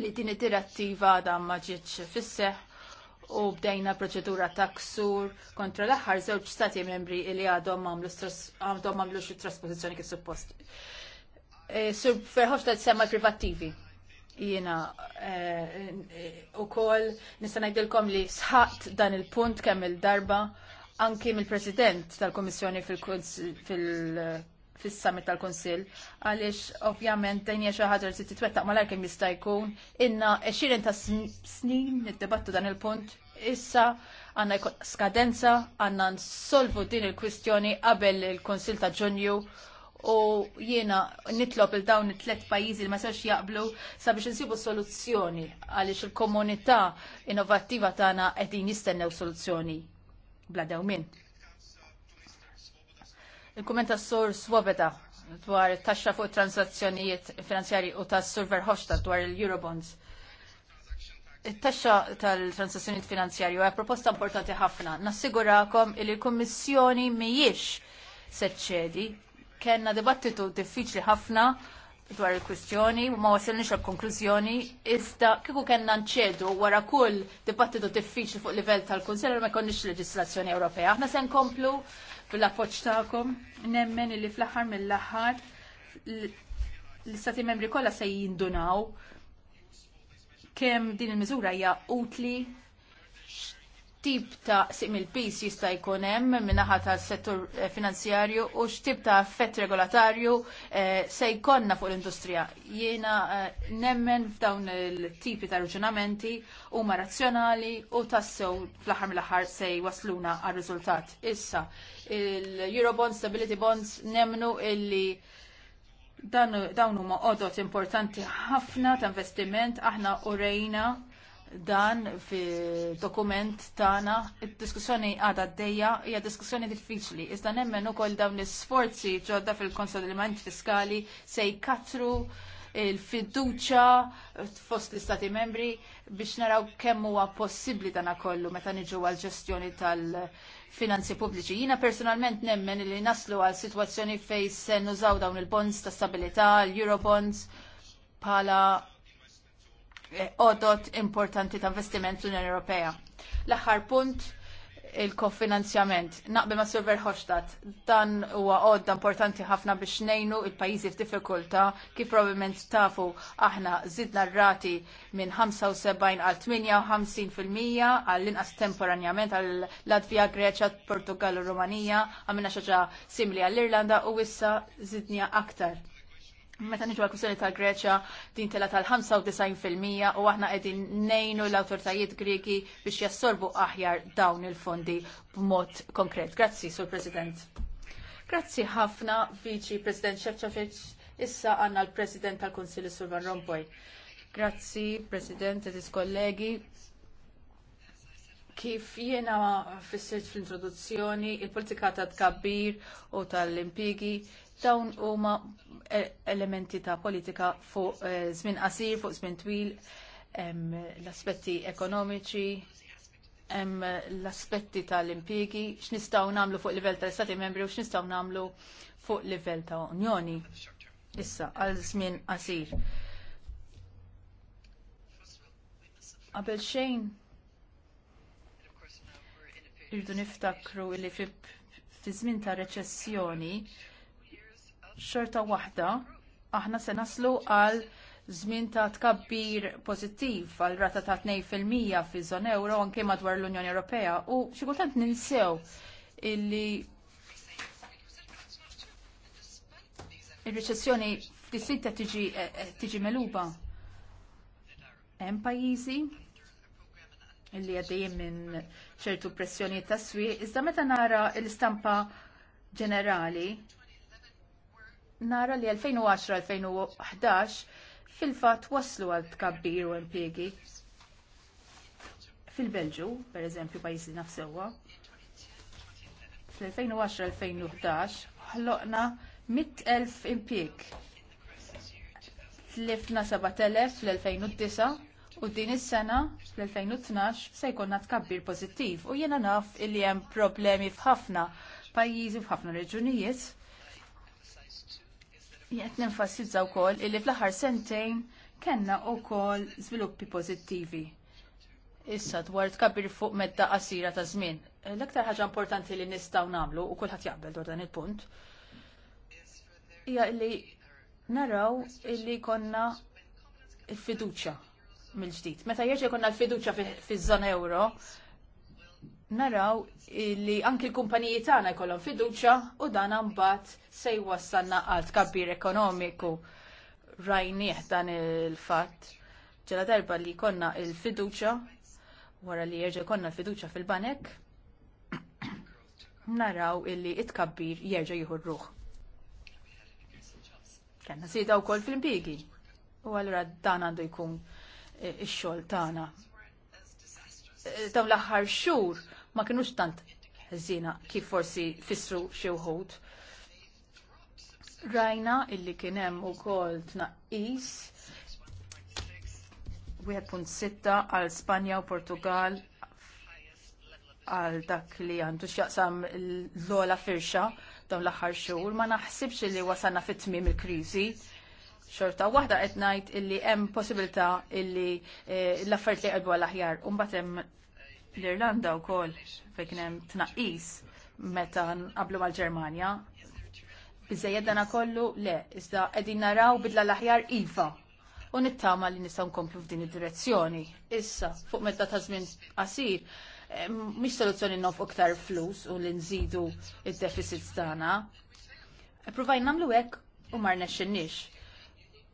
li din id-direttiva da maġiċ fisseħ u bdejna proċedura ta' ksur kontra l-aħħar żewġ stati membri li għadhom għamlu x trasposizjoni kif suppost. Eh, Sur t semma privattivi. Jena, eh, u kol nista' ngħidilkom li sħat dan il-punt kemm il-darba anki mill-President tal-Komissjoni fil-Summit tal-Konsil għaliex ovvjament din hija xi ħaġa li titwettaq malajr kemm jista' jkun inna eċirin ta' snin niddebattu dan il-punt issa għanna skadenza għanna nsolvu din il-kwistjoni qabel il-Konsil ta' Ġunju u jiena nitlob il-dawn it-tlet pajjiżi li ma sarx jaqblu sabiex insibu soluzzjoni għaliex il-komunità innovattiva tagħna qegħdin jistennew soluzzjoni bla min. il kumenta s sur Swobeda dwar it-taxxa fuq transazzjonijiet finanzjarji u tas-sur Verhofstadt dwar il-Eurobonds. Il-taxxa tal-transazzjonijiet finanzjarji hija proposta importanti ħafna. Nassigurakom il-Kummissjoni mhijiex seċċedi kena dibattitu diffiċli ħafna dwar il-kwistjoni u ma wasilniex għal konklużjoni iżda kieku kellna nċedu wara kull dibattitu diffiċli fuq livell tal-Kunsell ma jkollniex leġislazzjoni Ewropea. Aħna se nkomplu fil-appoġġ tagħkom nemmen li fl-aħħar mill-aħħar l-istati membri kollha se jindunaw kemm din il-miżura hija utli tip ta' sim il-pis jista' jkun hemm minaħa tas-settur eh, finanzjarju u x'tip ta' effett regolatarju eh, se jkollna fuq l-industrija. Jiena eh, nemmen f'dawn il-tipi ta' raġunamenti huma razzjonali u tassew fl-aħħar mill-aħħar se jwasluna għar-riżultat. Issa, il-Eurobonds, Stability Bonds nemnu illi dawn huma qodot importanti ħafna ta' investiment aħna urejna dan fi dokument tagħna. Id-diskussjoni għadha għaddejja hija diskussjoni diffiċli. Iżda nemmen ukoll dawn l-isforzi ġodda fil-konsolidament fiskali se jkatru il-fiduċa fost l-istati membri biex naraw kemm huwa possibbli dana kollu meta niġu għal ġestjoni tal-finanzi pubbliċi. Jina personalment nemmen li naslu għal situazzjoni fej se nużaw dawn il-bonds ta' stabilità, l-Eurobonds, pala odot importanti ta' investiment l-Unjoni Ewropea. L-aħħar punt il-kofinanzjament. Naqbel ma' Silver Hostat, dan huwa għodda importanti ħafna biex nejnu il-pajjiżi f'diffikultà kif probabbilment tafu aħna zidna r-rati minn 75 għal 58% għall-inqas temporanjament għal Latvija, Greċja, Portugal u Rumanija, għamilna xaġa simili għall-Irlanda u wissa zidnija aktar Meta niġu għal-kwistjoni ta' Greċja din tela tal-95% u aħna qegħdin nejnu l-awtoritajiet Greki biex jassorbu aħjar dawn il-fondi b'mod konkret. Grazzi, Sur President. Grazzi ħafna, Viċi President Šefčovic. Issa għanna l-President tal-Kunsilli Sur Van Rompuy. Grazzi, President, eżis kollegi. Kif jiena fissirt fl-introduzzjoni, il-politika ta' tkabbir u tal-impigi dawn huma E- elementi ta' politika fuq e, żmien qasir, fuq żmien twil, l-aspetti ekonomiċi, l-aspetti tal-impjegi, x'nistgħu nagħmlu fuq livell tal-Istati membri u x'nistgħu nagħmlu fuq livell ta' Unjoni. Issa għal żmien qasir. Qabel xejn irridu niftakru li fi żmien ta' reċessjoni xorta waħda aħna se naslu għal żmien ta' tkabbir pożittiv għal rata ta' 2% fi zon euro anke madwar l-Unjoni Ewropea u xi kultant ninsew illi ir reċessjoni fl tiġi eh, tiġi meluba. Hemm pajjiżi illi għaddejjem minn ċertu pressjoni ta' swieq, iżda meta nara l-istampa ġenerali nara li 2010-2011 fil-fat waslu għal tkabbir u impiegi. Fil-Belġu, per eżempju, pajis li nafsewa, fil-2010-2011 ħloqna 100.000 impieg. Tlifna 7.000 fl-2009 u din is-sena fl-2012 se jkollna tkabbir pożittiv u jiena naf li hemm problemi f'ħafna pajjiżi f'ħafna reġunijiet Jiet nenfasizza u koll illi fl aħħar sentejn kena u koll pożittivi. pozittivi. Issa dwar tkabbir fuq medda qasira ta' żmien. L-aktar ħaġa importanti li nistgħu nagħmlu u kulħadd jaqbel dwar dan il-punt hija li naraw illi konna il-fiduċja mill-ġdid. Meta jerġa' konna l-fiduċja fiż-żona euro, naraw li anki l-kumpaniji tagħna jkollhom fiduċja u dan mbagħad se jwassalna għal tkabbir ekonomiku rajnieh dan il-fatt. Ġela darba li konna il-fiduċja wara li jerġa' konna l-fiduċja fil-banek naraw illi it-tkabbir jerġa' jieħu ruħ. Kenna sida wkoll fil-impjiegi. U allura dan għandu jkun eh, ix-xogħol tagħna. Eh, dawn l-aħħar xhur ma kienux tant ħżina kif forsi fissru xi wħud. Rajna illi kien hemm ukoll tnaqqis 1.6 għal Spanja u Portugal għal dak li għandu x'jaqsam l-ola firxa dawn l-aħħar xhur ma naħsibx li wasalna fit-tmiem il-kriżi xorta waħda qed ngħid illi hemm possibilità illi eh, l-affarijiet li qalbu għal aħjar u mbagħad hemm L-Irlanda wkoll fejn kien hemm tnaqqis meta nqabblu mal-Ġermanja. Biżejjed dana kollu le, iżda qegħdin naraw bidla l-aħjar iva. U nittama li nistgħu nkomplu f'din id-direzzjoni. Issa, fuq meta ta' żmien qasir, eh, mhix soluzzjoni nof iktar flus u li nżidu id-deficits tagħna. Provajn nagħmlu hekk u ma rnexxinniex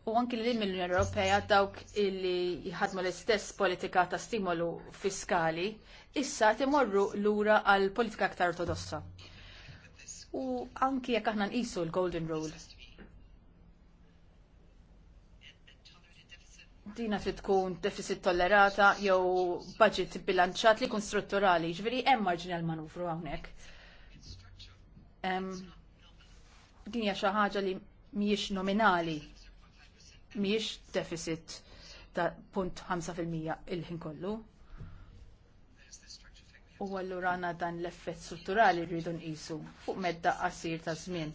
u anki li mill-Unjoni Ewropea dawk illi jħadmu l-istess politika ta' stimolu fiskali, issa timorru lura għal politika aktar ortodossa. U anki jekk aħna nqisu l-Golden Rule. Dina trid tkun deficit tollerata jew budget bilanċat li jkun strutturali, ġveri hemm marġini manufru manuvru hawnhekk. Din hija xi ħaġa li mhijiex nominali miex deficit ta' punt 5% il-ħin kollu. U allura għana dan l-effett strutturali rridu nqisu fuq medda qasir ta' żmien.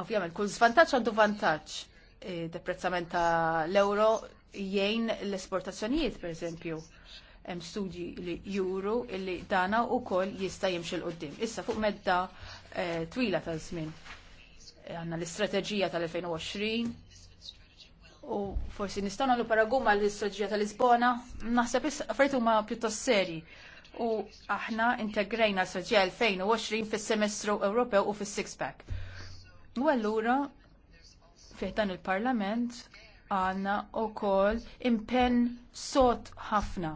Ovvjament, kull żvantaġġ għandu vantaġġ. E, deprezzament ta' l-euro jgħin l-esportazzjonijiet, per eżempju hemm studji li juru illi dana u koll jista' jimxil l qoddim Issa fuq medda e, twila ta' żmien. E, Għanna l-istrateġija tal-2020 u forsi nistgħu nagħmlu paraguma l istraġija tal-Lisbona, naħseb affarijiet huma pjuttost serji. U aħna integrejna l-istraġija 2020 fis-semestru Ewropew u fis-six-pack. U allura fih dan il-Parlament għandna wkoll impenn sot ħafna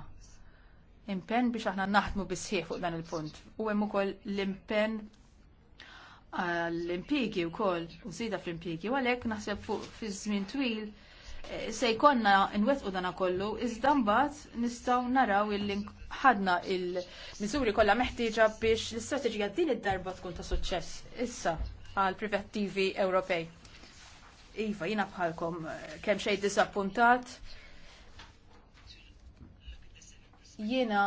impenn biex aħna naħdmu bisħieħ fuq dan il-punt. U hemm ukoll l-impenn għall u wkoll u zida fl impigi u għalhekk naħseb fuq fi żmien twil se jkonna nwettqu dana kollu, iżda mbagħad nistgħu naraw illi ħadna il-miżuri kollha meħtieġa biex l-istrateġija din id-darba tkun ta' suċċess. Issa għal privattivi Ewropej. Iva, jina bħalkom kemm xejn disappuntat. Jiena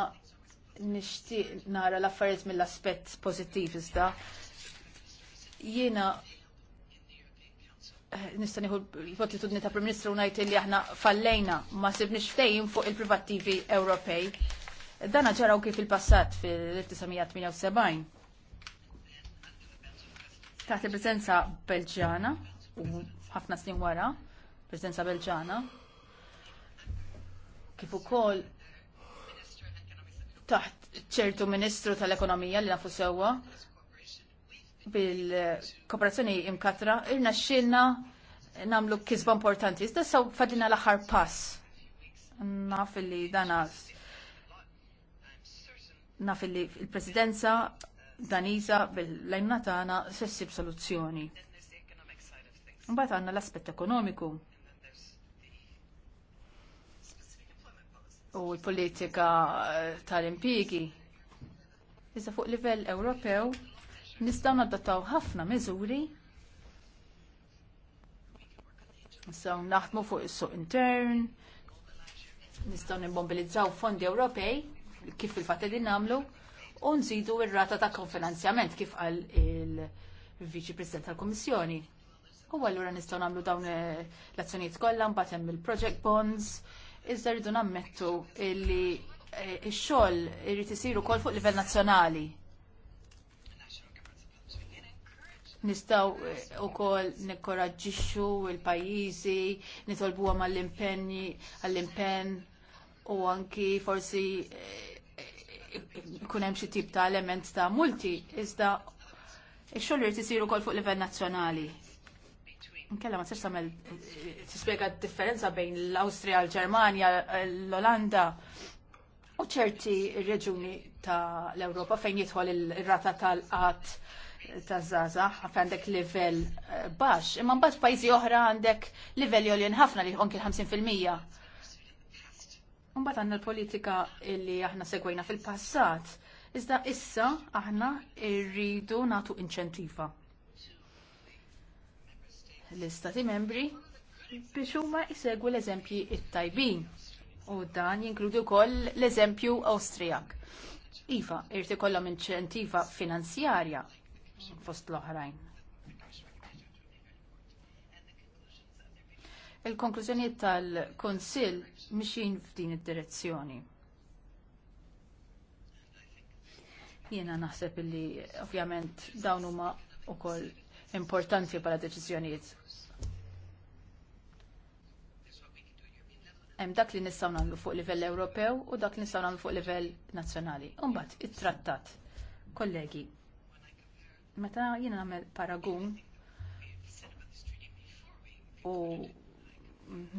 nixtieq nara l-affarijiet mill-aspett pożittiv iżda jiena nistaniħu l tudni ta' Prim-Ministru unajt li aħna fallejna ma sibniex ftejn fuq il-privattivi Ewropej. Dana ġaraw kif il-passat fil-1978. Taħt il-prezenza belġana, u ħafna snin wara, prezenza belġana, kif ukoll taħt ċertu ministru tal-ekonomija li nafu sewwa, bil-kooperazzjoni imkatra, irna xilna namlu kisba importanti. Iżda saw fadlina l-aħħar pass. Naf li dana naf li il-presidenza daniza bil-lejmna tagħna sessib soluzzjoni. Mbagħad għandna l-aspett ekonomiku. U l-politika tal-impjigi. Iżda fuq livell Ewropew Nistgħu nadattaw ħafna miżuri Nistgħu naħdmu fuq is-suq intern, nistgħu nimmobilizzaw fondi Ewropej kif il fatte din nagħmlu u nżidu r-rata ta' konfinanzjament kif qal il-Viċi President tal-Kummissjoni. U allura nistgħu nagħmlu dawn eh, l-azzjonijiet kollha mbagħad hemm il-project bonds, iżda rridu nammettu illi eh, x-xogħol irid isir ukoll fuq livell nazzjonali Nistgħu eh, wkoll il l-pajjiżi, nitolbuhom għall-impenni għall-impenn u anki forsi eh, kunem hemm xi tip ta' element ta' multi, iżda ix-xogħol irid isir ukoll fuq livell nazzjonali. Nkella ma tistax tagħmel eh, tispjega d-differenza bejn l austria l-Ġermanja, l-Olanda u ċerti reġuni ta' l-Ewropa fejn jidħol ir rata tal-qatt ta' zazax, għandek level eh, bax, imma mbagħad pajjiżi oħra għandek level jolien ħafna li anki 50 Mbagħad għandna l-politika li aħna segwejna fil-passat, iżda issa aħna rridu nagħtu inċentiva. L-istati membri biex huma jsegwu l-eżempji it-tajbin u dan jinkludi wkoll l-eżempju Awstrijak. Iva, irti kollha inċentiva finanzjarja fost l-oħrajn. Il-konklużjoni tal-Konsil mixin f'din id-direzzjoni. Jiena naħseb illi ovvjament dawn huma wkoll importanti bħala deċiżjonijiet. Hemm dak li nistgħu nagħmlu fuq livell Ewropew u dak li nistgħu nagħmlu fuq livell nazzjonali. Imbagħad it-trattat. Kollegi, Meta jiena nagħmel paragun u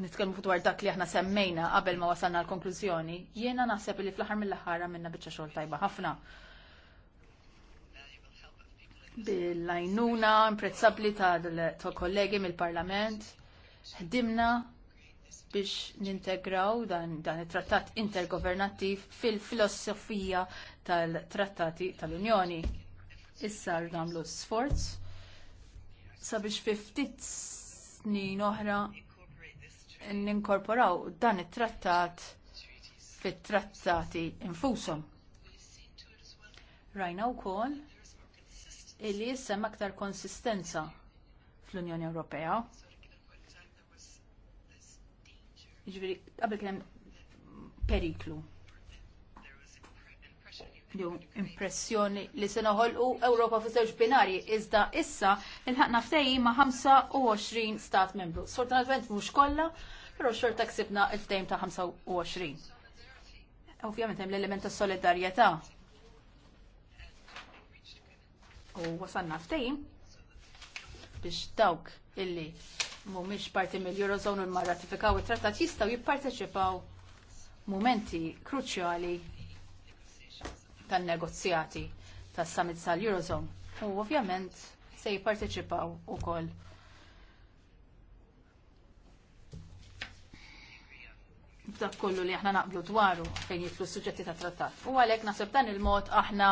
nitkellmu dwar dak li aħna semmejna qabel ma wasalna l-konklużjoni, jiena naħseb li fl-aħħar mill-aħħar għamilna biċċa xogħol tajba ħafna bil-lajnuna imprezzabli ta' kollegi mill-parlament. Ħdimna biex nintegraw dan, dan it-trattat intergovernattiv fil-filosofija tal-trattati tal-Unjoni. Issa nagħmlu sforz sabiex fi ftit snin oħra ninkorporaw dan it-trattat fit-trattati infushom. Rajna wkoll illi issa aktar konsistenza fl-Unjoni Ewropea. Jiġifieri qabel kien periklu nixplu impressjoni li se noħolqu Ewropa fi żewġ binarji iżda issa inħaqna ftehim ma' 25 stat membru. Sfortunatament mhux kollha, però xorta ksibna il-ftehim ta' 25. Ovvjament hemm l-element ta' solidarjetà. U wasanna ftehim biex dawk illi mhumiex parti mill-Eurozone u marratifikaw ratifikaw it-trattat jistgħu jipparteċipaw momenti kruċjali tan-negozjati tas-summit tal-Eurozone u ovvjament se jipparteċipaw ukoll. F'dak kollu li aħna naqblu dwaru fejn jitlu suġġetti ta' trattat. U għalhekk naħseb dan il-mod aħna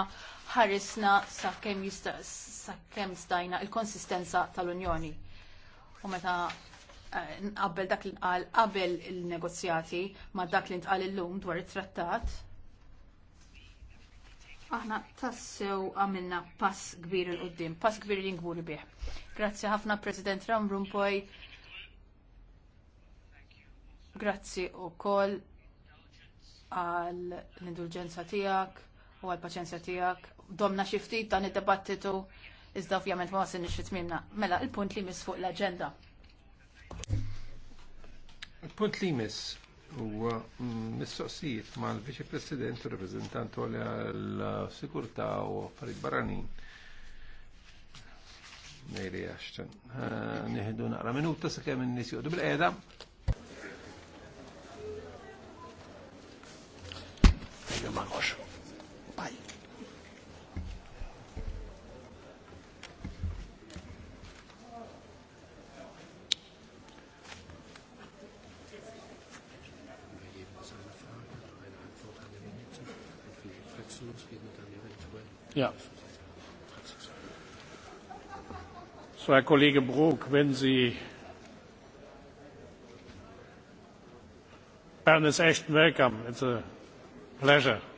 ħarisna sakemm sakemm stajna il-konsistenza tal-Unjoni. U meta eh, nqabbel dak li nqal qabel il-negozjati ma' dak li nqal illum dwar it-trattat, aħna tassew għamilna pass kbir il-qoddim, pass kbir li ngburi bih. Grazzi ħafna President Ram Rumpoj. Grazzi u koll għal l-indulġenza tijak u għal paċenzja tijak. Domna xifti dan id-debattitu iżda ovvjament ma wasin xitmimna. Mela, il-punt li mis fuq l-agenda. Il-punt li mis u mistoqsijiet mal viċi President u reprezentant għal-Sigurta u Farid Baranin. Nejli eh, għaxċan. Nihdu naqra minuta sa' kemm n-nis juqdu bil-qeda. Ejju ma' Ja. So, Herr Kollege Brok, wenn Sie Ernest Ashton, welcome. It's a pleasure.